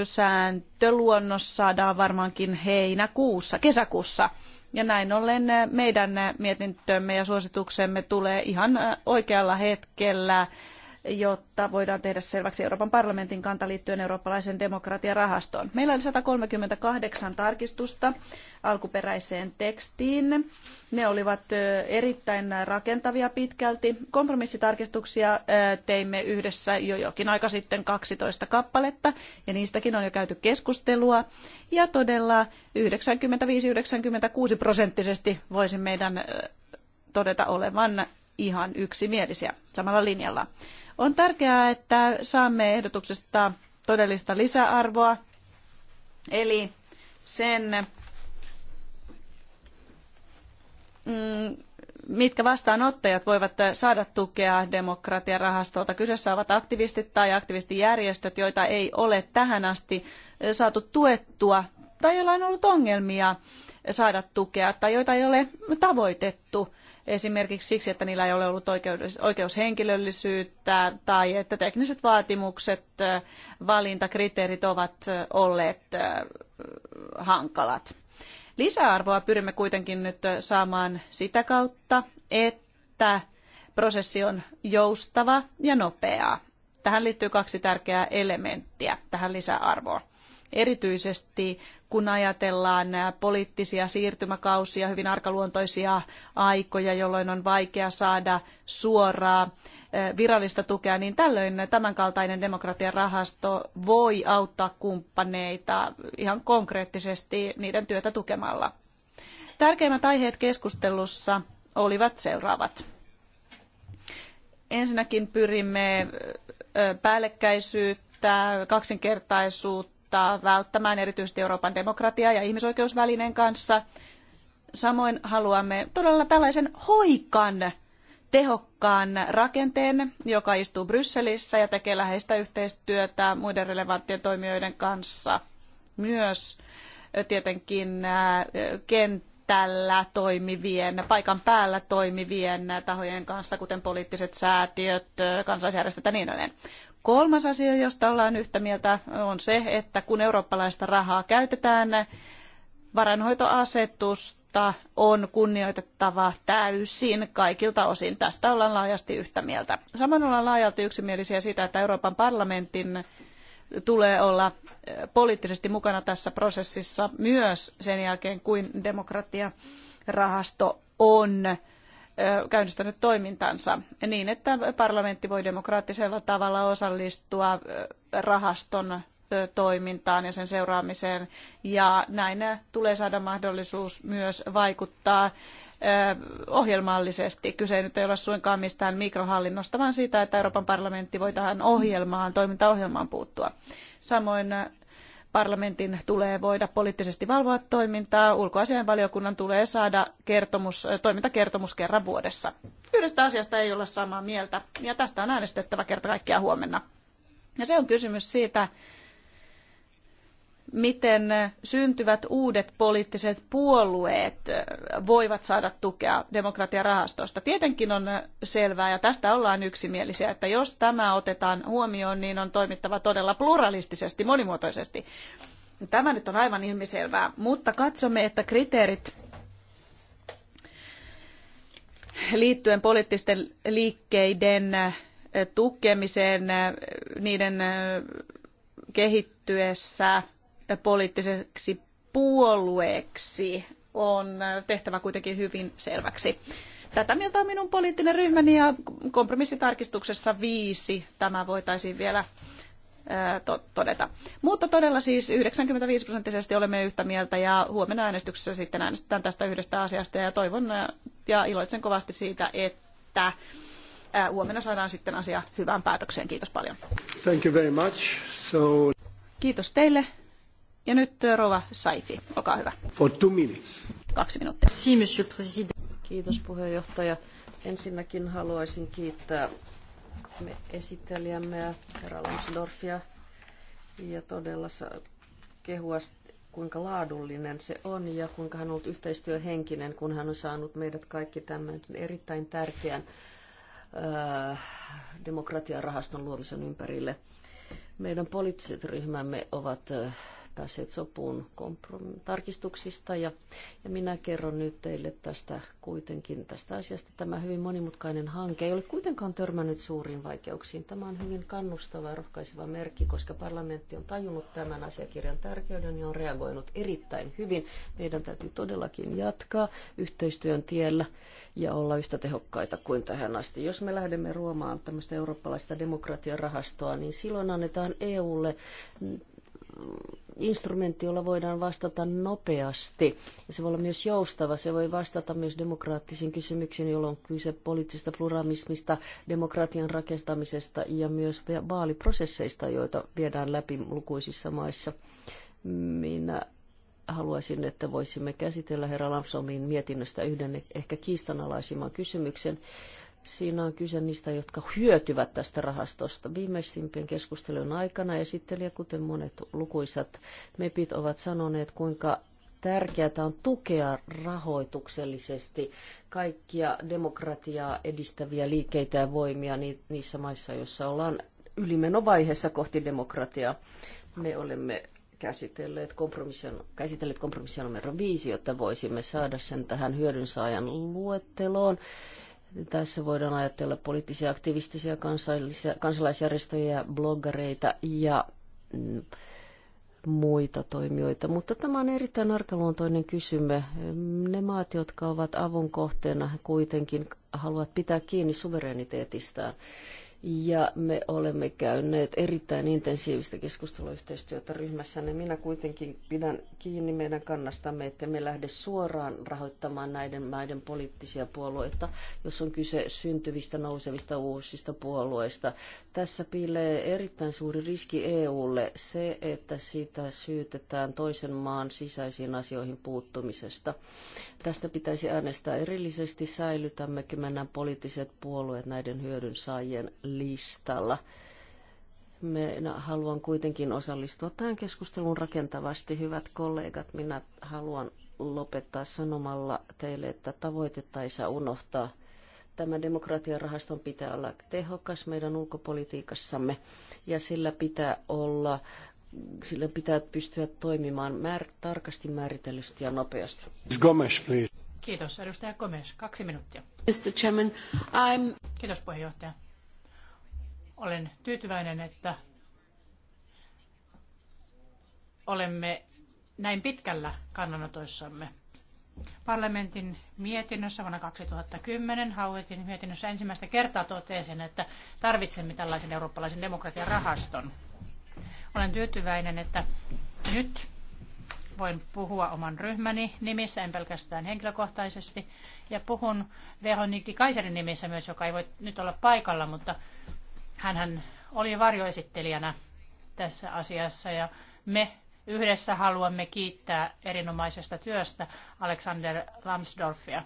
sääntöluonnos saadaan varmaankin heinäkuussa, kesäkuussa. Ja näin ollen meidän mietintömme ja suosituksemme tulee ihan oikealla hetkellä jotta voidaan tehdä selväksi Euroopan parlamentin kanta liittyen eurooppalaisen demokratiarahastoon. Meillä oli 138 tarkistusta alkuperäiseen tekstiin. Ne olivat erittäin rakentavia pitkälti. Kompromissitarkistuksia teimme yhdessä jo jokin aika sitten 12 kappaletta, ja niistäkin on jo käyty keskustelua. Ja todella 95-96 prosenttisesti voisi meidän todeta olevan ihan yksimielisiä samalla linjalla. On tärkeää, että saamme ehdotuksesta todellista lisäarvoa, eli sen, mm, mitkä vastaanottajat voivat saada tukea demokratiarahastolta. Kyseessä ovat aktivistit tai aktivistijärjestöt, joita ei ole tähän asti saatu tuettua tai joilla on ollut ongelmia saada tukea tai joita ei ole tavoitettu esimerkiksi siksi, että niillä ei ole ollut oikeushenkilöllisyyttä tai että tekniset vaatimukset, valintakriteerit ovat olleet hankalat. Lisäarvoa pyrimme kuitenkin nyt saamaan sitä kautta, että prosessi on joustava ja nopea. Tähän liittyy kaksi tärkeää elementtiä tähän lisäarvoon erityisesti kun ajatellaan poliittisia siirtymäkausia, hyvin arkaluontoisia aikoja, jolloin on vaikea saada suoraa eh, virallista tukea, niin tällöin tämänkaltainen demokratian rahasto voi auttaa kumppaneita ihan konkreettisesti niiden työtä tukemalla. Tärkeimmät aiheet keskustelussa olivat seuraavat. Ensinnäkin pyrimme eh, päällekkäisyyttä, kaksinkertaisuutta, auttaa välttämään erityisesti Euroopan demokratia- ja ihmisoikeusvälineen kanssa. Samoin haluamme todella tällaisen hoikan tehokkaan rakenteen, joka istuu Brysselissä ja tekee läheistä yhteistyötä muiden relevanttien toimijoiden kanssa. Myös tietenkin kentällä toimivien, paikan päällä toimivien tahojen kanssa, kuten poliittiset säätiöt, kansalaisjärjestöt ja niin edelleen. Kolmas asia, josta ollaan yhtä mieltä, on se, että kun eurooppalaista rahaa käytetään, varainhoitoasetusta on kunnioitettava täysin kaikilta osin. Tästä ollaan laajasti yhtä mieltä. Samoin ollaan laajalti yksimielisiä siitä, että Euroopan parlamentin tulee olla eh, poliittisesti mukana tässä prosessissa myös sen jälkeen, kuin demokratiarahasto on käynnistänyt toimintansa niin, että parlamentti voi demokraattisella tavalla osallistua rahaston toimintaan ja sen seuraamiseen. Ja näin tulee saada mahdollisuus myös vaikuttaa ohjelmallisesti. Kyse nyt ei ole suinkaan mistään mikrohallinnosta, vaan siitä, että Euroopan parlamentti voi tähän ohjelmaan, toimintaohjelmaan puuttua. Samoin Parlamentin tulee voida poliittisesti valvoa toimintaa. Ulkoasiainvaliokunnan tulee saada kertomus, toimintakertomus kerran vuodessa. Yhdestä asiasta ei olla samaa mieltä ja tästä on äänestettävä kerta kaikkiaan huomenna. Ja se on kysymys siitä, miten syntyvät uudet poliittiset puolueet voivat saada tukea demokratiarahastosta. Tietenkin on selvää, ja tästä ollaan yksimielisiä, että jos tämä otetaan huomioon, niin on toimittava todella pluralistisesti, monimuotoisesti. Tämä nyt on aivan ilmiselvää, mutta katsomme, että kriteerit liittyen poliittisten liikkeiden tukemiseen niiden kehittyessä – poliittiseksi puolueeksi on tehtävä kuitenkin hyvin selväksi. Tätä mieltä on minun poliittinen ryhmäni ja kompromissitarkistuksessa viisi tämä voitaisiin vielä todeta. Mutta todella siis 95 prosenttisesti olemme yhtä mieltä ja huomenna äänestyksessä sitten äänestetään tästä yhdestä asiasta ja toivon ja iloitsen kovasti siitä, että huomenna saadaan sitten asia hyvään päätökseen. Kiitos paljon. Thank you very much. So... Kiitos teille. Ja nyt Rova Saifi, olkaa hyvä. For two minutes. Kaksi minuuttia. Si, monsieur president. Kiitos puheenjohtaja. Ensinnäkin haluaisin kiittää me esittelijämme herra Lansdorfia ja todella kehua kuinka laadullinen se on ja kuinka hän on ollut yhteistyöhenkinen, kun hän on saanut meidät kaikki tämän erittäin tärkeän äh, demokratiarahaston luomisen ympärille. Meidän poliittiset ryhmämme ovat äh, päässeet sopuun tarkistuksista ja, ja minä kerron nyt teille tästä kuitenkin tästä asiasta. Tämä hyvin monimutkainen hanke ei ole kuitenkaan törmännyt suuriin vaikeuksiin. Tämä on hyvin kannustava ja rohkaiseva merkki, koska parlamentti on tajunnut tämän asiakirjan tärkeyden ja on reagoinut erittäin hyvin. Meidän täytyy todellakin jatkaa yhteistyön tiellä ja olla yhtä tehokkaita kuin tähän asti. Jos me lähdemme ruomaan tämmöistä eurooppalaista demokratiarahastoa, niin silloin annetaan EUlle instrumentti, jolla voidaan vastata nopeasti. Ja se voi olla myös joustava, se voi vastata myös demokraattisiin kysymyksiin, jolloin on kyse poliittisesta pluralismista, demokratian rakentamisesta ja myös vaaliprosesseista, joita viedään läpi lukuisissa maissa. Minä haluaisin, että voisimme käsitellä herra Lamsomin mietinnöstä yhden ehkä kiistanalaisimman kysymyksen. Siinä on kyse niistä, jotka hyötyvät tästä rahastosta. Viimeisimpien keskustelun aikana esittelijä, kuten monet lukuisat MEPit ovat sanoneet, kuinka tärkeää on tukea rahoituksellisesti kaikkia demokratiaa edistäviä liikkeitä ja voimia niissä maissa, joissa ollaan ylimenovaiheessa kohti demokratiaa. Me olemme käsitelleet kompromission, käsitelleet kompromission numero viisi, jotta voisimme saada sen tähän hyödynsaajan luetteloon. Tässä voidaan ajatella poliittisia aktivistisia kansalaisjärjestöjä bloggareita ja mm, muita toimijoita. Mutta tämä on erittäin arkaluontoinen kysymme. Ne maat, jotka ovat avun kohteena, kuitenkin haluavat pitää kiinni suvereniteetistaan ja me olemme käyneet erittäin intensiivistä keskusteluyhteistyötä ryhmässänne. Minä kuitenkin pidän kiinni meidän kannastamme, että me lähde suoraan rahoittamaan näiden maiden poliittisia puolueita, jos on kyse syntyvistä, nousevista uusista puolueista. Tässä piilee erittäin suuri riski EUlle se, että siitä syytetään toisen maan sisäisiin asioihin puuttumisesta. Tästä pitäisi äänestää erillisesti, säilytämmekö mennään poliittiset puolueet näiden hyödyn saajien listalla. Minä haluan kuitenkin osallistua tähän keskusteluun rakentavasti, hyvät kollegat. Minä haluan lopettaa sanomalla teille, että tavoitetta ei saa unohtaa. Tämä demokratiarahaston pitää olla tehokas meidän ulkopolitiikassamme ja sillä pitää olla sillä pitää pystyä toimimaan määr- tarkasti määritellysti ja nopeasti. Gomes, please. Kiitos. Edustaja Gomes, kaksi minuuttia. Mr. Chairman, I'm... Kiitos puheenjohtaja. Olen tyytyväinen, että olemme näin pitkällä kannanotoissamme. Parlamentin mietinnössä vuonna 2010 Hauetin mietinnössä ensimmäistä kertaa totesin, että tarvitsemme tällaisen eurooppalaisen demokratian rahaston. Olen tyytyväinen, että nyt voin puhua oman ryhmäni nimissä, en pelkästään henkilökohtaisesti, ja puhun Veronikki Kaiserin nimissä myös, joka ei voi nyt olla paikalla, mutta Hänhän oli varjoesittelijänä tässä asiassa ja me yhdessä haluamme kiittää erinomaisesta työstä Alexander Lambsdorffia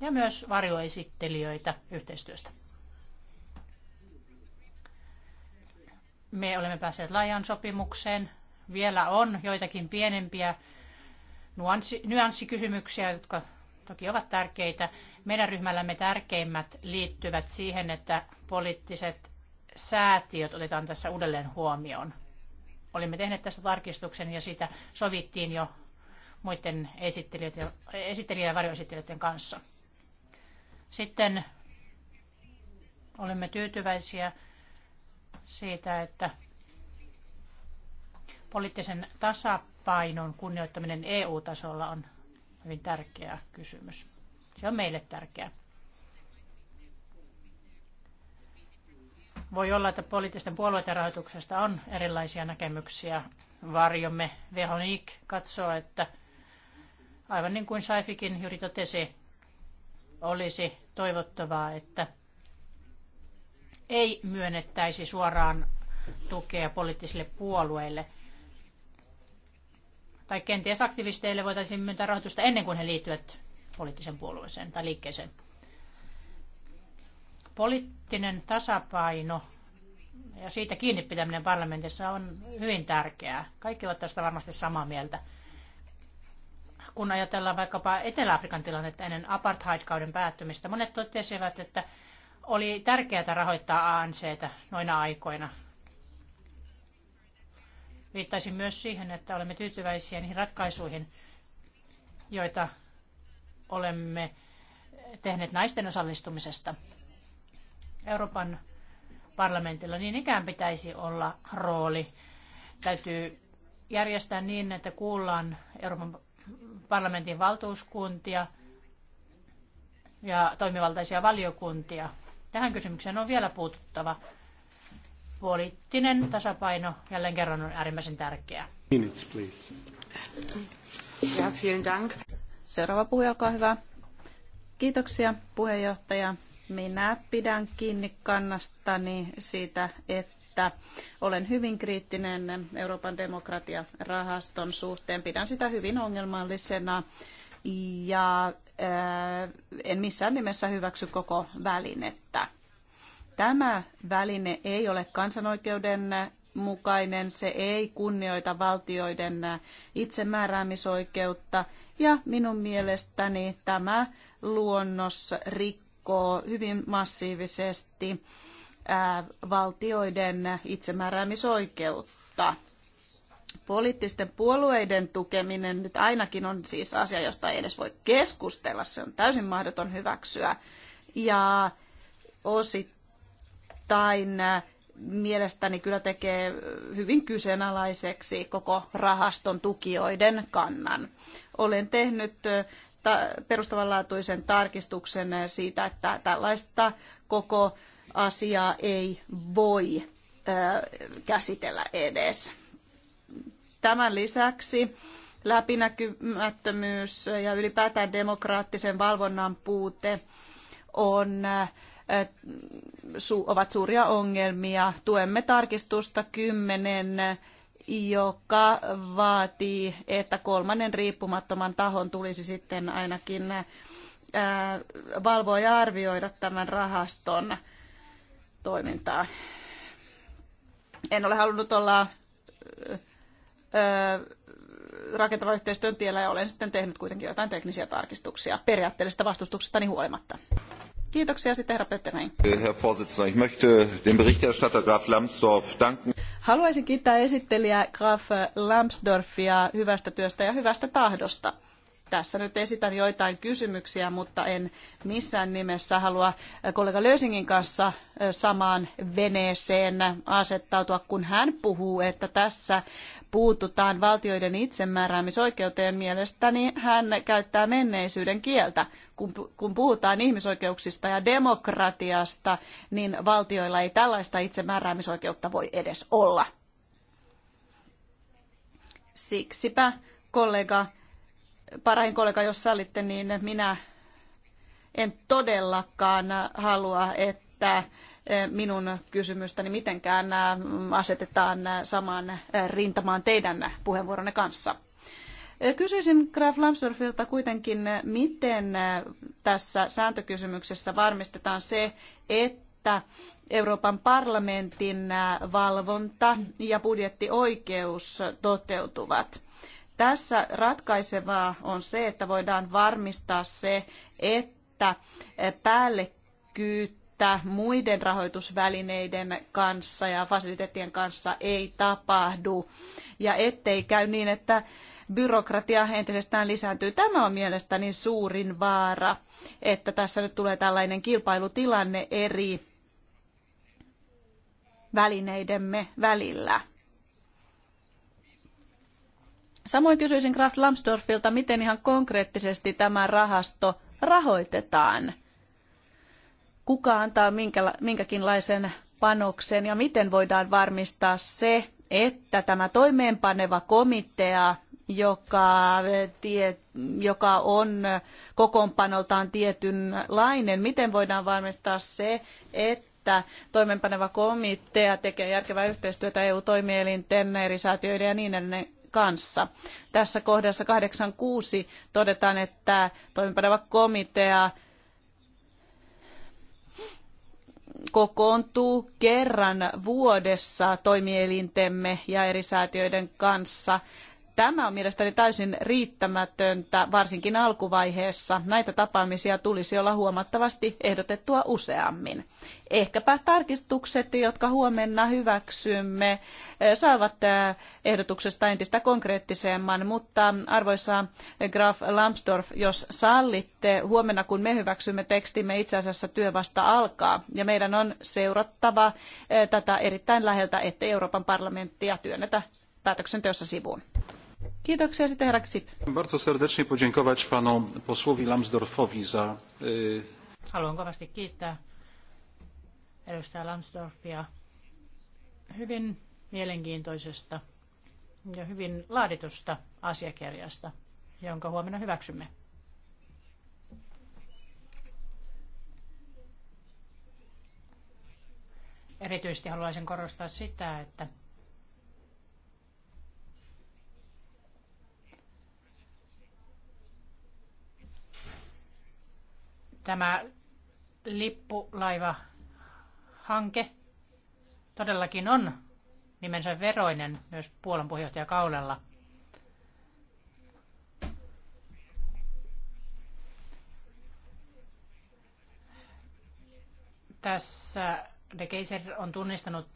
ja myös varjoesittelijöitä yhteistyöstä. Me olemme päässeet laajan sopimukseen. Vielä on joitakin pienempiä nuanssi, nyanssikysymyksiä, jotka toki ovat tärkeitä. Meidän ryhmällämme tärkeimmät liittyvät siihen, että poliittiset säätiöt otetaan tässä uudelleen huomioon. Olimme tehneet tästä tarkistuksen ja siitä sovittiin jo muiden esittelijöiden, ja varjoesittelijöiden kanssa. Sitten olemme tyytyväisiä siitä, että poliittisen tasapainon kunnioittaminen EU-tasolla on hyvin tärkeä kysymys. Se on meille tärkeä. Voi olla, että poliittisten puolueiden rahoituksesta on erilaisia näkemyksiä. Varjomme Vehonik katsoo, että aivan niin kuin Saifikin juuri totesi, olisi toivottavaa, että ei myönnettäisi suoraan tukea poliittisille puolueille. Tai kenties aktivisteille voitaisiin myöntää rahoitusta ennen kuin he liittyvät poliittisen puolueeseen tai liikkeeseen. Poliittinen tasapaino ja siitä kiinni pitäminen parlamentissa on hyvin tärkeää. Kaikki ovat tästä varmasti samaa mieltä. Kun ajatellaan vaikkapa Etelä-Afrikan tilannetta ennen apartheid-kauden päättymistä, monet totesivat, että oli tärkeää rahoittaa ANCtä noina aikoina. Viittaisin myös siihen, että olemme tyytyväisiä niihin ratkaisuihin, joita olemme tehneet naisten osallistumisesta. Euroopan parlamentilla niin ikään pitäisi olla rooli. Täytyy järjestää niin, että kuullaan Euroopan parlamentin valtuuskuntia ja toimivaltaisia valiokuntia. Tähän kysymykseen on vielä puututtava. Poliittinen tasapaino jälleen kerran on äärimmäisen tärkeää. Minutes, please. Ja, vielen dank. Seuraava puhuja, olkaa hyvä. Kiitoksia puheenjohtaja. Minä pidän kiinni kannastani siitä, että olen hyvin kriittinen Euroopan demokratiarahaston suhteen. Pidän sitä hyvin ongelmallisena ja äh, en missään nimessä hyväksy koko välinettä. Tämä väline ei ole kansanoikeuden mukainen, se ei kunnioita valtioiden itsemääräämisoikeutta ja minun mielestäni tämä luonnos rikkoo rikkoo hyvin massiivisesti valtioiden itsemääräämisoikeutta. Poliittisten puolueiden tukeminen nyt ainakin on siis asia, josta ei edes voi keskustella. Se on täysin mahdoton hyväksyä. Ja osittain mielestäni kyllä tekee hyvin kyseenalaiseksi koko rahaston tukijoiden kannan. Olen tehnyt perustavanlaatuisen tarkistuksen siitä, että tällaista koko asiaa ei voi käsitellä edes. Tämän lisäksi läpinäkymättömyys ja ylipäätään demokraattisen valvonnan puute on, ovat suuria ongelmia. Tuemme tarkistusta kymmenen joka vaatii, että kolmannen riippumattoman tahon tulisi sitten ainakin äh, valvoa ja arvioida tämän rahaston toimintaa. En ole halunnut olla äh, äh, rakentavan yhteistyön tiellä ja olen sitten tehnyt kuitenkin jotain teknisiä tarkistuksia periaatteellisesta vastustuksestani huolimatta. Kiitoksia herra Herr Vorsitzender, ich möchte Berichterstatter Graf Lambsdorff danken. Haluaisin kiittää esittelijä Graf Lambsdorffia hyvästä työstä ja hyvästä tahdosta. Tässä nyt esitän joitain kysymyksiä, mutta en missään nimessä halua kollega Lösingin kanssa samaan veneeseen asettautua, kun hän puhuu, että tässä puututaan valtioiden itsemääräämisoikeuteen. Mielestäni hän käyttää menneisyyden kieltä. Kun puhutaan ihmisoikeuksista ja demokratiasta, niin valtioilla ei tällaista itsemääräämisoikeutta voi edes olla. Siksipä kollega parahin kollega, jos sallitte, niin minä en todellakaan halua, että eh, minun kysymystäni mitenkään eh, asetetaan eh, samaan rintamaan teidän puheenvuoronne kanssa. Kysyisin Graf Lambsdorffilta kuitenkin, miten tässä sääntökysymyksessä varmistetaan se, että Euroopan parlamentin valvonta ja budjettioikeus toteutuvat. Tässä ratkaisevaa on se, että voidaan varmistaa se, että päällekkyyttä muiden rahoitusvälineiden kanssa ja fasiliteettien kanssa ei tapahdu ja ettei käy niin, että byrokratia entisestään lisääntyy. Tämä on mielestäni suurin vaara, että tässä nyt tulee tällainen kilpailutilanne eri välineidemme välillä. Samoin kysyisin Graf Lambsdorffilta, miten ihan konkreettisesti tämä rahasto rahoitetaan. Kuka antaa minkä, minkäkinlaisen panoksen ja miten voidaan varmistaa se, että tämä toimeenpaneva komitea, joka, tie, joka on kokoonpanoltaan tietynlainen, miten voidaan varmistaa se, että toimeenpaneva komitea tekee järkevää yhteistyötä EU-toimielinten, eri säätiöiden ja niin edelleen kanssa. Tässä kohdassa 86 todetaan, että toimipaneva komitea kokoontuu kerran vuodessa toimielintemme ja eri säätiöiden kanssa Tämä on mielestäni täysin riittämätöntä, varsinkin alkuvaiheessa. Näitä tapaamisia tulisi olla huomattavasti ehdotettua useammin. Ehkäpä tarkistukset, jotka huomenna hyväksymme, eh, saavat eh, ehdotuksesta entistä konkreettisemman, mutta arvoisa Graf Lambsdorff, jos sallitte, huomenna kun me hyväksymme tekstimme, itse asiassa työ vasta alkaa ja meidän on seurattava eh, tätä erittäin läheltä, ettei Euroopan parlamenttia työnnetä päätöksenteossa sivuun. Kiitoksia sitten herra Ksip. Bardzo serdecznie podziękować panu posłowi Lambsdorffowi za... E, Haluan kovasti kiittää edustaja Lambsdorffia hyvin mielenkiintoisesta ja hyvin laaditusta asiakirjasta, jonka huomenna hyväksymme. Erityisesti haluaisin korostaa sitä, että Tämä lippulaivahanke hanke todellakin on nimensä veroinen myös Puolan kaulella. Tässä De Keiser on tunnistanut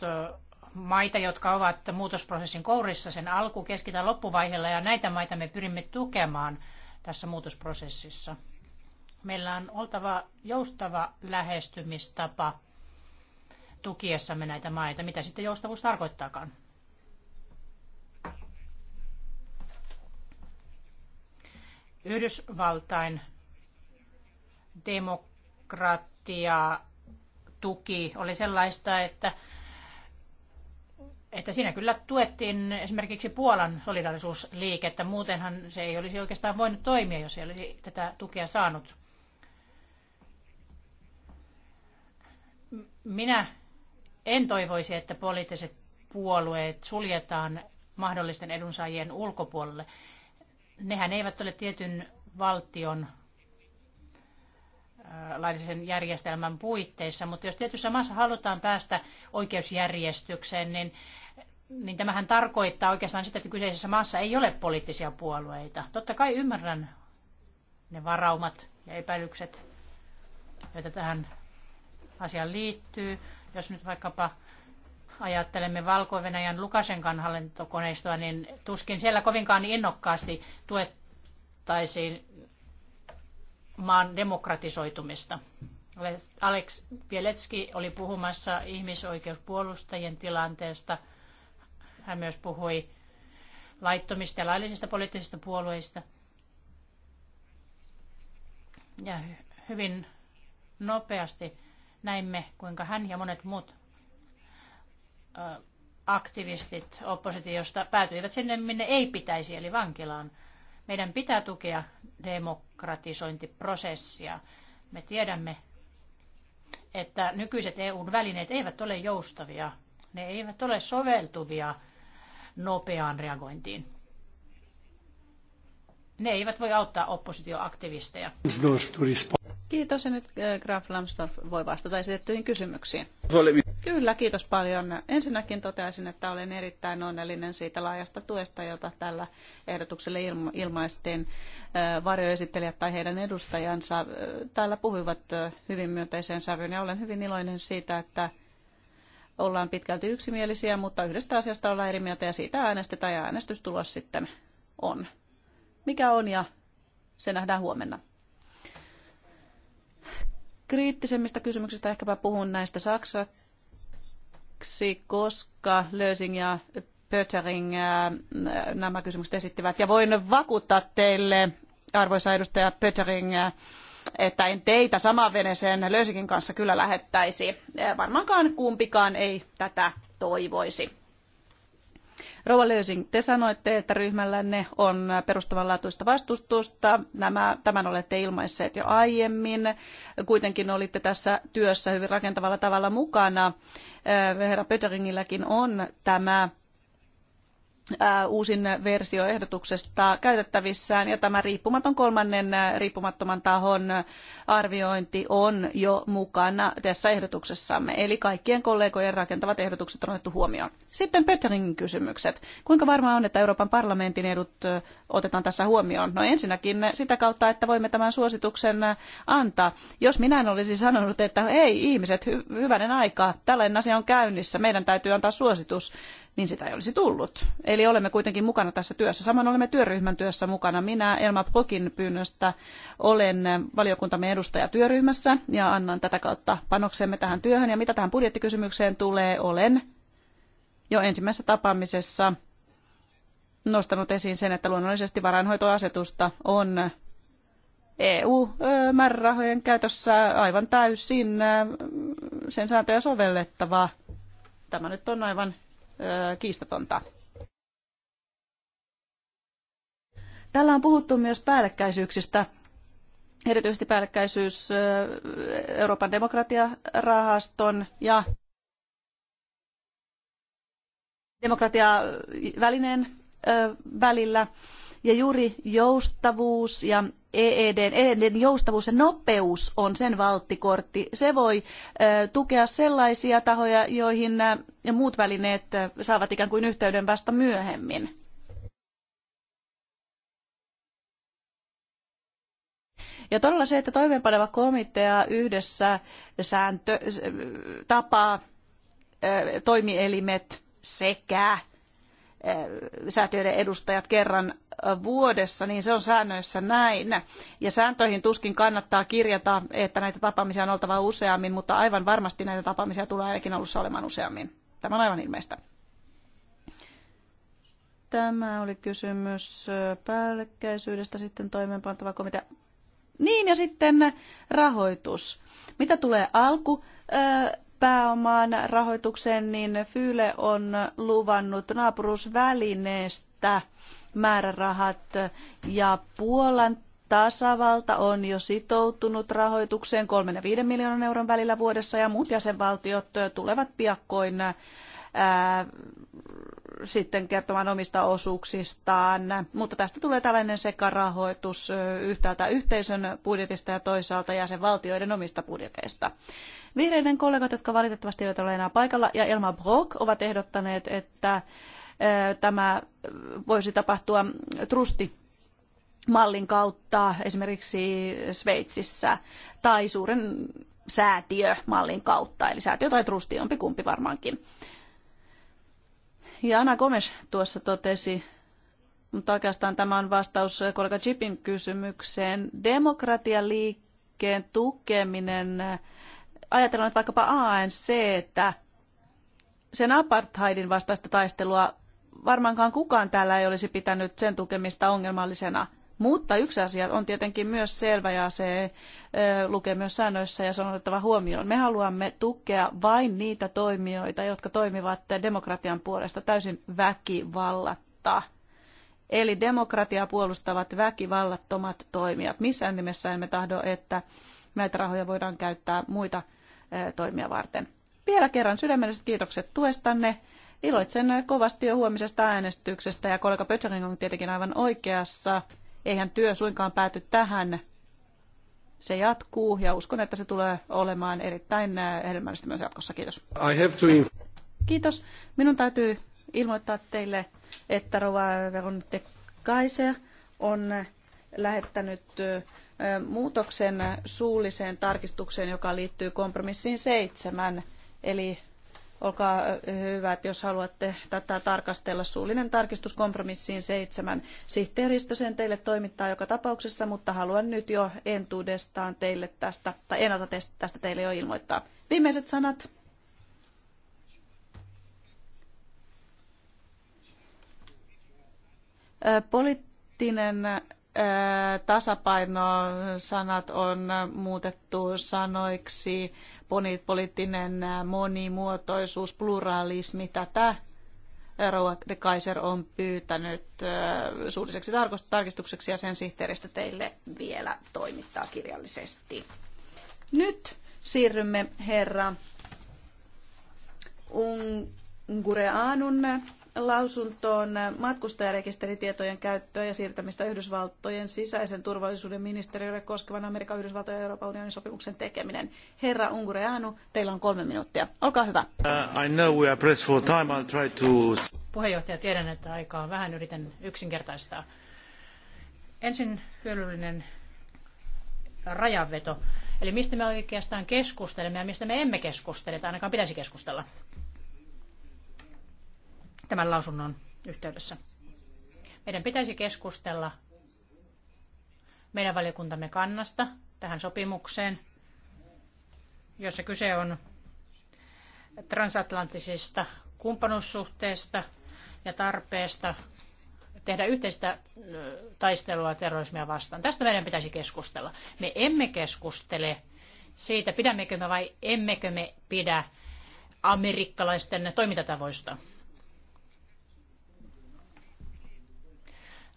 maita, jotka ovat muutosprosessin kourissa sen alku, keski- tai loppuvaiheella, ja näitä maita me pyrimme tukemaan tässä muutosprosessissa. Meillä on oltava joustava lähestymistapa tukiessamme näitä maita. Mitä sitten joustavuus tarkoittaakaan? Yhdysvaltain demokratia tuki oli sellaista, että, että siinä kyllä tuettiin esimerkiksi Puolan solidaarisuusliikettä. Muutenhan se ei olisi oikeastaan voinut toimia, jos ei olisi tätä tukea saanut. Minä en toivoisi, että poliittiset puolueet suljetaan mahdollisten edunsaajien ulkopuolelle. Nehän eivät ole tietyn valtion laillisen järjestelmän puitteissa, mutta jos tietyssä maassa halutaan päästä oikeusjärjestykseen, niin, niin tämähän tarkoittaa oikeastaan sitä, että kyseisessä maassa ei ole poliittisia puolueita. Totta kai ymmärrän ne varaumat ja epäilykset, joita tähän asiaan liittyy. Jos nyt vaikkapa ajattelemme Valko-Venäjän Lukasenkan hallintokoneistoa, niin tuskin siellä kovinkaan innokkaasti tuettaisiin maan demokratisoitumista. Alex Pieletski oli puhumassa ihmisoikeuspuolustajien tilanteesta. Hän myös puhui laittomista ja laillisista poliittisista puolueista. Ja hyvin nopeasti näimme, kuinka hän ja monet muut aktivistit oppositiosta päätyivät sinne, minne ei pitäisi, eli vankilaan. Meidän pitää tukea demokratisointiprosessia. Me tiedämme, että nykyiset EUn välineet eivät ole joustavia. Ne eivät ole soveltuvia nopeaan reagointiin. Ne eivät voi auttaa oppositioaktivisteja. Kiitos ja nyt äh, Graf Lambsdorff voi vastata esitettyihin kysymyksiin. Kyllä, kiitos paljon. Ensinnäkin toteaisin, että olen erittäin onnellinen siitä laajasta tuesta, jota tällä ehdotukselle ilmaistiin. Äh, varjoesittelijät tai heidän edustajansa äh, täällä puhuivat hyvin myönteiseen sävyyn ja olen hyvin iloinen siitä, että ollaan pitkälti yksimielisiä, mutta yhdestä asiasta ollaan eri mieltä ja siitä äänestetään ja äänestystulos sitten on. Mikä on ja se nähdään huomenna kriittisemmistä kysymyksistä ehkäpä puhun näistä saksaksi, koska Lösing ja Pöttering nämä kysymykset esittivät. Ja voin vakuuttaa teille, arvoisa edustaja Pöttering, että en teitä saman veneeseen Lösingin kanssa kyllä lähettäisi. Varmaankaan kumpikaan ei tätä toivoisi. Rouva Löysin, te sanoitte, että ryhmällänne on perustavanlaatuista vastustusta. Nämä, tämän olette ilmaisseet jo aiemmin. Kuitenkin olitte tässä työssä hyvin rakentavalla tavalla mukana. Äh, herra Pöteringilläkin on tämä uusin versio ehdotuksesta käytettävissään ja tämä riippumaton kolmannen riippumattoman tahon arviointi on jo mukana tässä ehdotuksessamme. Eli kaikkien kollegojen rakentavat ehdotukset on otettu huomioon. Sitten Petteringin kysymykset. Kuinka varmaa on, että Euroopan parlamentin edut otetaan tässä huomioon? No ensinnäkin sitä kautta, että voimme tämän suosituksen antaa. Jos minä en olisi sanonut, että hei ihmiset, hy- hyvänen aika, tällainen asia on käynnissä, meidän täytyy antaa suositus, niin sitä ei olisi tullut. Eli olemme kuitenkin mukana tässä työssä. Samoin olemme työryhmän työssä mukana. Minä Elma Prokin pyynnöstä olen valiokuntamme edustaja työryhmässä ja annan tätä kautta panoksemme tähän työhön. Ja mitä tähän budjettikysymykseen tulee, olen jo ensimmäisessä tapaamisessa nostanut esiin sen, että luonnollisesti varainhoitoasetusta on EU-määrärahojen käytössä aivan täysin sen sääntöjä sovellettava. Tämä nyt on aivan kiistatonta. Täällä on puhuttu myös päällekkäisyyksistä, erityisesti päällekkäisyys Euroopan demokratiarahaston ja demokratiavälineen välillä. Ja juuri joustavuus ja EEDn, e e EEDn joustavuus ja nopeus on sen valttikortti. Se voi tukea sellaisia tahoja, joihin muut välineet saavat ikään kuin yhteyden vasta myöhemmin. Ja todella se, että toimeenpaneva komitea yhdessä sääntö, tapaa toimielimet sekä säätiöiden edustajat kerran vuodessa, niin se on säännöissä näin. Ja sääntöihin tuskin kannattaa kirjata, että näitä tapaamisia on oltava useammin, mutta aivan varmasti näitä tapaamisia tulee ainakin alussa olemaan useammin. Tämä on aivan ilmeistä. Tämä oli kysymys päällekkäisyydestä sitten toimeenpantava komitea. Niin ja sitten rahoitus. Mitä tulee alku pääomaan rahoitukseen, niin Fyle on luvannut naapuruusvälineestä määrärahat ja Puolan tasavalta on jo sitoutunut rahoitukseen 3 ja 5 miljoonan euron välillä vuodessa ja muut jäsenvaltiot tulevat piakkoin sitten kertomaan omista osuuksistaan, mutta tästä tulee tällainen sekarahoitus yhtäältä yhteisön budjetista ja toisaalta jäsenvaltioiden omista budjeteista. Vihreiden kollegat, jotka valitettavasti eivät ole enää paikalla, ja Elma Brock ovat ehdottaneet, että tämä voisi tapahtua trusti mallin kautta esimerkiksi Sveitsissä tai suuren säätiömallin kautta, eli säätiö tai trusti, jompi kumpi varmaankin ja Anna Gomes tuossa totesi, mutta oikeastaan tämä on vastaus kollega Chipin kysymykseen. Demokratialiikkeen tukeminen, ajatellaan että vaikkapa ANC, että sen apartheidin vastaista taistelua varmaankaan kukaan täällä ei olisi pitänyt sen tukemista ongelmallisena – mutta yksi asia on tietenkin myös selvä ja se lukee myös säännöissä ja se huomioon. Me haluamme tukea vain niitä toimijoita, jotka toimivat demokratian puolesta täysin väkivallatta. Eli demokratiaa puolustavat väkivallattomat toimijat. Missään nimessä emme tahdo, että näitä rahoja voidaan käyttää muita toimia varten. Vielä kerran sydämelliset kiitokset tuestanne. Iloitsen kovasti jo huomisesta äänestyksestä ja kollega Pötsärin on tietenkin aivan oikeassa. Eihän työ suinkaan pääty tähän. Se jatkuu ja uskon, että se tulee olemaan erittäin äh, hedelmällistä myös jatkossa. Kiitos. I have to Kiitos. Minun täytyy ilmoittaa teille, että Rova Veronte Kaise on lähettänyt äh, muutoksen suulliseen tarkistukseen, joka liittyy kompromissiin seitsemän, eli Olkaa hyvät, jos haluatte tätä tarkastella. Suullinen tarkistus kompromissiin seitsemän. Sihteeristö sen teille toimittaa joka tapauksessa, mutta haluan nyt jo entuudestaan teille tästä, tai ennalta tästä teille jo ilmoittaa. Viimeiset sanat. Poliittinen tasapaino-sanat on muutettu sanoiksi, poliittinen monimuotoisuus, pluralismi, tätä Rauha de Kaiser on pyytänyt suulliseksi tarkistukseksi ja sen sihteeristä teille vielä toimittaa kirjallisesti. Nyt siirrymme herra Ungureanun lausuntoon matkustajarekisteritietojen käyttöä ja siirtämistä Yhdysvaltojen sisäisen turvallisuuden ministeriölle koskevan Amerikan, Yhdysvaltojen ja Euroopan unionin sopimuksen tekeminen. Herra Ungureanu, teillä on kolme minuuttia. Olkaa hyvä. Uh, I know we are for time. I'll try to... Puheenjohtaja, tiedän, että aikaa on vähän. Yritän yksinkertaistaa. Ensin hyödyllinen rajanveto. Eli mistä me oikeastaan keskustelemme ja mistä me emme keskustele, tai ainakaan pitäisi keskustella tämän lausunnon yhteydessä. Meidän pitäisi keskustella meidän valiokuntamme kannasta tähän sopimukseen, jossa kyse on transatlanttisista kumppanuussuhteista ja tarpeesta tehdä yhteistä taistelua terrorismia vastaan. Tästä meidän pitäisi keskustella. Me emme keskustele siitä, pidämmekö me vai emmekö me pidä amerikkalaisten toimintatavoista.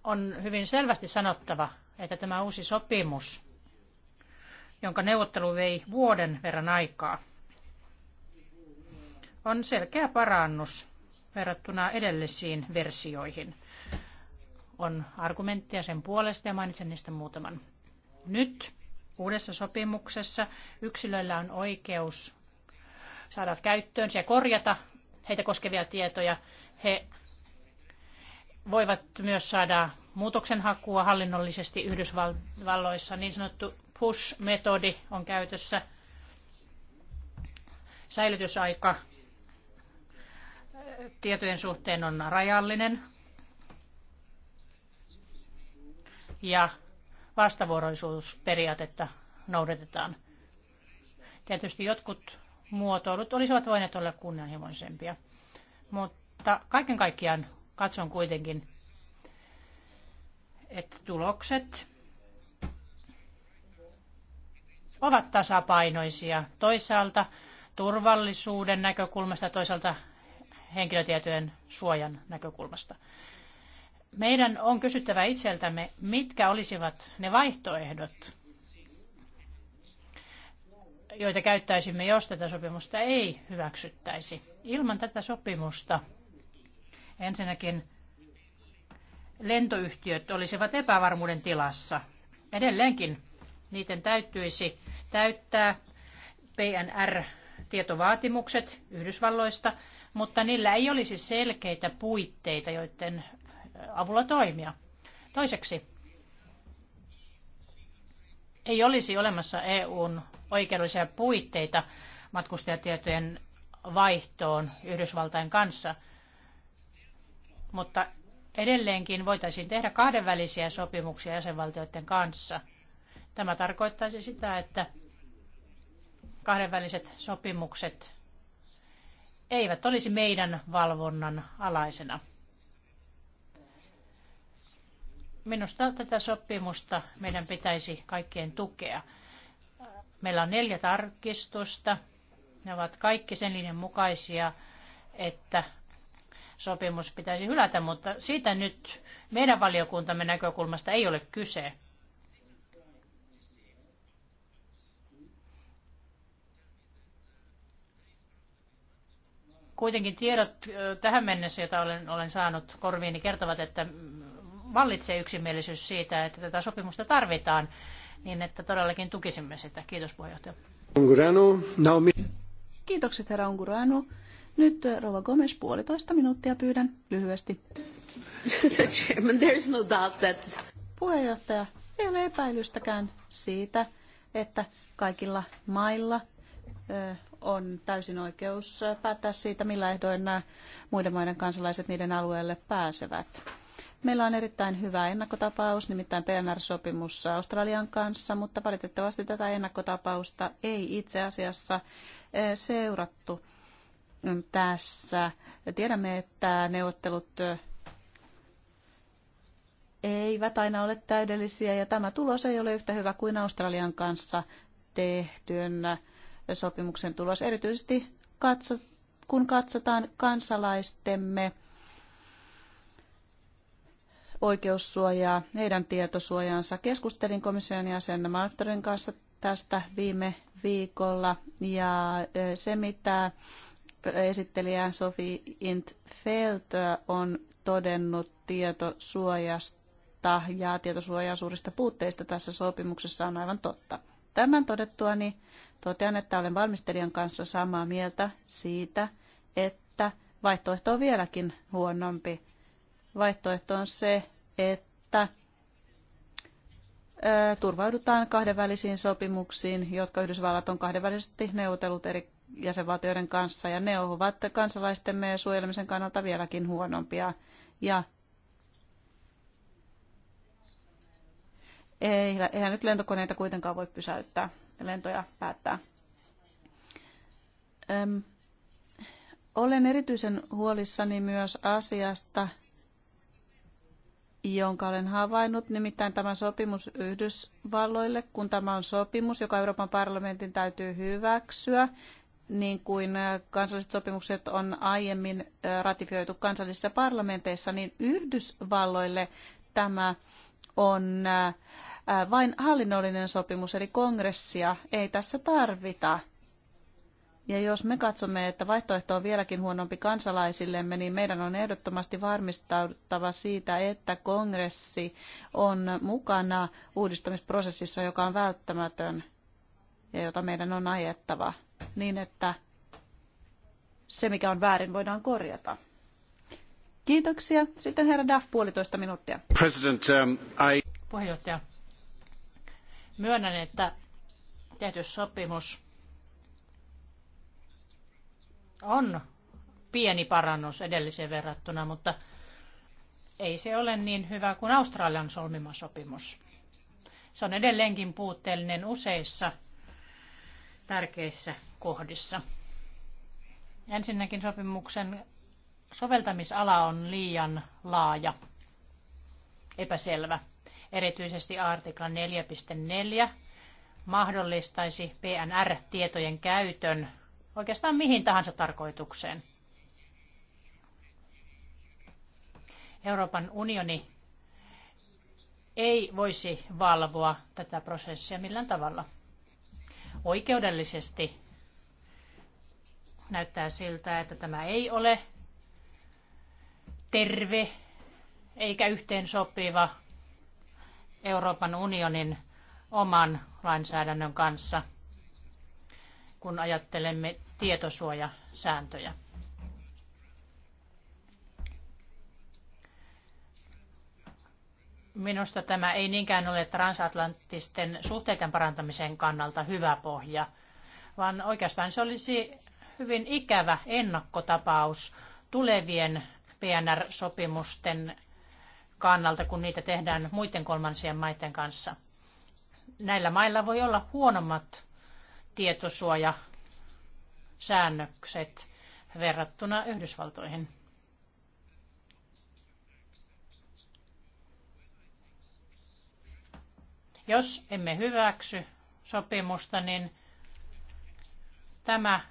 on hyvin selvästi sanottava, että tämä uusi sopimus, jonka neuvottelu vei vuoden verran aikaa, on selkeä parannus verrattuna edellisiin versioihin. On argumentteja sen puolesta ja mainitsen niistä muutaman. Nyt uudessa sopimuksessa yksilöillä on oikeus saada käyttöön ja korjata heitä koskevia tietoja. He voivat myös saada muutoksenhakua hallinnollisesti Yhdysvalloissa. Niin sanottu push-metodi on käytössä. Säilytysaika äh, tietojen suhteen on rajallinen. Ja vastavuoroisuusperiaatetta noudatetaan. Tietysti jotkut muotoilut olisivat voineet olla kunnianhimoisempia, mutta kaiken kaikkiaan Katson kuitenkin, että tulokset ovat tasapainoisia. Toisaalta turvallisuuden näkökulmasta, toisaalta henkilötietojen suojan näkökulmasta. Meidän on kysyttävä itseltämme, mitkä olisivat ne vaihtoehdot, joita käyttäisimme, jos tätä sopimusta ei hyväksyttäisi. Ilman tätä sopimusta Ensinnäkin lentoyhtiöt olisivat epävarmuuden tilassa. Edelleenkin niiden täytyisi täyttää PNR-tietovaatimukset Yhdysvalloista, mutta niillä ei olisi selkeitä puitteita, joiden avulla toimia. Toiseksi, ei olisi olemassa EUn oikeudellisia puitteita matkustajatietojen vaihtoon Yhdysvaltain kanssa – mutta edelleenkin voitaisiin tehdä kahdenvälisiä sopimuksia jäsenvaltioiden kanssa. Tämä tarkoittaisi sitä, että kahdenväliset sopimukset eivät olisi meidän valvonnan alaisena. Minusta tätä sopimusta meidän pitäisi kaikkien tukea. Meillä on neljä tarkistusta. Ne ovat kaikki sen linjan mukaisia, että sopimus pitäisi hylätä, mutta siitä nyt meidän valiokuntamme näkökulmasta ei ole kyse. Kuitenkin tiedot tähän mennessä, joita olen, olen saanut korviini, kertovat, että vallitsee yksimielisyys siitä, että tätä sopimusta tarvitaan, niin että todellakin tukisimme sitä. Kiitos puheenjohtaja. Kiitokset herra Ungurano. Nyt äh, Rova Gomes, puolitoista minuuttia pyydän lyhyesti. There's no doubt that... Puheenjohtaja, ei ole epäilystäkään siitä, että kaikilla mailla on täysin oikeus päättää siitä, millä ehdoin nämä muiden maiden kansalaiset niiden alueelle pääsevät. Meillä on erittäin hyvä ennakkotapaus, nimittäin PNR-sopimus Australian kanssa, mutta valitettavasti tätä ennakkotapausta ei itse asiassa seurattu tässä. Tiedämme, että neuvottelut eivät aina ole täydellisiä ja tämä tulos ei ole yhtä hyvä kuin Australian kanssa tehdyn sopimuksen tulos. Erityisesti kun katsotaan kansalaistemme oikeussuojaa, heidän tietosuojansa. Keskustelin komission jäsen Martorin kanssa tästä viime viikolla ja se, mitä esittelijä Sofi Intfeldt on todennut tietosuojasta ja tietosuojan suurista puutteista tässä sopimuksessa on aivan totta. Tämän todettuani totean, että olen valmistelijan kanssa samaa mieltä siitä, että vaihtoehto on vieläkin huonompi. Vaihtoehto on se, että turvaudutaan kahdenvälisiin sopimuksiin, jotka Yhdysvallat on kahdenvälisesti neuvotellut eri jäsenvaltioiden kanssa ja ne ovat kansalaistemme suojelemisen kannalta vieläkin huonompia. Ja eihän nyt lentokoneita kuitenkaan voi pysäyttää ja lentoja päättää. Öm, olen erityisen huolissani myös asiasta, jonka olen havainnut, nimittäin tämä sopimus Yhdysvalloille, kun tämä on sopimus, joka Euroopan parlamentin täytyy hyväksyä, niin kuin äh, kansalliset sopimukset on aiemmin äh, ratifioitu kansallisissa parlamenteissa, niin Yhdysvalloille tämä on äh, vain hallinnollinen sopimus, eli kongressia ei tässä tarvita. Ja jos me katsomme, että vaihtoehto on vieläkin huonompi kansalaisillemme, niin meidän on ehdottomasti varmistauduttava siitä, että kongressi on mukana uudistamisprosessissa, joka on välttämätön ja jota meidän on ajettava niin, että se, mikä on väärin, voidaan korjata. Kiitoksia. Sitten herra Duff, puolitoista minuuttia. President, um, I... Puheenjohtaja, myönnän, että tehty sopimus on pieni parannus edelliseen verrattuna, mutta ei se ole niin hyvä kuin Australian solmima sopimus. Se on edelleenkin puutteellinen useissa tärkeissä kohdissa. Ensinnäkin sopimuksen soveltamisala on liian laaja, epäselvä. Erityisesti artikla 4.4 mahdollistaisi PNR-tietojen käytön oikeastaan mihin tahansa tarkoitukseen. Euroopan unioni ei voisi valvoa tätä prosessia millään tavalla. Oikeudellisesti näyttää siltä, että tämä ei ole terve eikä yhteensopiva Euroopan unionin oman lainsäädännön kanssa, kun ajattelemme tietosuojasääntöjä. Minusta tämä ei niinkään ole transatlanttisten suhteiden parantamisen kannalta hyvä pohja, vaan oikeastaan se olisi hyvin ikävä ennakkotapaus tulevien PNR-sopimusten kannalta, kun niitä tehdään muiden kolmansien maiden kanssa. Näillä mailla voi olla huonommat tietosuojasäännökset verrattuna Yhdysvaltoihin. Jos emme hyväksy sopimusta, niin tämä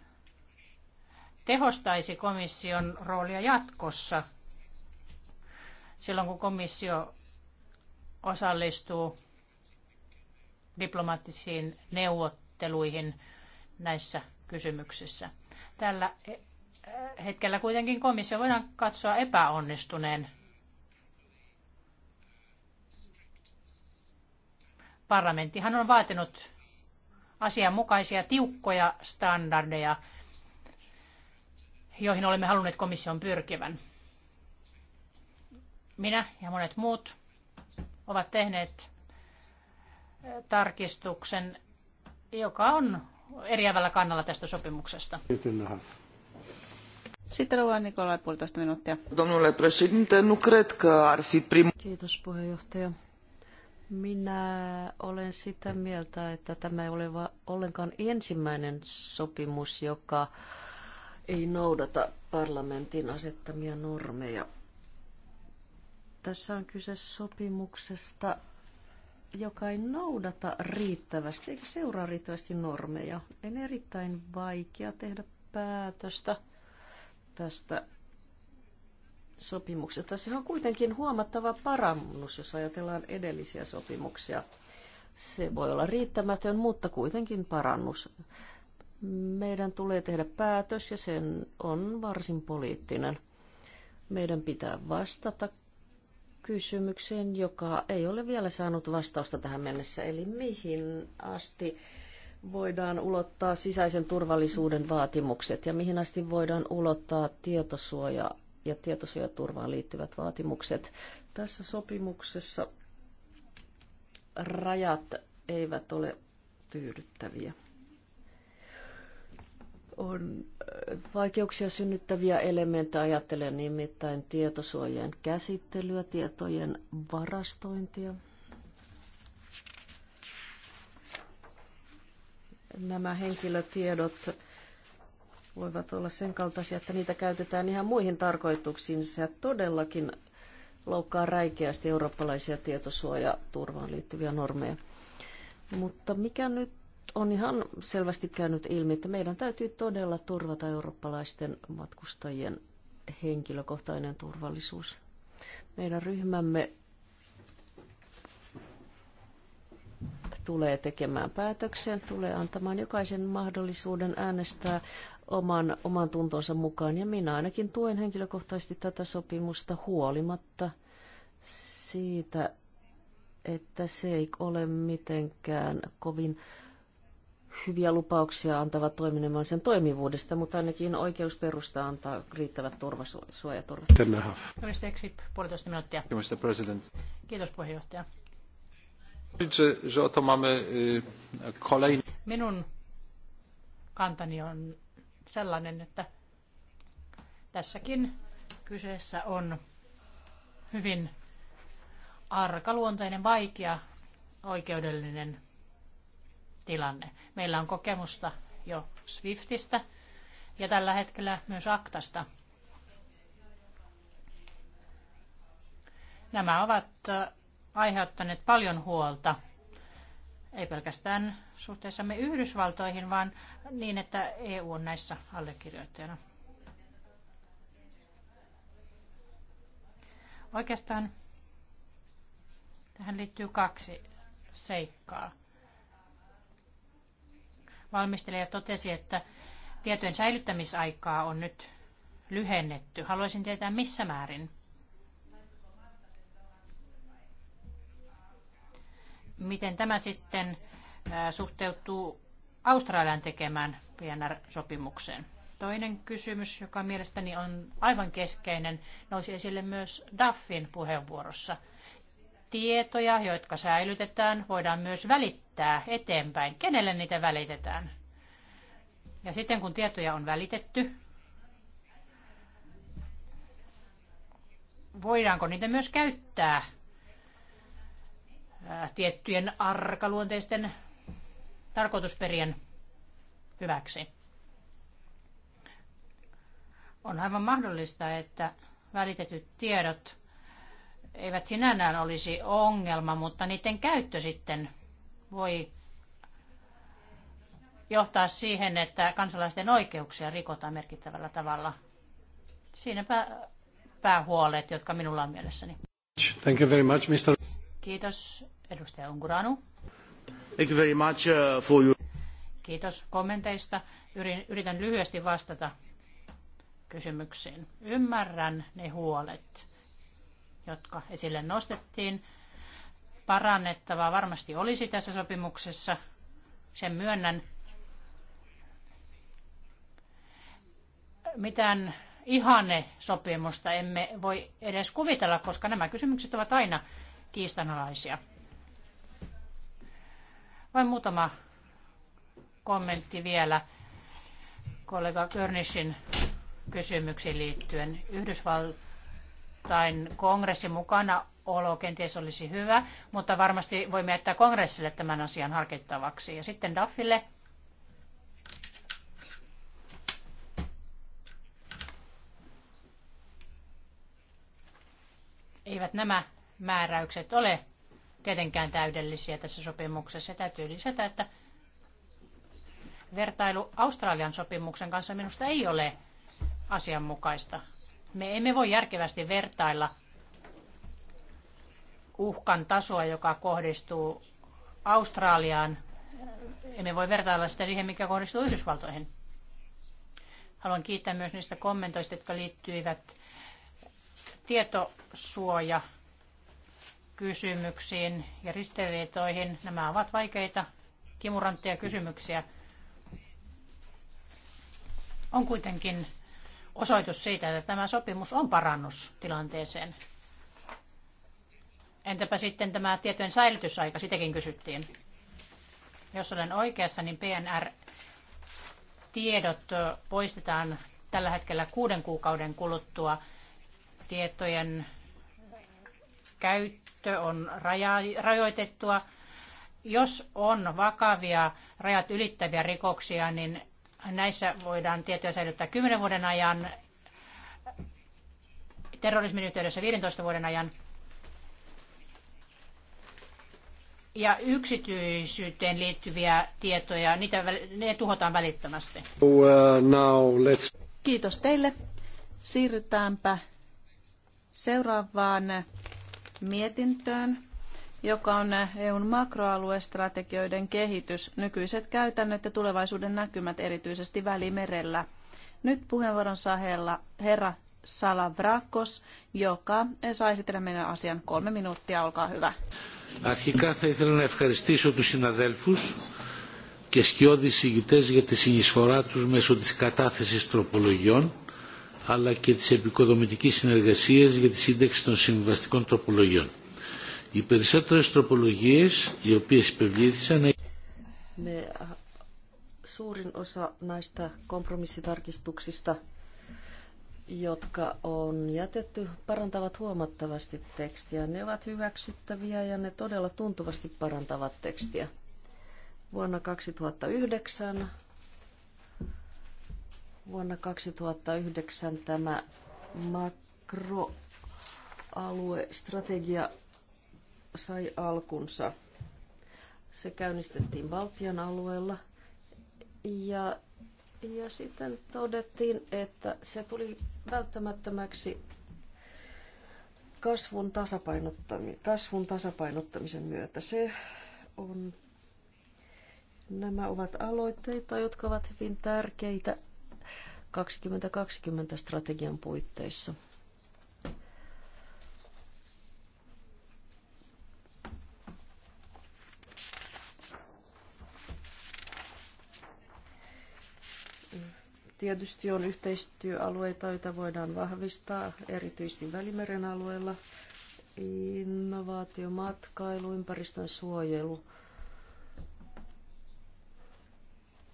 tehostaisi komission roolia jatkossa silloin, kun komissio osallistuu diplomaattisiin neuvotteluihin näissä kysymyksissä. Tällä hetkellä kuitenkin komissio voidaan katsoa epäonnistuneen Parlamenttihan on vaatinut asianmukaisia tiukkoja standardeja, joihin olemme halunneet komission pyrkivän. Minä ja monet muut ovat tehneet eh, tarkistuksen, joka on eriävällä kannalla tästä sopimuksesta. Sitten Ruoan Nikolai puolitoista minuuttia. Domnule Kiitos puheenjohtaja. Minä olen sitä mieltä, että tämä ei ole ollenkaan ensimmäinen sopimus, joka ei noudata parlamentin asettamia normeja. Tässä on kyse sopimuksesta, joka ei noudata riittävästi, eikä seuraa riittävästi normeja. On erittäin vaikea tehdä päätöstä tästä sopimuksesta. Se on kuitenkin huomattava parannus, jos ajatellaan edellisiä sopimuksia. Se voi olla riittämätön, mutta kuitenkin parannus. Meidän tulee tehdä päätös ja sen on varsin poliittinen. Meidän pitää vastata kysymykseen, joka ei ole vielä saanut vastausta tähän mennessä, eli mihin asti voidaan ulottaa sisäisen turvallisuuden vaatimukset ja mihin asti voidaan ulottaa tietosuoja ja tietosuojaturvaan liittyvät vaatimukset. Tässä sopimuksessa rajat eivät ole tyydyttäviä. On äh, vaikeuksia synnyttäviä elementtejä, ajattelen nimittäin tietosuojien käsittelyä, tietojen varastointia. Nämä henkilötiedot voivat olla sen kaltaisia, että niitä käytetään ihan muihin tarkoituksiin. Se todellakin loukkaa räikeästi eurooppalaisia tietosuojaturvaan liittyviä normeja. Mutta mikä nyt on ihan selvästi käynyt ilmi, että meidän täytyy todella turvata eurooppalaisten matkustajien henkilökohtainen turvallisuus. Meidän ryhmämme tulee tekemään päätöksen, tulee antamaan jokaisen mahdollisuuden äänestää oman, oman tuntonsa mukaan. Ja minä ainakin tuen henkilökohtaisesti tätä sopimusta huolimatta siitä, että se ei ole mitenkään kovin hyviä lupauksia antava toiminnan sen toimivuudesta, mutta ainakin oikeusperusta antaa riittävät turvasuojaturvat. No, Ministeri Ksip, puolitoista minuuttia. Mr. President. Kiitos puheenjohtaja. Minun kantani on sellainen, että tässäkin kyseessä on hyvin arkaluonteinen, vaikea oikeudellinen tilanne. Meillä on kokemusta jo Swiftistä ja tällä hetkellä myös Aktasta. Nämä ovat äh, aiheuttaneet paljon huolta ei pelkästään suhteessamme Yhdysvaltoihin, vaan niin, että EU on näissä allekirjoittajana. Oikeastaan tähän liittyy kaksi seikkaa. Valmistelija totesi, että tietojen säilyttämisaikaa on nyt lyhennetty. Haluaisin tietää missä määrin. miten tämä sitten suhteutuu Australian tekemään PNR-sopimukseen? Toinen kysymys, joka mielestäni on aivan keskeinen, nousi esille myös Daffin puheenvuorossa. Tietoja, jotka säilytetään, voidaan myös välittää eteenpäin. Kenelle niitä välitetään? Ja sitten kun tietoja on välitetty, voidaanko niitä myös käyttää Äh, tiettyjen arkaluonteisten tarkoitusperien hyväksi. On aivan mahdollista, että välitetyt tiedot eivät sinänään olisi ongelma, mutta niiden käyttö sitten voi johtaa siihen, että kansalaisten oikeuksia rikotaan merkittävällä tavalla. Siinäpä päähuolet, jotka minulla on mielessäni. Thank you very much, Mr. Kiitos edustaja Unguranu. Thank you very much uh, for you. Kiitos kommenteista. Yritän lyhyesti vastata kysymyksiin. Ymmärrän ne huolet, jotka esille nostettiin. Parannettavaa varmasti olisi tässä sopimuksessa. Sen myönnän. Mitään ihanne sopimusta emme voi edes kuvitella, koska nämä kysymykset ovat aina kiistanalaisia. Vain muutama kommentti vielä kollega Körnissin kysymyksiin liittyen. Yhdysvaltain Kongressi mukana olo kenties olisi hyvä, mutta varmasti voimme jättää kongressille tämän asian harkittavaksi. Ja sitten Daffille. Eivät nämä määräykset ole tietenkään täydellisiä tässä sopimuksessa. Täytyy lisätä, että vertailu Australian sopimuksen kanssa minusta ei ole asianmukaista. Me emme voi järkevästi vertailla uhkan tasoa, joka kohdistuu Australiaan. Emme voi vertailla sitä siihen, mikä kohdistuu Yhdysvaltoihin. Haluan kiittää myös niistä kommentoista, jotka liittyivät tietosuoja kysymyksiin ja ristiriitoihin. Nämä ovat vaikeita, kimurantteja kysymyksiä. On kuitenkin osoitus siitä, että tämä sopimus on parannus tilanteeseen. Entäpä sitten tämä tietojen säilytysaika, sitäkin kysyttiin. Jos olen oikeassa, niin PNR-tiedot poistetaan tällä hetkellä kuuden kuukauden kuluttua tietojen käyttöön käyttö on raja- rajoitettua. Jos on vakavia rajat ylittäviä rikoksia, niin näissä voidaan tietoja säilyttää 10 vuoden ajan, terrorismin yhteydessä 15 vuoden ajan. Ja yksityisyyteen liittyviä tietoja, niitä, ne tuhotaan välittömästi. Uh, now let's... Kiitos teille. Siirrytäänpä seuraavaan mietintöön, joka on EUn makroaluestrategioiden kehitys, nykyiset käytännöt ja tulevaisuuden näkymät erityisesti Välimerellä. Nyt puheenvuoron saa herra, herra Salavrakos, joka saa esitellä meidän asian kolme minuuttia. Olkaa hyvä. Αρχικά θα ήθελα να ευχαριστήσω τους συναδέλφους και σκιώδεις ηγητές για τη συνεισφορά τους μέσω της κατάθεσης τροπολογιών αλλά και της επικοδομητικής συνεργασίας για τη σύνταξη των συμβαστικών τροπολογιών. Οι περισσότερες τροπολογίες οι οποίες υπευλήθησαν... Me, äh, suurin osa näistä kompromissitarkistuksista, jotka on jätetty, parantavat huomattavasti tekstiä. Ne ovat hyväksyttäviä ja ne todella tuntuvasti parantavat tekstiä. Vuonna 2009 Vuonna 2009 tämä makroaluestrategia sai alkunsa. Se käynnistettiin Baltian alueella ja, ja sitten todettiin, että se tuli välttämättömäksi kasvun, tasapainottami, kasvun tasapainottamisen myötä. Se on, nämä ovat aloitteita, jotka ovat hyvin tärkeitä 2020 strategian puitteissa. Tietysti on yhteistyöalueita, joita voidaan vahvistaa, erityisesti Välimeren alueella. Innovaatio, matkailu, ympäristön suojelu.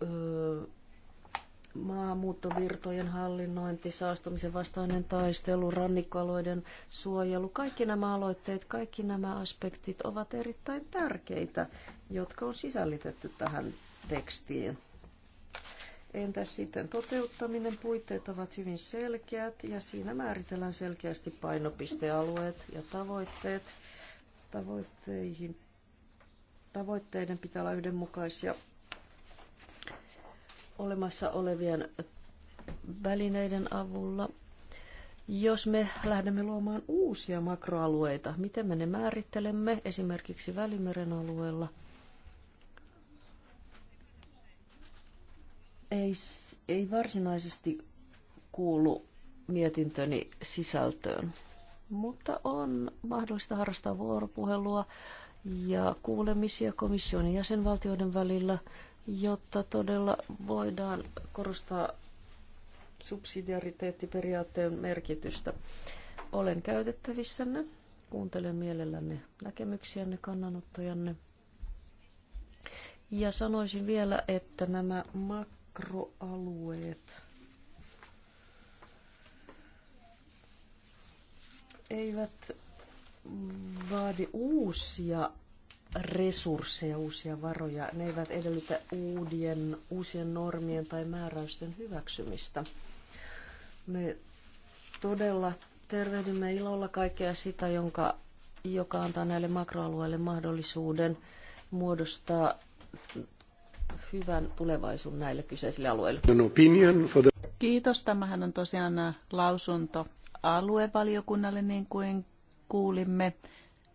Öö, maamuuttovirtojen hallinnointi, saastumisen vastainen taistelu, rannikkoalueiden suojelu, kaikki nämä aloitteet, kaikki nämä aspektit ovat erittäin tärkeitä, jotka on sisällytetty tähän tekstiin. Entä sitten toteuttaminen? Puitteet ovat hyvin selkeät ja siinä määritellään selkeästi painopistealueet ja tavoitteet. Tavoitteihin, tavoitteiden pitää olla yhdenmukaisia olemassa olevien välineiden avulla. Jos me lähdemme luomaan uusia makroalueita, miten me ne määrittelemme esimerkiksi Välimeren alueella? Ei, ei varsinaisesti kuulu mietintöni sisältöön, mutta on mahdollista harrastaa vuoropuhelua ja kuulemisia komission ja jäsenvaltioiden välillä – jotta todella voidaan korostaa subsidiariteettiperiaatteen merkitystä. Olen käytettävissänne. Kuuntelen mielellänne näkemyksiänne, kannanottojanne. Ja sanoisin vielä, että nämä makroalueet eivät vaadi uusia resursseja, uusia varoja. Ne eivät edellytä uudien, uusien normien tai määräysten hyväksymistä. Me todella tervehdimme ilolla kaikkea sitä, jonka, joka antaa näille makroalueille mahdollisuuden muodostaa hyvän tulevaisuuden näille kyseisille alueille. Kiitos. Tämähän on tosiaan lausunto aluevaliokunnalle, niin kuin kuulimme.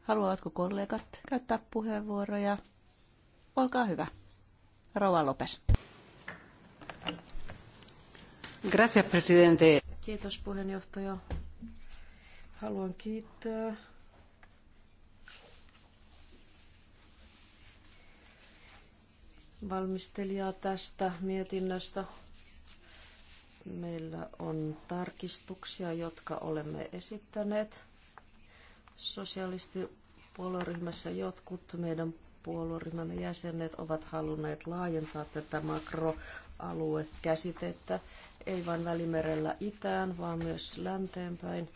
Haluavatko kollegat käyttää puheenvuoroja? Olkaa hyvä. Rova Lopes. Gracias, presidente. Kiitos puheenjohtaja. Haluan kiittää valmistelijaa tästä mietinnöstä. Meillä on tarkistuksia, jotka olemme esittäneet. Sosialisti puolueryhmässä jotkut meidän puolueryhmämme jäsenet ovat halunneet laajentaa tätä makroaluekäsitettä, ei vain Välimerellä itään, vaan myös länteenpäin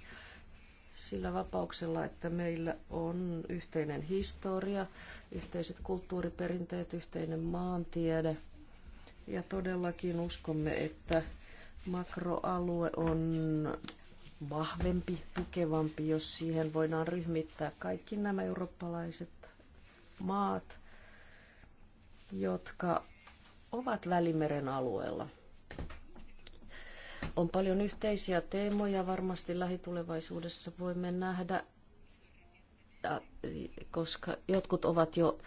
sillä vapauksella, että meillä on yhteinen historia, yhteiset kulttuuriperinteet, yhteinen maantiede. Ja todellakin uskomme, että makroalue on vahvempi, tukevampi, jos siihen voidaan ryhmittää kaikki nämä eurooppalaiset maat, jotka ovat Välimeren alueella. On paljon yhteisiä teemoja. Varmasti lähitulevaisuudessa voimme nähdä koska jotkut ovat jo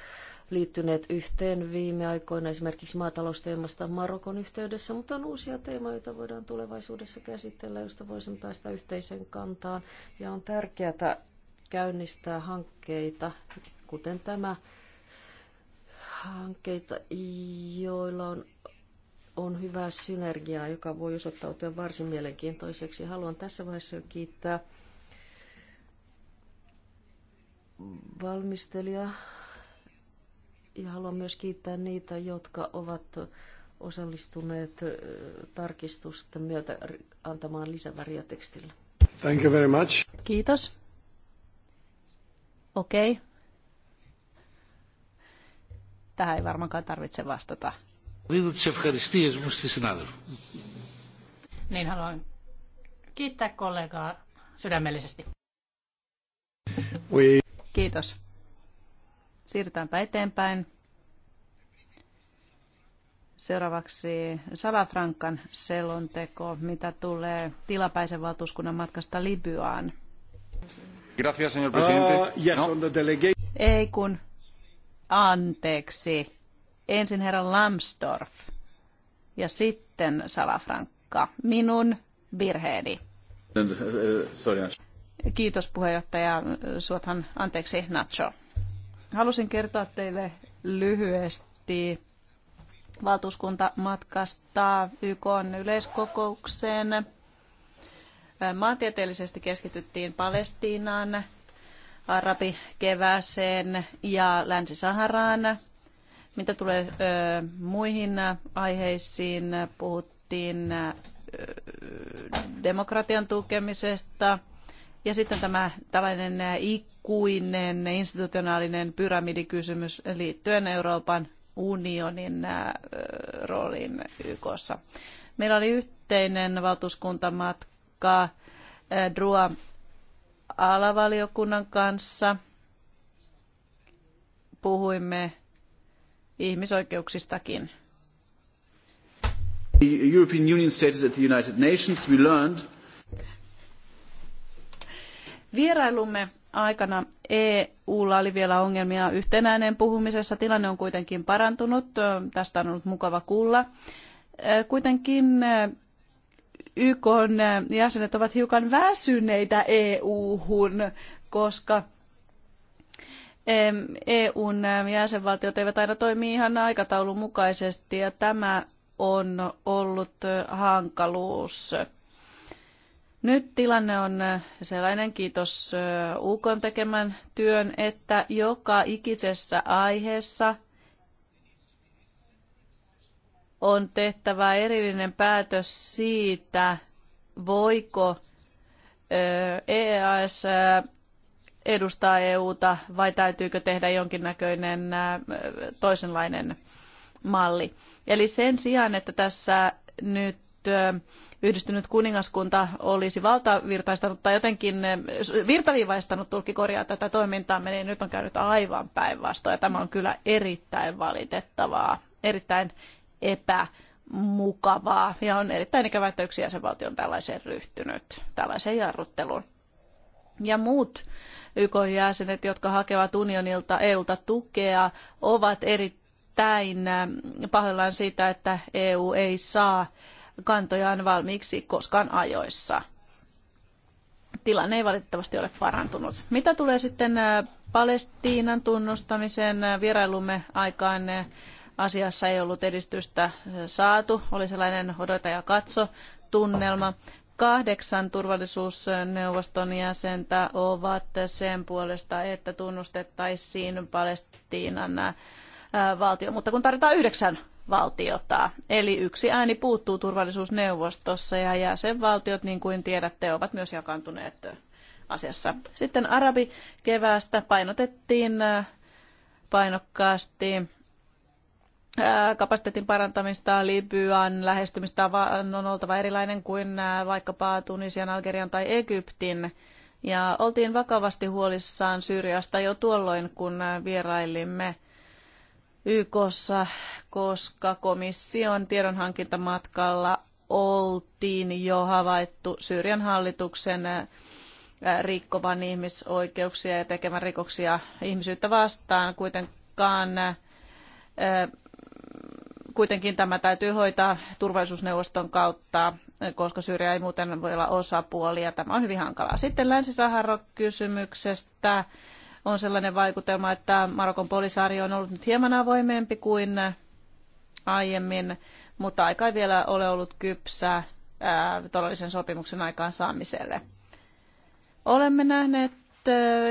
liittyneet yhteen viime aikoina esimerkiksi maatalousteemasta Marokon yhteydessä, mutta on uusia teemoja, joita voidaan tulevaisuudessa käsitellä, joista voisimme päästä yhteiseen kantaan. Ja on tärkeää käynnistää hankkeita, kuten tämä hankkeita, joilla on, on hyvää synergiaa, joka voi osoittautua varsin mielenkiintoiseksi. Haluan tässä vaiheessa jo kiittää valmistelijaa ja haluan myös kiittää niitä, jotka ovat osallistuneet tarkistusten myötä antamaan lisäväriä tekstillä. Thank you very much. Kiitos. Okei. Okay. Tähän ei varmaankaan tarvitse vastata. Niin haluan kiittää kollegaa sydämellisesti. Oui. Kiitos. Siirrytäänpä eteenpäin. Seuraavaksi Salafrankan selonteko, mitä tulee tilapäisen valtuuskunnan matkasta Libyaan. Gracias, señor presidente. Uh, yes, no. on the Ei kun, anteeksi. Ensin herra Lambsdorff ja sitten Salafrankka. Minun virheeni. Sorry. Kiitos puheenjohtaja. Suothan anteeksi Nacho. Halusin kertoa teille lyhyesti valtuuskuntamatkasta YK yleiskokoukseen. Maantieteellisesti keskityttiin Palestiinaan, arabikevääseen ja Länsi-Saharaan. Mitä tulee ö, muihin aiheisiin, puhuttiin ö, demokratian tukemisesta – ja sitten tämä tällainen ikuinen institutionaalinen pyramidikysymys liittyen Euroopan unionin rooliin YKssa. Meillä oli yhteinen valtuuskuntamatka DRUA alavaliokunnan kanssa. Puhuimme ihmisoikeuksistakin. The European Union status at the United Nations, we learned Vierailumme aikana EUlla oli vielä ongelmia yhtenäinen puhumisessa. Tilanne on kuitenkin parantunut. Tästä on ollut mukava kuulla. Äh, kuitenkin äh, YK äh, jäsenet ovat hiukan väsyneitä EU-hun, koska EUn e jäsenvaltiot eivät aina toimi ihan aikataulun mukaisesti ja tämä on ollut hankaluus. Nyt tilanne on äh, sellainen, kiitos äh, UK tekemän työn, että joka ikisessä aiheessa on tehtävä erillinen päätös siitä, voiko äh, EAS edustaa EUta vai täytyykö tehdä jonkinnäköinen toisenlainen malli. Eli sen sijaan, että tässä nyt yhdistynyt kuningaskunta olisi valtavirtaistanut tai jotenkin eh, virtaviivaistanut tulkikorjaa tätä toimintaa, niin nyt on käynyt aivan päinvastoin. Ja tämä on kyllä erittäin valitettavaa, erittäin epämukavaa ja on erittäin ikävä että yksi jäsenvaltio on tällaiseen ryhtynyt, tällaiseen jarrutteluun. Ja muut YK-jäsenet, jotka hakevat unionilta EUlta tukea, ovat erittäin eh, pahoillaan siitä, että EU ei saa kantojaan valmiiksi koskaan ajoissa. Tilanne ei valitettavasti ole parantunut. Mitä tulee sitten Palestiinan tunnustamisen vierailumme aikaan asiassa ei ollut edistystä saatu. Oli sellainen odota ja katso tunnelma. Kahdeksan turvallisuusneuvoston jäsentä ovat sen puolesta, että tunnustettaisiin Palestiinan valtio, mutta kun tarvitaan yhdeksän valtiota. Eli yksi ääni puuttuu turvallisuusneuvostossa ja jäsenvaltiot, niin kuin tiedätte, ovat myös jakantuneet asiassa. Sitten keväästä painotettiin äh, painokkaasti äh, kapasiteetin parantamista, Libyan lähestymistä äh, on oltava erilainen kuin vaikkapa Tunisian, Algerian tai Egyptin. Ja oltiin vakavasti huolissaan Syyriasta jo tuolloin, kun vierailimme YKssa, koska komission tiedonhankintamatkalla oltiin jo havaittu Syyrian hallituksen rikkovan ihmisoikeuksia ja tekemän rikoksia ihmisyyttä vastaan. Kuitenkaan, kuitenkin tämä täytyy hoitaa turvallisuusneuvoston kautta, koska Syyria ei muuten voi olla osapuoli ja tämä on hyvin hankalaa. Sitten Länsi-Sahara-kysymyksestä on sellainen vaikutelma, että Marokon polisaari on ollut nyt hieman avoimempi kuin aiemmin, mutta aika ei vielä ole ollut kypsä ää, todellisen sopimuksen aikaansaamiselle. Olemme nähneet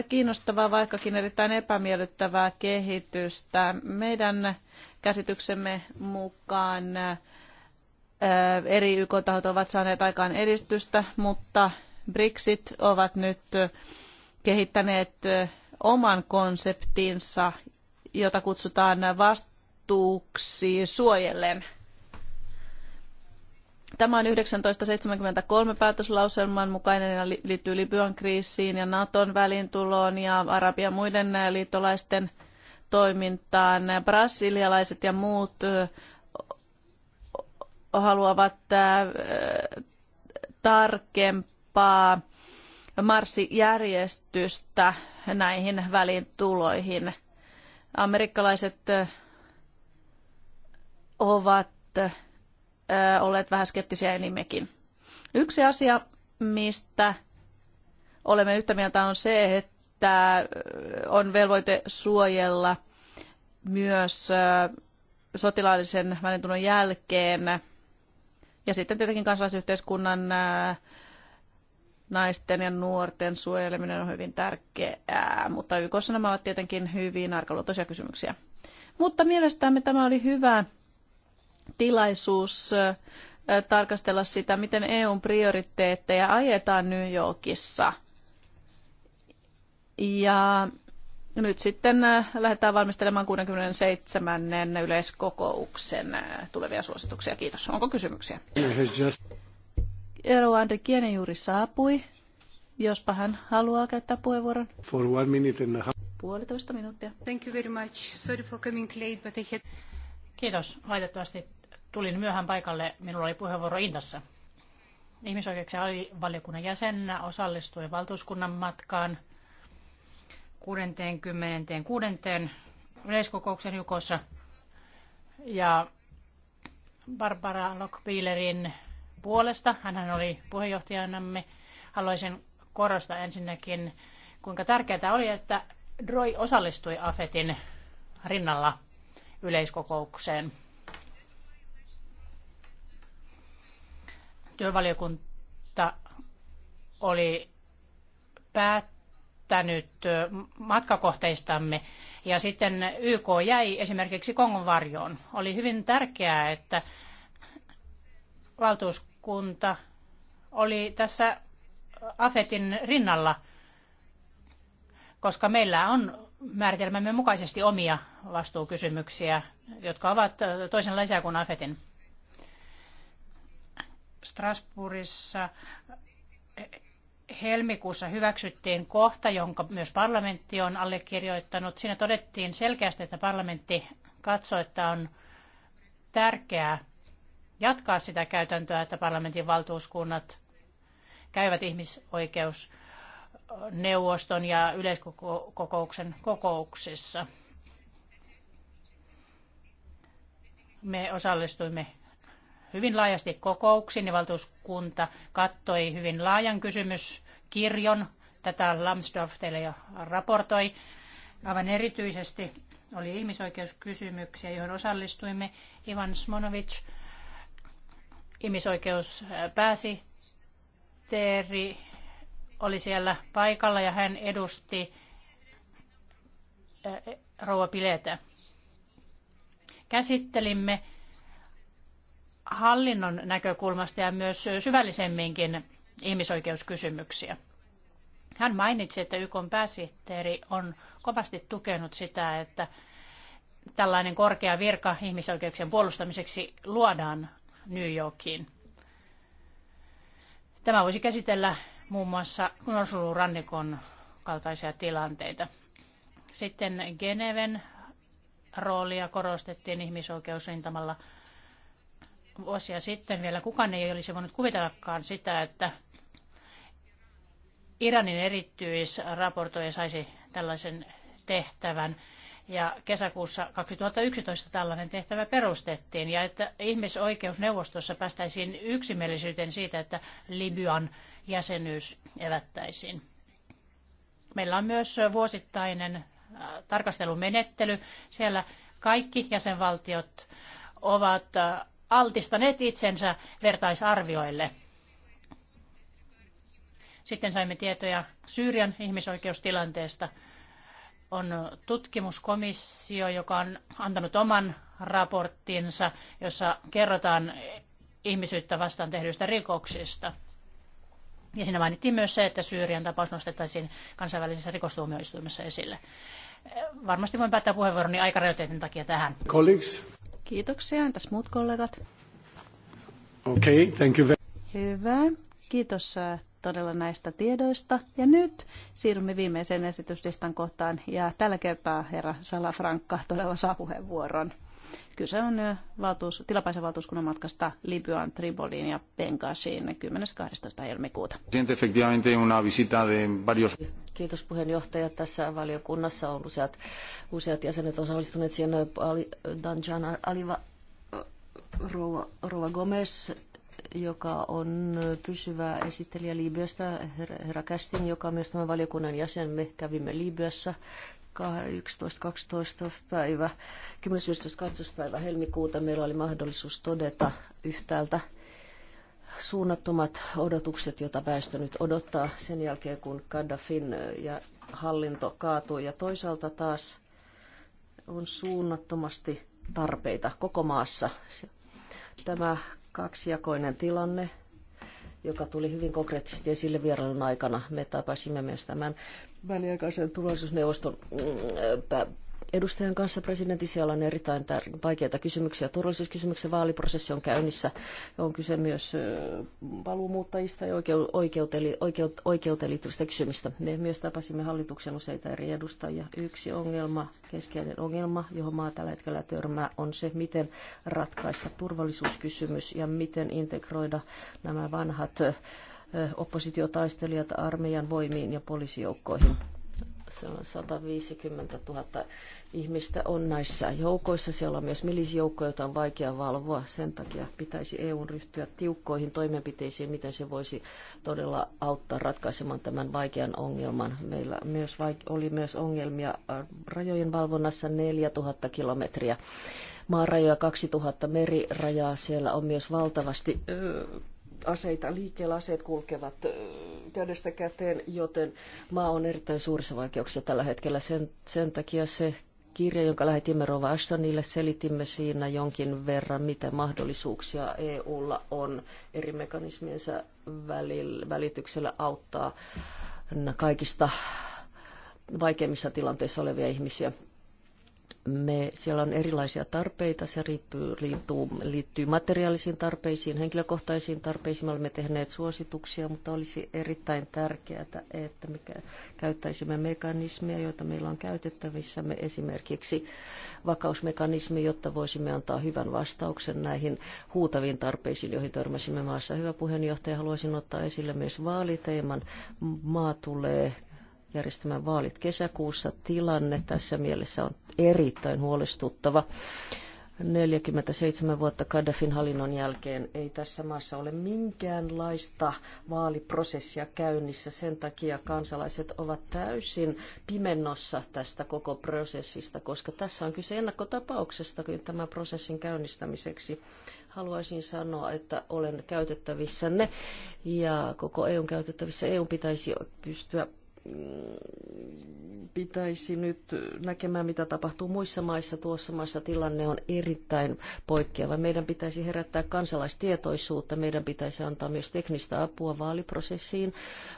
kiinnostavaa, vaikkakin erittäin epämiellyttävää kehitystä. Meidän käsityksemme mukaan eri YK-tahot ovat saaneet aikaan edistystä, mutta Brexit ovat nyt kehittäneet oman konseptinsa, jota kutsutaan vastuuksi suojellen. Tämä on 1973 päätöslauselman mukainen ja liittyy Libyan kriisiin ja Naton välintuloon ja Arabian muiden äh, liittolaisten toimintaan. Brasilialaiset ja muut äh, haluavat äh, tarkempaa marssijärjestystä näihin välintuloihin. Amerikkalaiset ovat olleet vähän skeptisiä enimmekin. Yksi asia, mistä olemme yhtä mieltä on se, että on velvoite suojella myös sotilaallisen välintulon jälkeen ja sitten tietenkin kansalaisyhteiskunnan naisten ja nuorten suojeleminen on hyvin tärkeää, mutta YKssa nämä ovat tietenkin hyvin arkaluontoisia kysymyksiä. Mutta mielestämme tämä oli hyvä tilaisuus tarkastella sitä, miten EUn prioriteetteja ajetaan New Yorkissa. Ja nyt sitten lähdetään valmistelemaan 67. yleiskokouksen tulevia suosituksia. Kiitos. Onko kysymyksiä? Eroande Kiene juuri saapui. Jospa hän haluaa käyttää puheenvuoron. For one minute and a half. Puolitoista minuuttia. Thank you very much. Sorry for coming late, but I had... Kiitos. Valitettavasti tulin myöhään paikalle. Minulla oli puheenvuoro Intassa. Ihmisoikeuksien valiokunnan jäsenenä osallistui valtuuskunnan matkaan 66. yleiskokouksen Jukossa. Ja Barbara Lockbielerin puolesta. Hänhän oli puheenjohtajanamme. Haluaisin korostaa ensinnäkin, kuinka tärkeää oli, että Droi osallistui AFETin rinnalla yleiskokoukseen. Työvaliokunta oli päättänyt matkakohteistamme ja sitten YK jäi esimerkiksi Kongon varjoon. Oli hyvin tärkeää, että valtuuskunta Kunta oli tässä AFETin rinnalla, koska meillä on määritelmämme mukaisesti omia vastuukysymyksiä, jotka ovat toisenlaisia kuin AFETin. Strasbourgissa e, helmikuussa hyväksyttiin kohta, jonka myös parlamentti on allekirjoittanut. Siinä todettiin selkeästi, että parlamentti katsoo, että on tärkeää jatkaa sitä käytäntöä, että parlamentin valtuuskunnat käyvät ihmisoikeusneuvoston ja yleiskokouksen kokouksissa. Me osallistuimme hyvin laajasti kokouksiin ja valtuuskunta kattoi hyvin laajan kysymyskirjon. Tätä Lambsdorff teille jo raportoi. Aivan erityisesti oli ihmisoikeuskysymyksiä, joihin osallistuimme. Ivan Smonovic Ihmisoikeuspääsihteeri oli siellä paikalla ja hän edusti rouva Piletä. Käsittelimme hallinnon näkökulmasta ja myös syvällisemminkin ihmisoikeuskysymyksiä. Hän mainitsi, että YK pääsihteeri on kovasti tukenut sitä, että tällainen korkea virka ihmisoikeuksien puolustamiseksi luodaan New Yorkiin. Tämä voisi käsitellä muun muassa rannikon kaltaisia tilanteita. Sitten Geneven roolia korostettiin ihmisoikeusrintamalla vuosia sitten. Vielä kukaan ei olisi voinut kuvitellakaan sitä, että Iranin erityisraportoija saisi tällaisen tehtävän ja kesäkuussa 2011 tällainen tehtävä perustettiin ja että ihmisoikeusneuvostossa päästäisiin yksimielisyyteen siitä, että Libyan jäsenyys evättäisiin. Meillä on myös vuosittainen äh, tarkastelumenettely. Siellä kaikki jäsenvaltiot ovat äh, altistaneet itsensä vertaisarvioille. Sitten saimme tietoja Syyrian ihmisoikeustilanteesta – on tutkimuskomissio, joka on antanut oman raporttinsa, jossa kerrotaan ihmisyyttä vastaan tehdyistä rikoksista. Ja siinä mainittiin myös se, että Syyrian tapaus nostettaisiin kansainvälisessä rikostuomioistuimessa esille. Varmasti voin päättää puheenvuoroni aikarajoitteiden takia tähän. Colleagues. Kiitoksia. Entäs muut kollegat? Okay, thank you very- Hyvä. Kiitos äh, todella näistä tiedoista. Ja nyt siirrymme viimeiseen esityslistan kohtaan ja tällä kertaa herra Salafrankka todella saa puheenvuoron. Kyse on valtuus, tilapäisen valtuuskunnan matkasta Libyan, Triboliin ja Benghaziin 10.12. helmikuuta. Kiitos puheenjohtaja. Tässä valiokunnassa on useat, useat jäsenet osallistuneet siihen. Danjana Aliva, Rova, Rova Gomez, joka on pysyvä esittelijä Libyasta, herra Kästin, joka on myös tämän valiokunnan jäsen. Me kävimme Libyassa 11.12. päivä, 10.12. päivä helmikuuta meillä oli mahdollisuus todeta yhtäältä suunnattomat odotukset, joita väestö nyt odottaa sen jälkeen, kun Gaddafin ja hallinto kaatui. Ja toisaalta taas on suunnattomasti tarpeita koko maassa. Tämä kaksijakoinen tilanne, joka tuli hyvin konkreettisesti esille vierailun aikana. Me tapasimme myös tämän väliaikaisen turvallisuusneuvoston mm, edustajan kanssa presidentin siellä on erittäin tär- vaikeita kysymyksiä. Turvallisuuskysymyksen vaaliprosessi on käynnissä. On kyse myös paluumuuttajista ja oikeuteli, oikeut, oikeuteen liittyvistä kysymistä. Me myös tapasimme hallituksen useita eri edustajia. Yksi ongelma, keskeinen ongelma, johon maa tällä hetkellä törmää, on se, miten ratkaista turvallisuuskysymys ja miten integroida nämä vanhat oppositiotaistelijat armeijan voimiin ja poliisijoukkoihin se on 150 000 ihmistä on näissä joukoissa. Siellä on myös milisijoukkoja, joita on vaikea valvoa. Sen takia pitäisi EUn ryhtyä tiukkoihin toimenpiteisiin, miten se voisi todella auttaa ratkaisemaan tämän vaikean ongelman. Meillä myös oli myös ongelmia rajojen valvonnassa 4000 kilometriä maarajoja, 2000 merirajaa. Siellä on myös valtavasti aseita liikkeellä, aseet kulkevat kädestä käteen, joten maa on erittäin suurissa vaikeuksissa tällä hetkellä. Sen, sen takia se kirja, jonka lähetimme Rova Ashtonille, selitimme siinä jonkin verran, mitä mahdollisuuksia EUlla on eri mekanismiensa välityksellä auttaa kaikista vaikeimmissa tilanteissa olevia ihmisiä me, siellä on erilaisia tarpeita, se riippuu, liittyy, liittyy materiaalisiin tarpeisiin, henkilökohtaisiin tarpeisiin. Me olemme tehneet suosituksia, mutta olisi erittäin tärkeää, että me käyttäisimme mekanismeja, joita meillä on käytettävissämme, esimerkiksi vakausmekanismi, jotta voisimme antaa hyvän vastauksen näihin huutaviin tarpeisiin, joihin törmäsimme maassa. Hyvä puheenjohtaja, haluaisin ottaa esille myös vaaliteeman. Maa tulee järjestämään vaalit kesäkuussa. Tilanne tässä mielessä on erittäin huolestuttava. 47 vuotta Gaddafin hallinnon jälkeen ei tässä maassa ole minkäänlaista vaaliprosessia käynnissä. Sen takia kansalaiset ovat täysin pimennossa tästä koko prosessista, koska tässä on kyse ennakkotapauksesta tämän prosessin käynnistämiseksi. Haluaisin sanoa, että olen käytettävissänne ja koko EUn käytettävissä. EU pitäisi pystyä pitäisi nyt näkemään, mitä tapahtuu muissa maissa. Tuossa maassa tilanne on erittäin poikkeava. Meidän pitäisi herättää kansalaistietoisuutta. Meidän pitäisi antaa myös teknistä apua vaaliprosessiin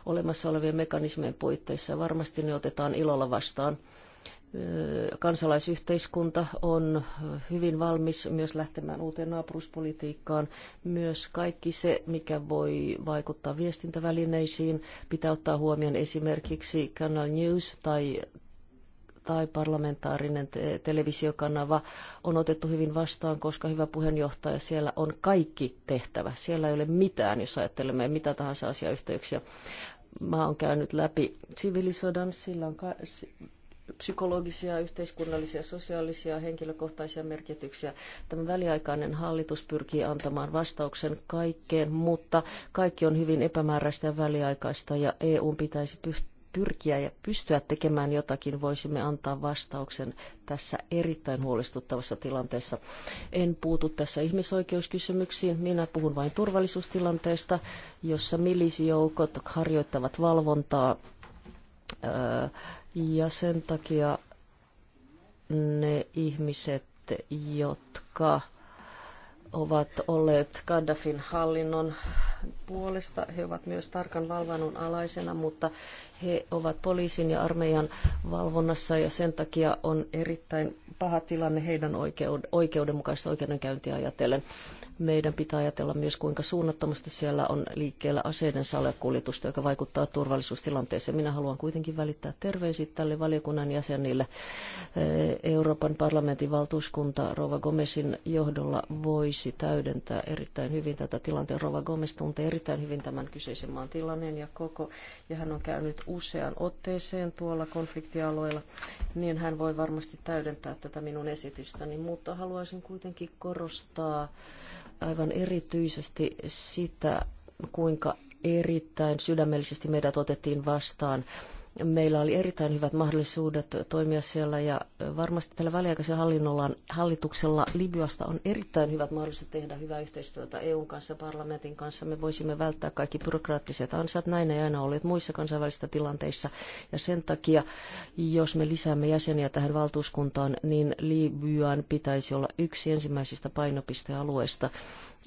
olemassa olevien mekanismien puitteissa. Varmasti ne otetaan ilolla vastaan kansalaisyhteiskunta on hyvin valmis myös lähtemään uuteen naapuruspolitiikkaan. Myös kaikki se, mikä voi vaikuttaa viestintävälineisiin, pitää ottaa huomioon esimerkiksi Canal News tai tai parlamentaarinen te- televisiokanava on otettu hyvin vastaan, koska hyvä puheenjohtaja, siellä on kaikki tehtävä. Siellä ei ole mitään, jos ajattelemme mitä tahansa asiayhteyksiä. Mä oon käynyt läpi sivilisodan, sillä on ka- psykologisia, yhteiskunnallisia, sosiaalisia, henkilökohtaisia merkityksiä. Tämä väliaikainen hallitus pyrkii antamaan vastauksen kaikkeen, mutta kaikki on hyvin epämääräistä ja väliaikaista ja EU pitäisi pyrkiä ja pystyä tekemään jotakin, voisimme antaa vastauksen tässä erittäin huolestuttavassa tilanteessa. En puutu tässä ihmisoikeuskysymyksiin, minä puhun vain turvallisuustilanteesta, jossa milisijoukot harjoittavat valvontaa öö, ja sen takia ne ihmiset, jotka ovat olleet Gaddafin hallinnon puolesta. He ovat myös tarkan valvonnan alaisena, mutta he ovat poliisin ja armeijan valvonnassa ja sen takia on erittäin paha tilanne heidän oikeudenmukaista oikeudenkäyntiä ajatellen. Meidän pitää ajatella myös, kuinka suunnattomasti siellä on liikkeellä aseiden salakuljetusta, joka vaikuttaa turvallisuustilanteeseen. Minä haluan kuitenkin välittää terveisiä tälle valiokunnan jäsenille. Eh, Euroopan parlamentin valtuuskunta Rova Gomesin johdolla voisi täydentää erittäin hyvin tätä tilanteen. Rova Gomes tuntee erittäin hyvin tämän kyseisen maan tilanteen ja koko, ja hän on käynyt useaan otteeseen tuolla konfliktialueella, niin hän voi varmasti täydentää tätä minun esitystäni, mutta haluaisin kuitenkin korostaa aivan erityisesti sitä, kuinka erittäin sydämellisesti meidät otettiin vastaan meillä oli erittäin hyvät mahdollisuudet toimia siellä ja varmasti tällä väliaikaisella hallituksella Libyasta on erittäin hyvät mahdollisuudet tehdä hyvää yhteistyötä EUn kanssa, parlamentin kanssa. Me voisimme välttää kaikki byrokraattiset ansat. Näin ei aina ole muissa kansainvälisissä tilanteissa. Ja sen takia, jos me lisäämme jäseniä tähän valtuuskuntaan, niin Libyan pitäisi olla yksi ensimmäisistä painopistealueista.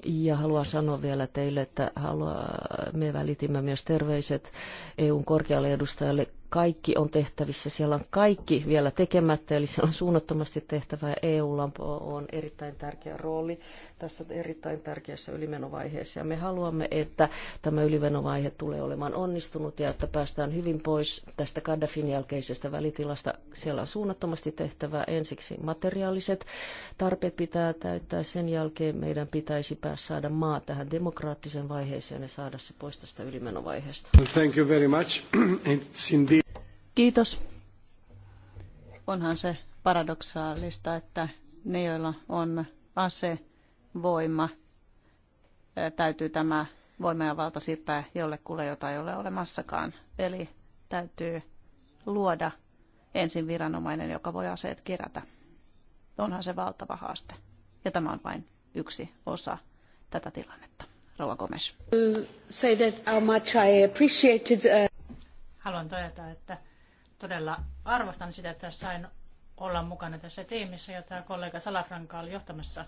Ja haluan sanoa vielä teille, että haluaa me välitimme myös terveiset EUn korkealle edustajalle kaikki on tehtävissä, siellä on kaikki vielä tekemättä, eli siellä on suunnattomasti tehtävää. EUlla on erittäin tärkeä rooli tässä erittäin tärkeässä ylimenovaiheessa, ja me haluamme, että tämä ylimenovaihe tulee olemaan onnistunut, ja että päästään hyvin pois tästä Gaddafin jälkeisestä välitilasta. Siellä on suunnattomasti tehtävää ensiksi materiaaliset tarpeet pitää täyttää, sen jälkeen meidän pitäisi päästä saada maa tähän demokraattiseen vaiheeseen ja saada se pois tästä ylimenovaiheesta. Thank you very much. It's indeed Kiitos. Onhan se paradoksaalista, että ne, joilla on ASE voima täytyy tämä voima ja valta siirtää jollekulle, jota ei ole olemassakaan. Eli täytyy luoda ensin viranomainen, joka voi aseet kerätä. Onhan se valtava haaste. Ja tämä on vain yksi osa tätä tilannetta. Rouva Gomes. Say that how much I appreciated, uh, haluan todeta, että todella arvostan sitä, että sain olla mukana tässä tiimissä, jota kollega Salafranka oli johtamassa.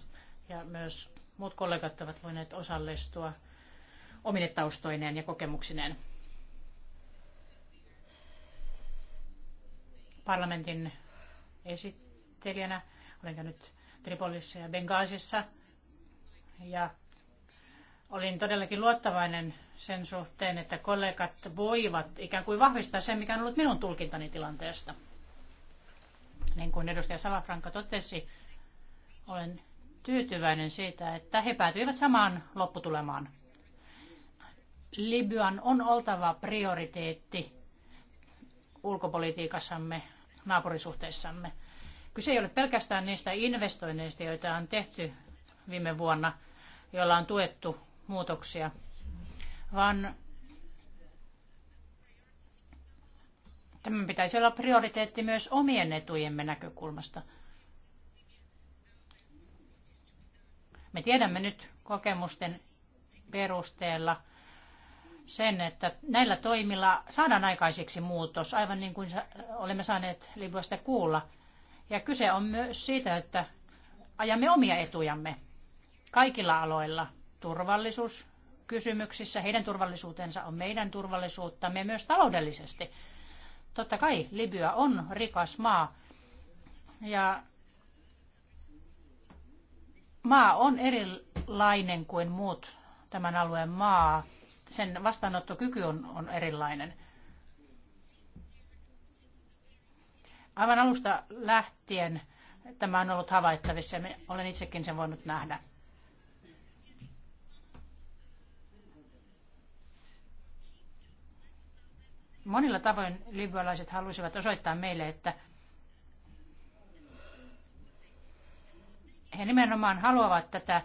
Ja myös muut kollegat ovat voineet osallistua omine taustoineen ja kokemuksineen. Parlamentin esittelijänä olen käynyt Tripolissa ja Bengaasissa ja Olin todellakin luottavainen sen suhteen, että kollegat voivat ikään kuin vahvistaa sen, mikä on ollut minun tulkintani tilanteesta. Niin kuin edustaja Salafranka totesi, olen tyytyväinen siitä, että he päätyivät samaan lopputulemaan. Libyan on oltava prioriteetti ulkopolitiikassamme, naapurisuhteissamme. Kyse ei ole pelkästään niistä investoinneista, joita on tehty viime vuonna, joilla on tuettu muutoksia, vaan tämän pitäisi olla prioriteetti myös omien etujemme näkökulmasta. Me tiedämme nyt kokemusten perusteella sen, että näillä toimilla saadaan aikaiseksi muutos, aivan niin kuin olemme saaneet Libuasta kuulla. Ja kyse on myös siitä, että ajamme omia etujamme kaikilla aloilla – turvallisuuskysymyksissä. Heidän turvallisuutensa on meidän turvallisuuttamme myös taloudellisesti. Totta kai Libya on rikas maa ja maa on erilainen kuin muut tämän alueen maa. Sen vastaanottokyky on, on erilainen. Aivan alusta lähtien tämä on ollut havaittavissa ja olen itsekin sen voinut nähdä. Monilla tavoin libyalaiset halusivat osoittaa meille, että he nimenomaan haluavat tätä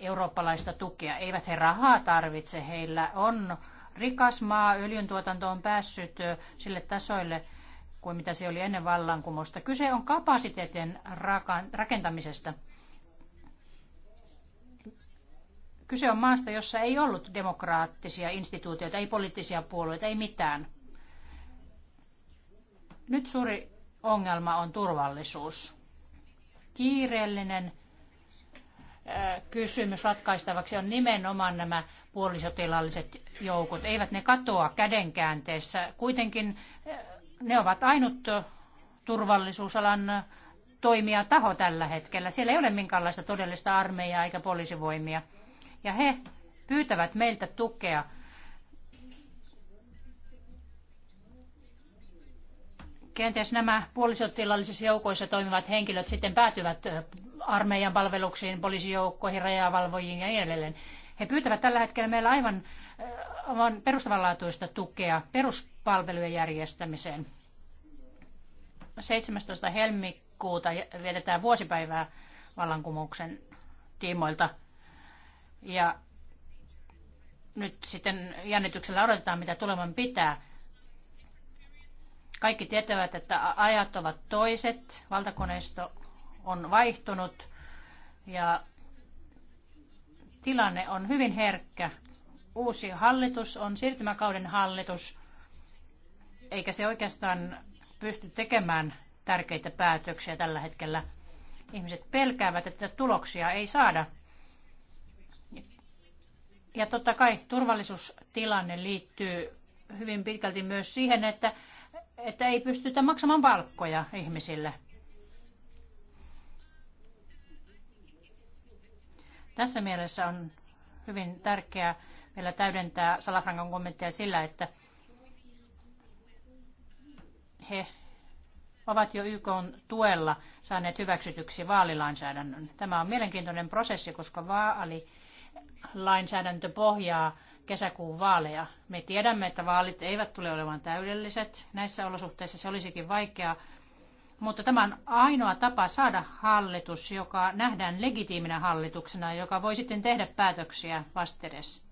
eurooppalaista tukea. Eivät he rahaa tarvitse, heillä on rikas maa, öljyntuotanto on päässyt sille tasoille kuin mitä se oli ennen vallankumousta. Kyse on kapasiteetin rakentamisesta. Kyse on maasta, jossa ei ollut demokraattisia instituutioita, ei poliittisia puolueita, ei mitään. Nyt suuri ongelma on turvallisuus. Kiireellinen kysymys ratkaistavaksi on nimenomaan nämä puolisotilaalliset joukot. Eivät ne katoa kädenkäänteessä. Kuitenkin ne ovat ainut turvallisuusalan toimija taho tällä hetkellä. Siellä ei ole minkäänlaista todellista armeijaa eikä poliisivoimia ja he pyytävät meiltä tukea. Kenties nämä puolisotilallisissa joukoissa toimivat henkilöt sitten päätyvät armeijan palveluksiin, poliisijoukkoihin, rajavalvojiin ja niin edelleen. He pyytävät tällä hetkellä meillä aivan, aivan perustavanlaatuista tukea peruspalvelujen järjestämiseen. 17. helmikuuta vietetään vuosipäivää vallankumouksen tiimoilta – ja nyt sitten jännityksellä odotetaan, mitä tuleman pitää. Kaikki tietävät, että ajat ovat toiset, valtakoneisto on vaihtunut ja tilanne on hyvin herkkä. Uusi hallitus on siirtymäkauden hallitus, eikä se oikeastaan pysty tekemään tärkeitä päätöksiä tällä hetkellä. Ihmiset pelkäävät, että tuloksia ei saada ja totta kai turvallisuustilanne liittyy hyvin pitkälti myös siihen, että, että ei pystytä maksamaan palkkoja ihmisille. Tässä mielessä on hyvin tärkeää vielä täydentää Salafrankan kommentteja sillä, että he ovat jo YK tuella saaneet hyväksytyksi vaalilainsäädännön. Tämä on mielenkiintoinen prosessi, koska vaali lainsäädäntöpohjaa kesäkuun vaaleja. Me tiedämme, että vaalit eivät tule olemaan täydelliset. Näissä olosuhteissa se olisikin vaikeaa. Mutta tämä on ainoa tapa saada hallitus, joka nähdään legitiiminä hallituksena, joka voi sitten tehdä päätöksiä vastedes.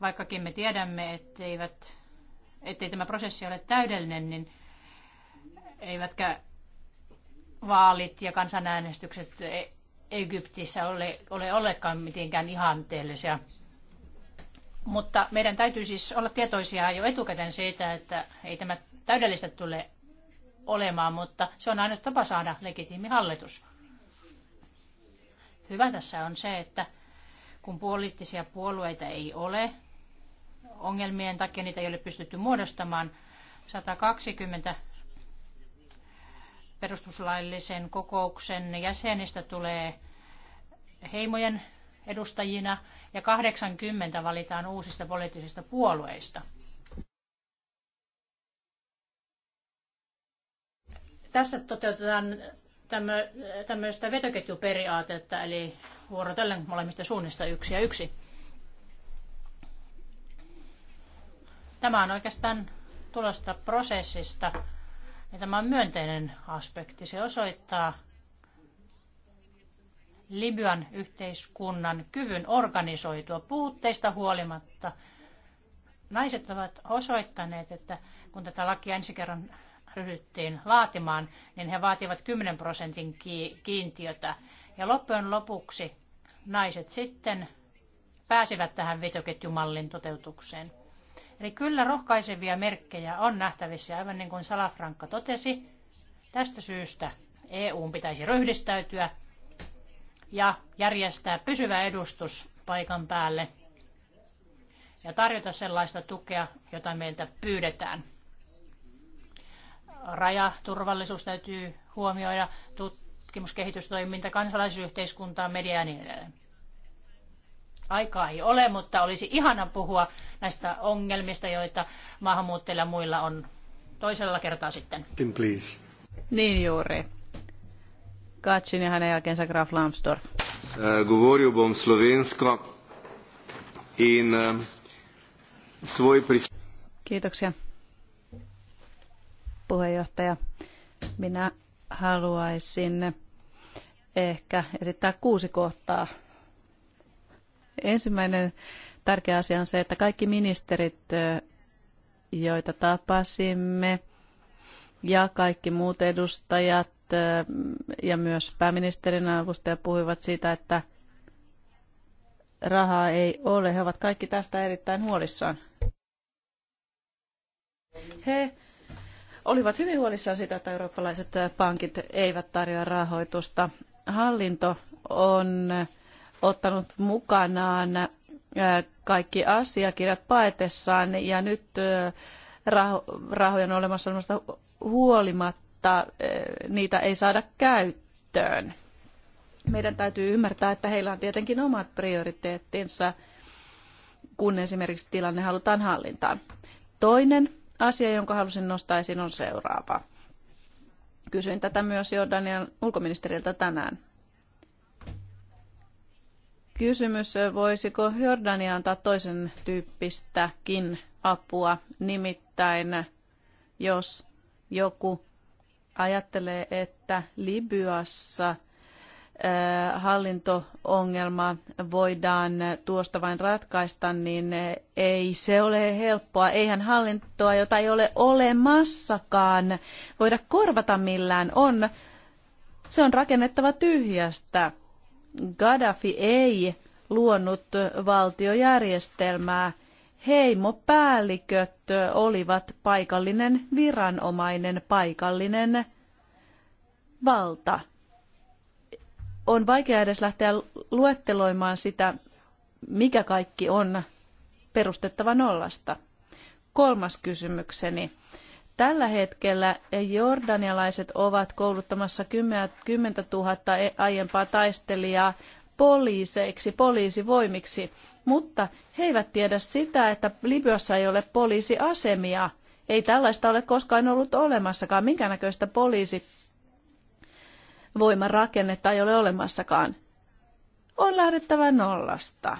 Vaikkakin me tiedämme, etteivät, ettei tämä prosessi ole täydellinen, niin eivätkä vaalit ja kansanäänestykset e- Egyptissä ole, ole ollenkaan mitenkään ihanteellisia. Mutta meidän täytyy siis olla tietoisia jo etukäteen siitä, että ei tämä täydellistä tule olemaan, mutta se on ainut tapa saada legitiimi hallitus. Hyvä tässä on se, että kun poliittisia puolueita ei ole, ongelmien takia niitä ei ole pystytty muodostamaan, 120 perustuslaillisen kokouksen jäsenistä tulee heimojen edustajina ja 80 valitaan uusista poliittisista puolueista. Tässä toteutetaan tämmöistä vetoketjuperiaatetta, eli vuorotellen molemmista suunnista yksi ja yksi. Tämä on oikeastaan tulosta prosessista, ja tämä on myönteinen aspekti. Se osoittaa, Libyan yhteiskunnan kyvyn organisoitua puutteista huolimatta. Naiset ovat osoittaneet, että kun tätä lakia ensi kerran ryhdyttiin laatimaan, niin he vaativat 10 prosentin kiintiötä. Ja loppujen lopuksi naiset sitten pääsivät tähän vetoketjumallin toteutukseen. Eli kyllä rohkaisevia merkkejä on nähtävissä, aivan niin kuin Salafranka totesi. Tästä syystä EU pitäisi ryhdistäytyä ja järjestää pysyvä edustus paikan päälle ja tarjota sellaista tukea, jota meiltä pyydetään. Rajaturvallisuus täytyy huomioida, tutkimuskehitystoiminta, kansalaisyhteiskuntaa, media ja niin edelleen. Aikaa ei ole, mutta olisi ihana puhua näistä ongelmista, joita maahanmuuttajilla muilla on toisella kertaa sitten. Please. Niin juuri. Kacin ja hänen jälkeensä Graf Lambsdorff. Äh, Govorio bom slovensko in äh, svoj pris... Kiitoksia, puheenjohtaja. Minä haluaisin ehkä esittää kuusi kohtaa. Ensimmäinen tärkeä asia on se, että kaikki ministerit, äh, joita tapasimme, ja kaikki muut edustajat Eh, ja myös pääministerin avustaja puhuivat siitä, että rahaa ei ole. He ovat kaikki tästä erittäin huolissaan. He olivat hyvin huolissaan siitä, että eurooppalaiset pankit eivät tarjoa rahoitusta. Hallinto on ottanut mukanaan eh, kaikki asiakirjat paetessaan ja nyt eh, raho- rahojen olemassa huolimatta mutta eh, niitä ei saada käyttöön. Meidän täytyy ymmärtää, että heillä on tietenkin omat prioriteettinsa, kun esimerkiksi tilanne halutaan hallintaan. Toinen asia, jonka halusin nostaa esiin, on seuraava. Kysyin tätä myös Jordanian ulkoministeriltä tänään. Kysymys, voisiko Jordania antaa toisen tyyppistäkin apua, nimittäin jos joku ajattelee, että Libyassa hallintoongelma voidaan tuosta vain ratkaista, niin ei se ole helppoa. Eihän hallintoa, jota ei ole olemassakaan, voida korvata millään. On, se on rakennettava tyhjästä. Gaddafi ei luonut valtiojärjestelmää, heimopäälliköt olivat paikallinen viranomainen, paikallinen valta. On vaikea edes lähteä luetteloimaan sitä, mikä kaikki on perustettava nollasta. Kolmas kysymykseni. Tällä hetkellä jordanialaiset ovat kouluttamassa 10 000 aiempaa taistelijaa poliiseiksi, poliisivoimiksi, mutta he eivät tiedä sitä, että Libyassa ei ole poliisiasemia. Ei tällaista ole koskaan ollut olemassakaan, minkäännäköistä poliisivoimarakennetta ei ole olemassakaan. On lähdettävä nollasta.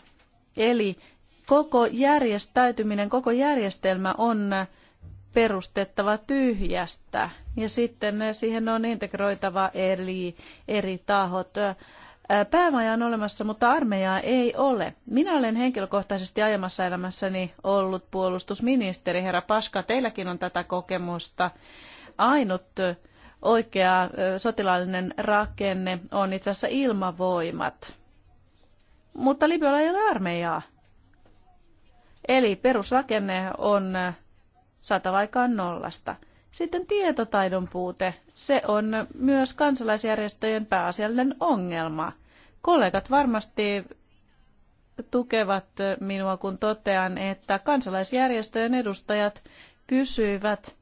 Eli koko järjestäytyminen, koko järjestelmä on perustettava tyhjästä ja sitten siihen on integroitava eri eri tahot. Päämaja on olemassa, mutta armeijaa ei ole. Minä olen henkilökohtaisesti ajamassa elämässäni ollut puolustusministeri. Herra Paska, teilläkin on tätä kokemusta. Ainut oikea sotilaallinen rakenne on itse asiassa ilmavoimat. Mutta Libyalla ei ole armeijaa. Eli perusrakenne on aikaan nollasta. Sitten tietotaidon puute. Se on myös kansalaisjärjestöjen pääasiallinen ongelma. Kollegat varmasti tukevat minua, kun totean, että kansalaisjärjestöjen edustajat kysyivät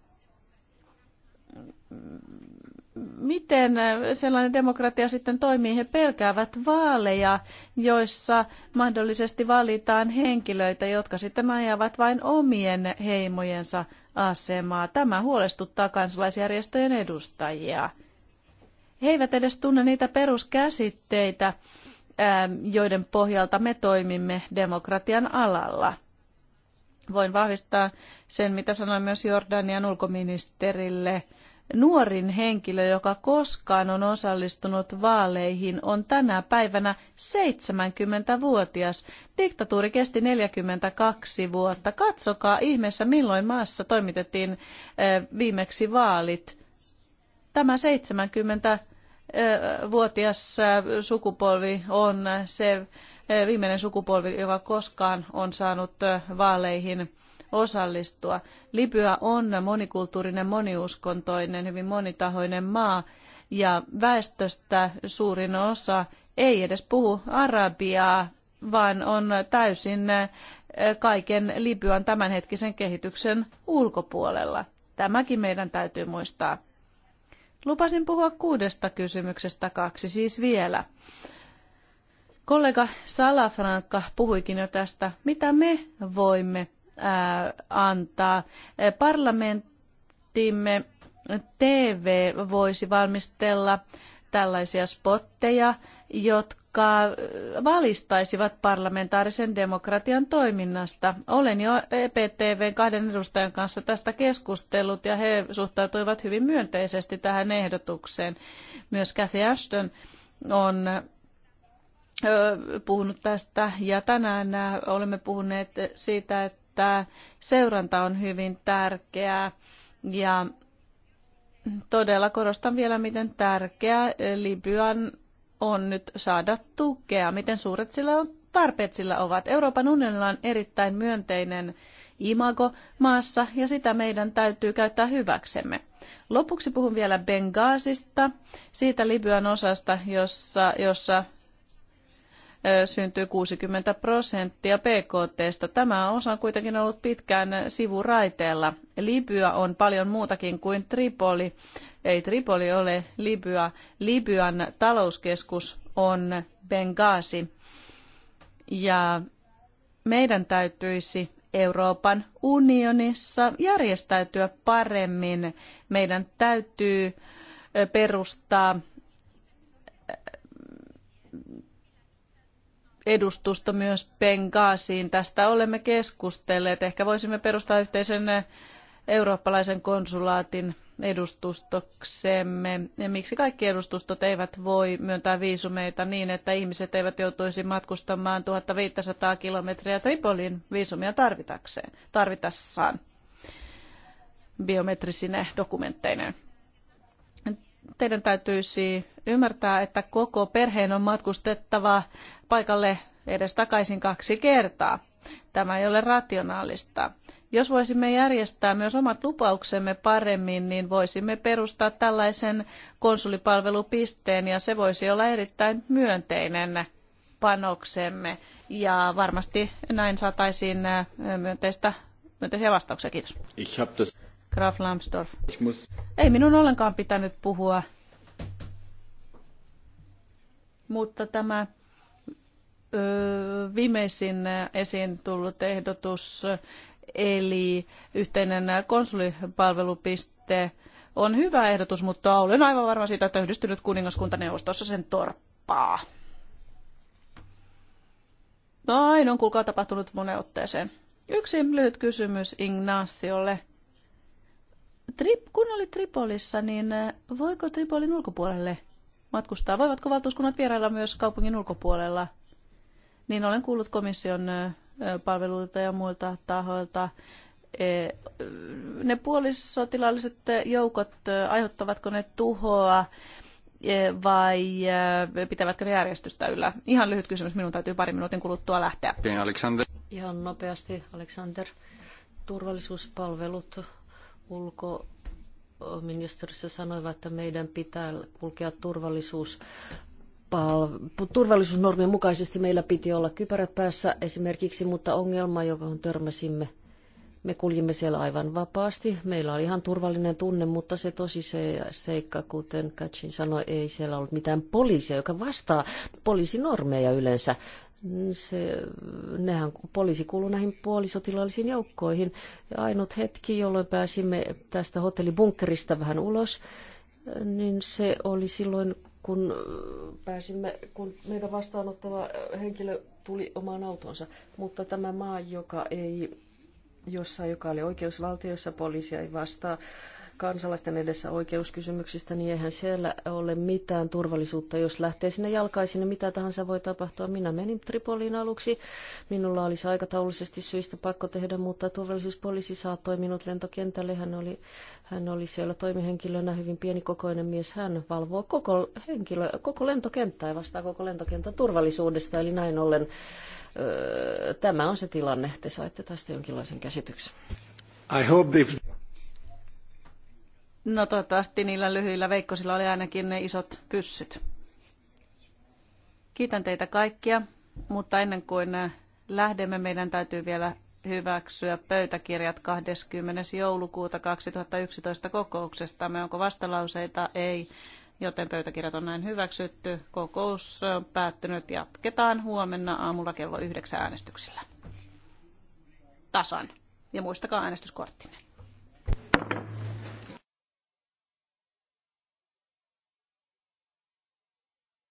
miten äh, sellainen demokratia sitten toimii? He pelkäävät vaaleja, joissa mahdollisesti valitaan henkilöitä, jotka sitten ajavat vain omien heimojensa asemaa. Tämä huolestuttaa kansalaisjärjestöjen edustajia. He eivät edes tunne niitä peruskäsitteitä, äh, joiden pohjalta me toimimme demokratian alalla. Voin vahvistaa sen, mitä sanoin myös Jordanian ulkoministerille nuorin henkilö, joka koskaan on osallistunut vaaleihin, on tänä päivänä 70-vuotias. Diktatuuri kesti 42 vuotta. Katsokaa ihmeessä, milloin maassa toimitettiin viimeksi vaalit. Tämä 70-vuotias sukupolvi on se viimeinen sukupolvi, joka koskaan on saanut vaaleihin osallistua. Libya on monikulttuurinen, moniuskontoinen, hyvin monitahoinen maa ja väestöstä suurin osa ei edes puhu arabiaa, vaan on täysin eh, kaiken Libyan tämänhetkisen kehityksen ulkopuolella. Tämäkin meidän täytyy muistaa. Lupasin puhua kuudesta kysymyksestä kaksi siis vielä. Kollega Salafranka puhuikin jo tästä, mitä me voimme antaa. Parlamenttimme TV voisi valmistella tällaisia spotteja, jotka valistaisivat parlamentaarisen demokratian toiminnasta. Olen jo EPTVn kahden edustajan kanssa tästä keskustellut ja he suhtautuivat hyvin myönteisesti tähän ehdotukseen. Myös Cathy Ashton on puhunut tästä ja tänään olemme puhuneet siitä, että että seuranta on hyvin tärkeää ja todella korostan vielä, miten tärkeää Libyan on nyt saada tukea, miten suuret sillä on, tarpeet sillä ovat. Euroopan unionilla on erittäin myönteinen imago maassa ja sitä meidän täytyy käyttää hyväksemme. Lopuksi puhun vielä Bengaasista, siitä Libyan osasta, jossa, jossa syntyy 60 prosenttia PKTstä. Tämä osa on kuitenkin ollut pitkään sivuraiteella. Libya on paljon muutakin kuin Tripoli. Ei Tripoli ole Libya. Libyan talouskeskus on Benghazi. Ja meidän täytyisi Euroopan unionissa järjestäytyä paremmin. Meidän täytyy perustaa edustusto myös Bengaasiin. Tästä olemme keskustelleet. Ehkä voisimme perustaa yhteisen eurooppalaisen konsulaatin edustustoksemme. Ja miksi kaikki edustustot eivät voi myöntää viisumeita niin, että ihmiset eivät joutuisi matkustamaan 1500 kilometriä Tripolin viisumia tarvitakseen, tarvitassaan biometrisine dokumentteineen? teidän täytyisi ymmärtää, että koko perheen on matkustettava paikalle edes takaisin kaksi kertaa. Tämä ei ole rationaalista. Jos voisimme järjestää myös omat lupauksemme paremmin, niin voisimme perustaa tällaisen konsulipalvelupisteen ja se voisi olla erittäin myönteinen panoksemme. Ja varmasti näin saataisiin äh, myönteistä, myönteisiä vastauksia. Kiitos. Graf Lambsdorff. Ei minun ollenkaan pitänyt puhua. Mutta tämä viimeisin esiin tullut ehdotus, eli yhteinen konsulipalvelupiste, on hyvä ehdotus, mutta olen aivan varma siitä, että yhdistynyt kuningaskuntaneuvostossa sen torppaa. Näin on kuulkaa tapahtunut moneen otteeseen. Yksi lyhyt kysymys Ignaciolle. Trip, kun oli Tripolissa, niin äh, voiko Tripolin ulkopuolelle matkustaa? Voivatko valtuuskunnat vierailla myös kaupungin ulkopuolella? Niin olen kuullut komission äh, palveluilta ja muilta tahoilta. E, ne puolisotilaalliset joukot, äh, aiheuttavatko ne tuhoa e, vai pitävätkö ne järjestystä yllä? Ihan lyhyt kysymys, minun täytyy pari minuutin kuluttua lähteä. Alexander. Ihan nopeasti, Alexander. Turvallisuuspalvelut ulko ministeriössä sanoivat, että meidän pitää kulkea turvallisuus turvallisuusnormien mukaisesti meillä piti olla kypärät päässä esimerkiksi, mutta ongelma, joka on törmäsimme, me kuljimme siellä aivan vapaasti. Meillä oli ihan turvallinen tunne, mutta se tosi se seikka, kuten Katsin sanoi, ei siellä ollut mitään poliisia, joka vastaa poliisinormeja yleensä se, nehän poliisi kuuluu näihin puolisotilaallisiin joukkoihin. Ainut hetki, jolloin pääsimme tästä hotellibunkkerista vähän ulos, niin se oli silloin, kun pääsimme, kun meidän vastaanottava henkilö tuli omaan autonsa. Mutta tämä maa, joka ei, jossa, joka oli oikeusvaltiossa, poliisia ei vastaa, kansalaisten edessä oikeuskysymyksistä, niin eihän siellä ole mitään turvallisuutta. Jos lähtee sinne jalkaisin, niin mitä tahansa voi tapahtua. Minä menin Tripoliin aluksi. Minulla olisi aikataulisesti syistä pakko tehdä, mutta turvallisuuspoliisi saattoi minut lentokentälle. Hän oli, hän oli siellä toimihenkilönä hyvin pienikokoinen mies. Hän valvoo koko, henkilö, koko lentokenttää ja vastaa koko lentokentän turvallisuudesta. Eli näin ollen öö, tämä on se tilanne. Te saitte tästä jonkinlaisen käsityksen. I hope they've... No toivottavasti niillä lyhyillä veikkosilla oli ainakin ne isot pyssyt. Kiitän teitä kaikkia, mutta ennen kuin lähdemme, meidän täytyy vielä hyväksyä pöytäkirjat 20. joulukuuta 2011 kokouksesta. Me onko vastalauseita? Ei, joten pöytäkirjat on näin hyväksytty. Kokous on päättynyt. Jatketaan huomenna aamulla kello yhdeksän äänestyksillä. Tasan. Ja muistakaa äänestyskorttinen.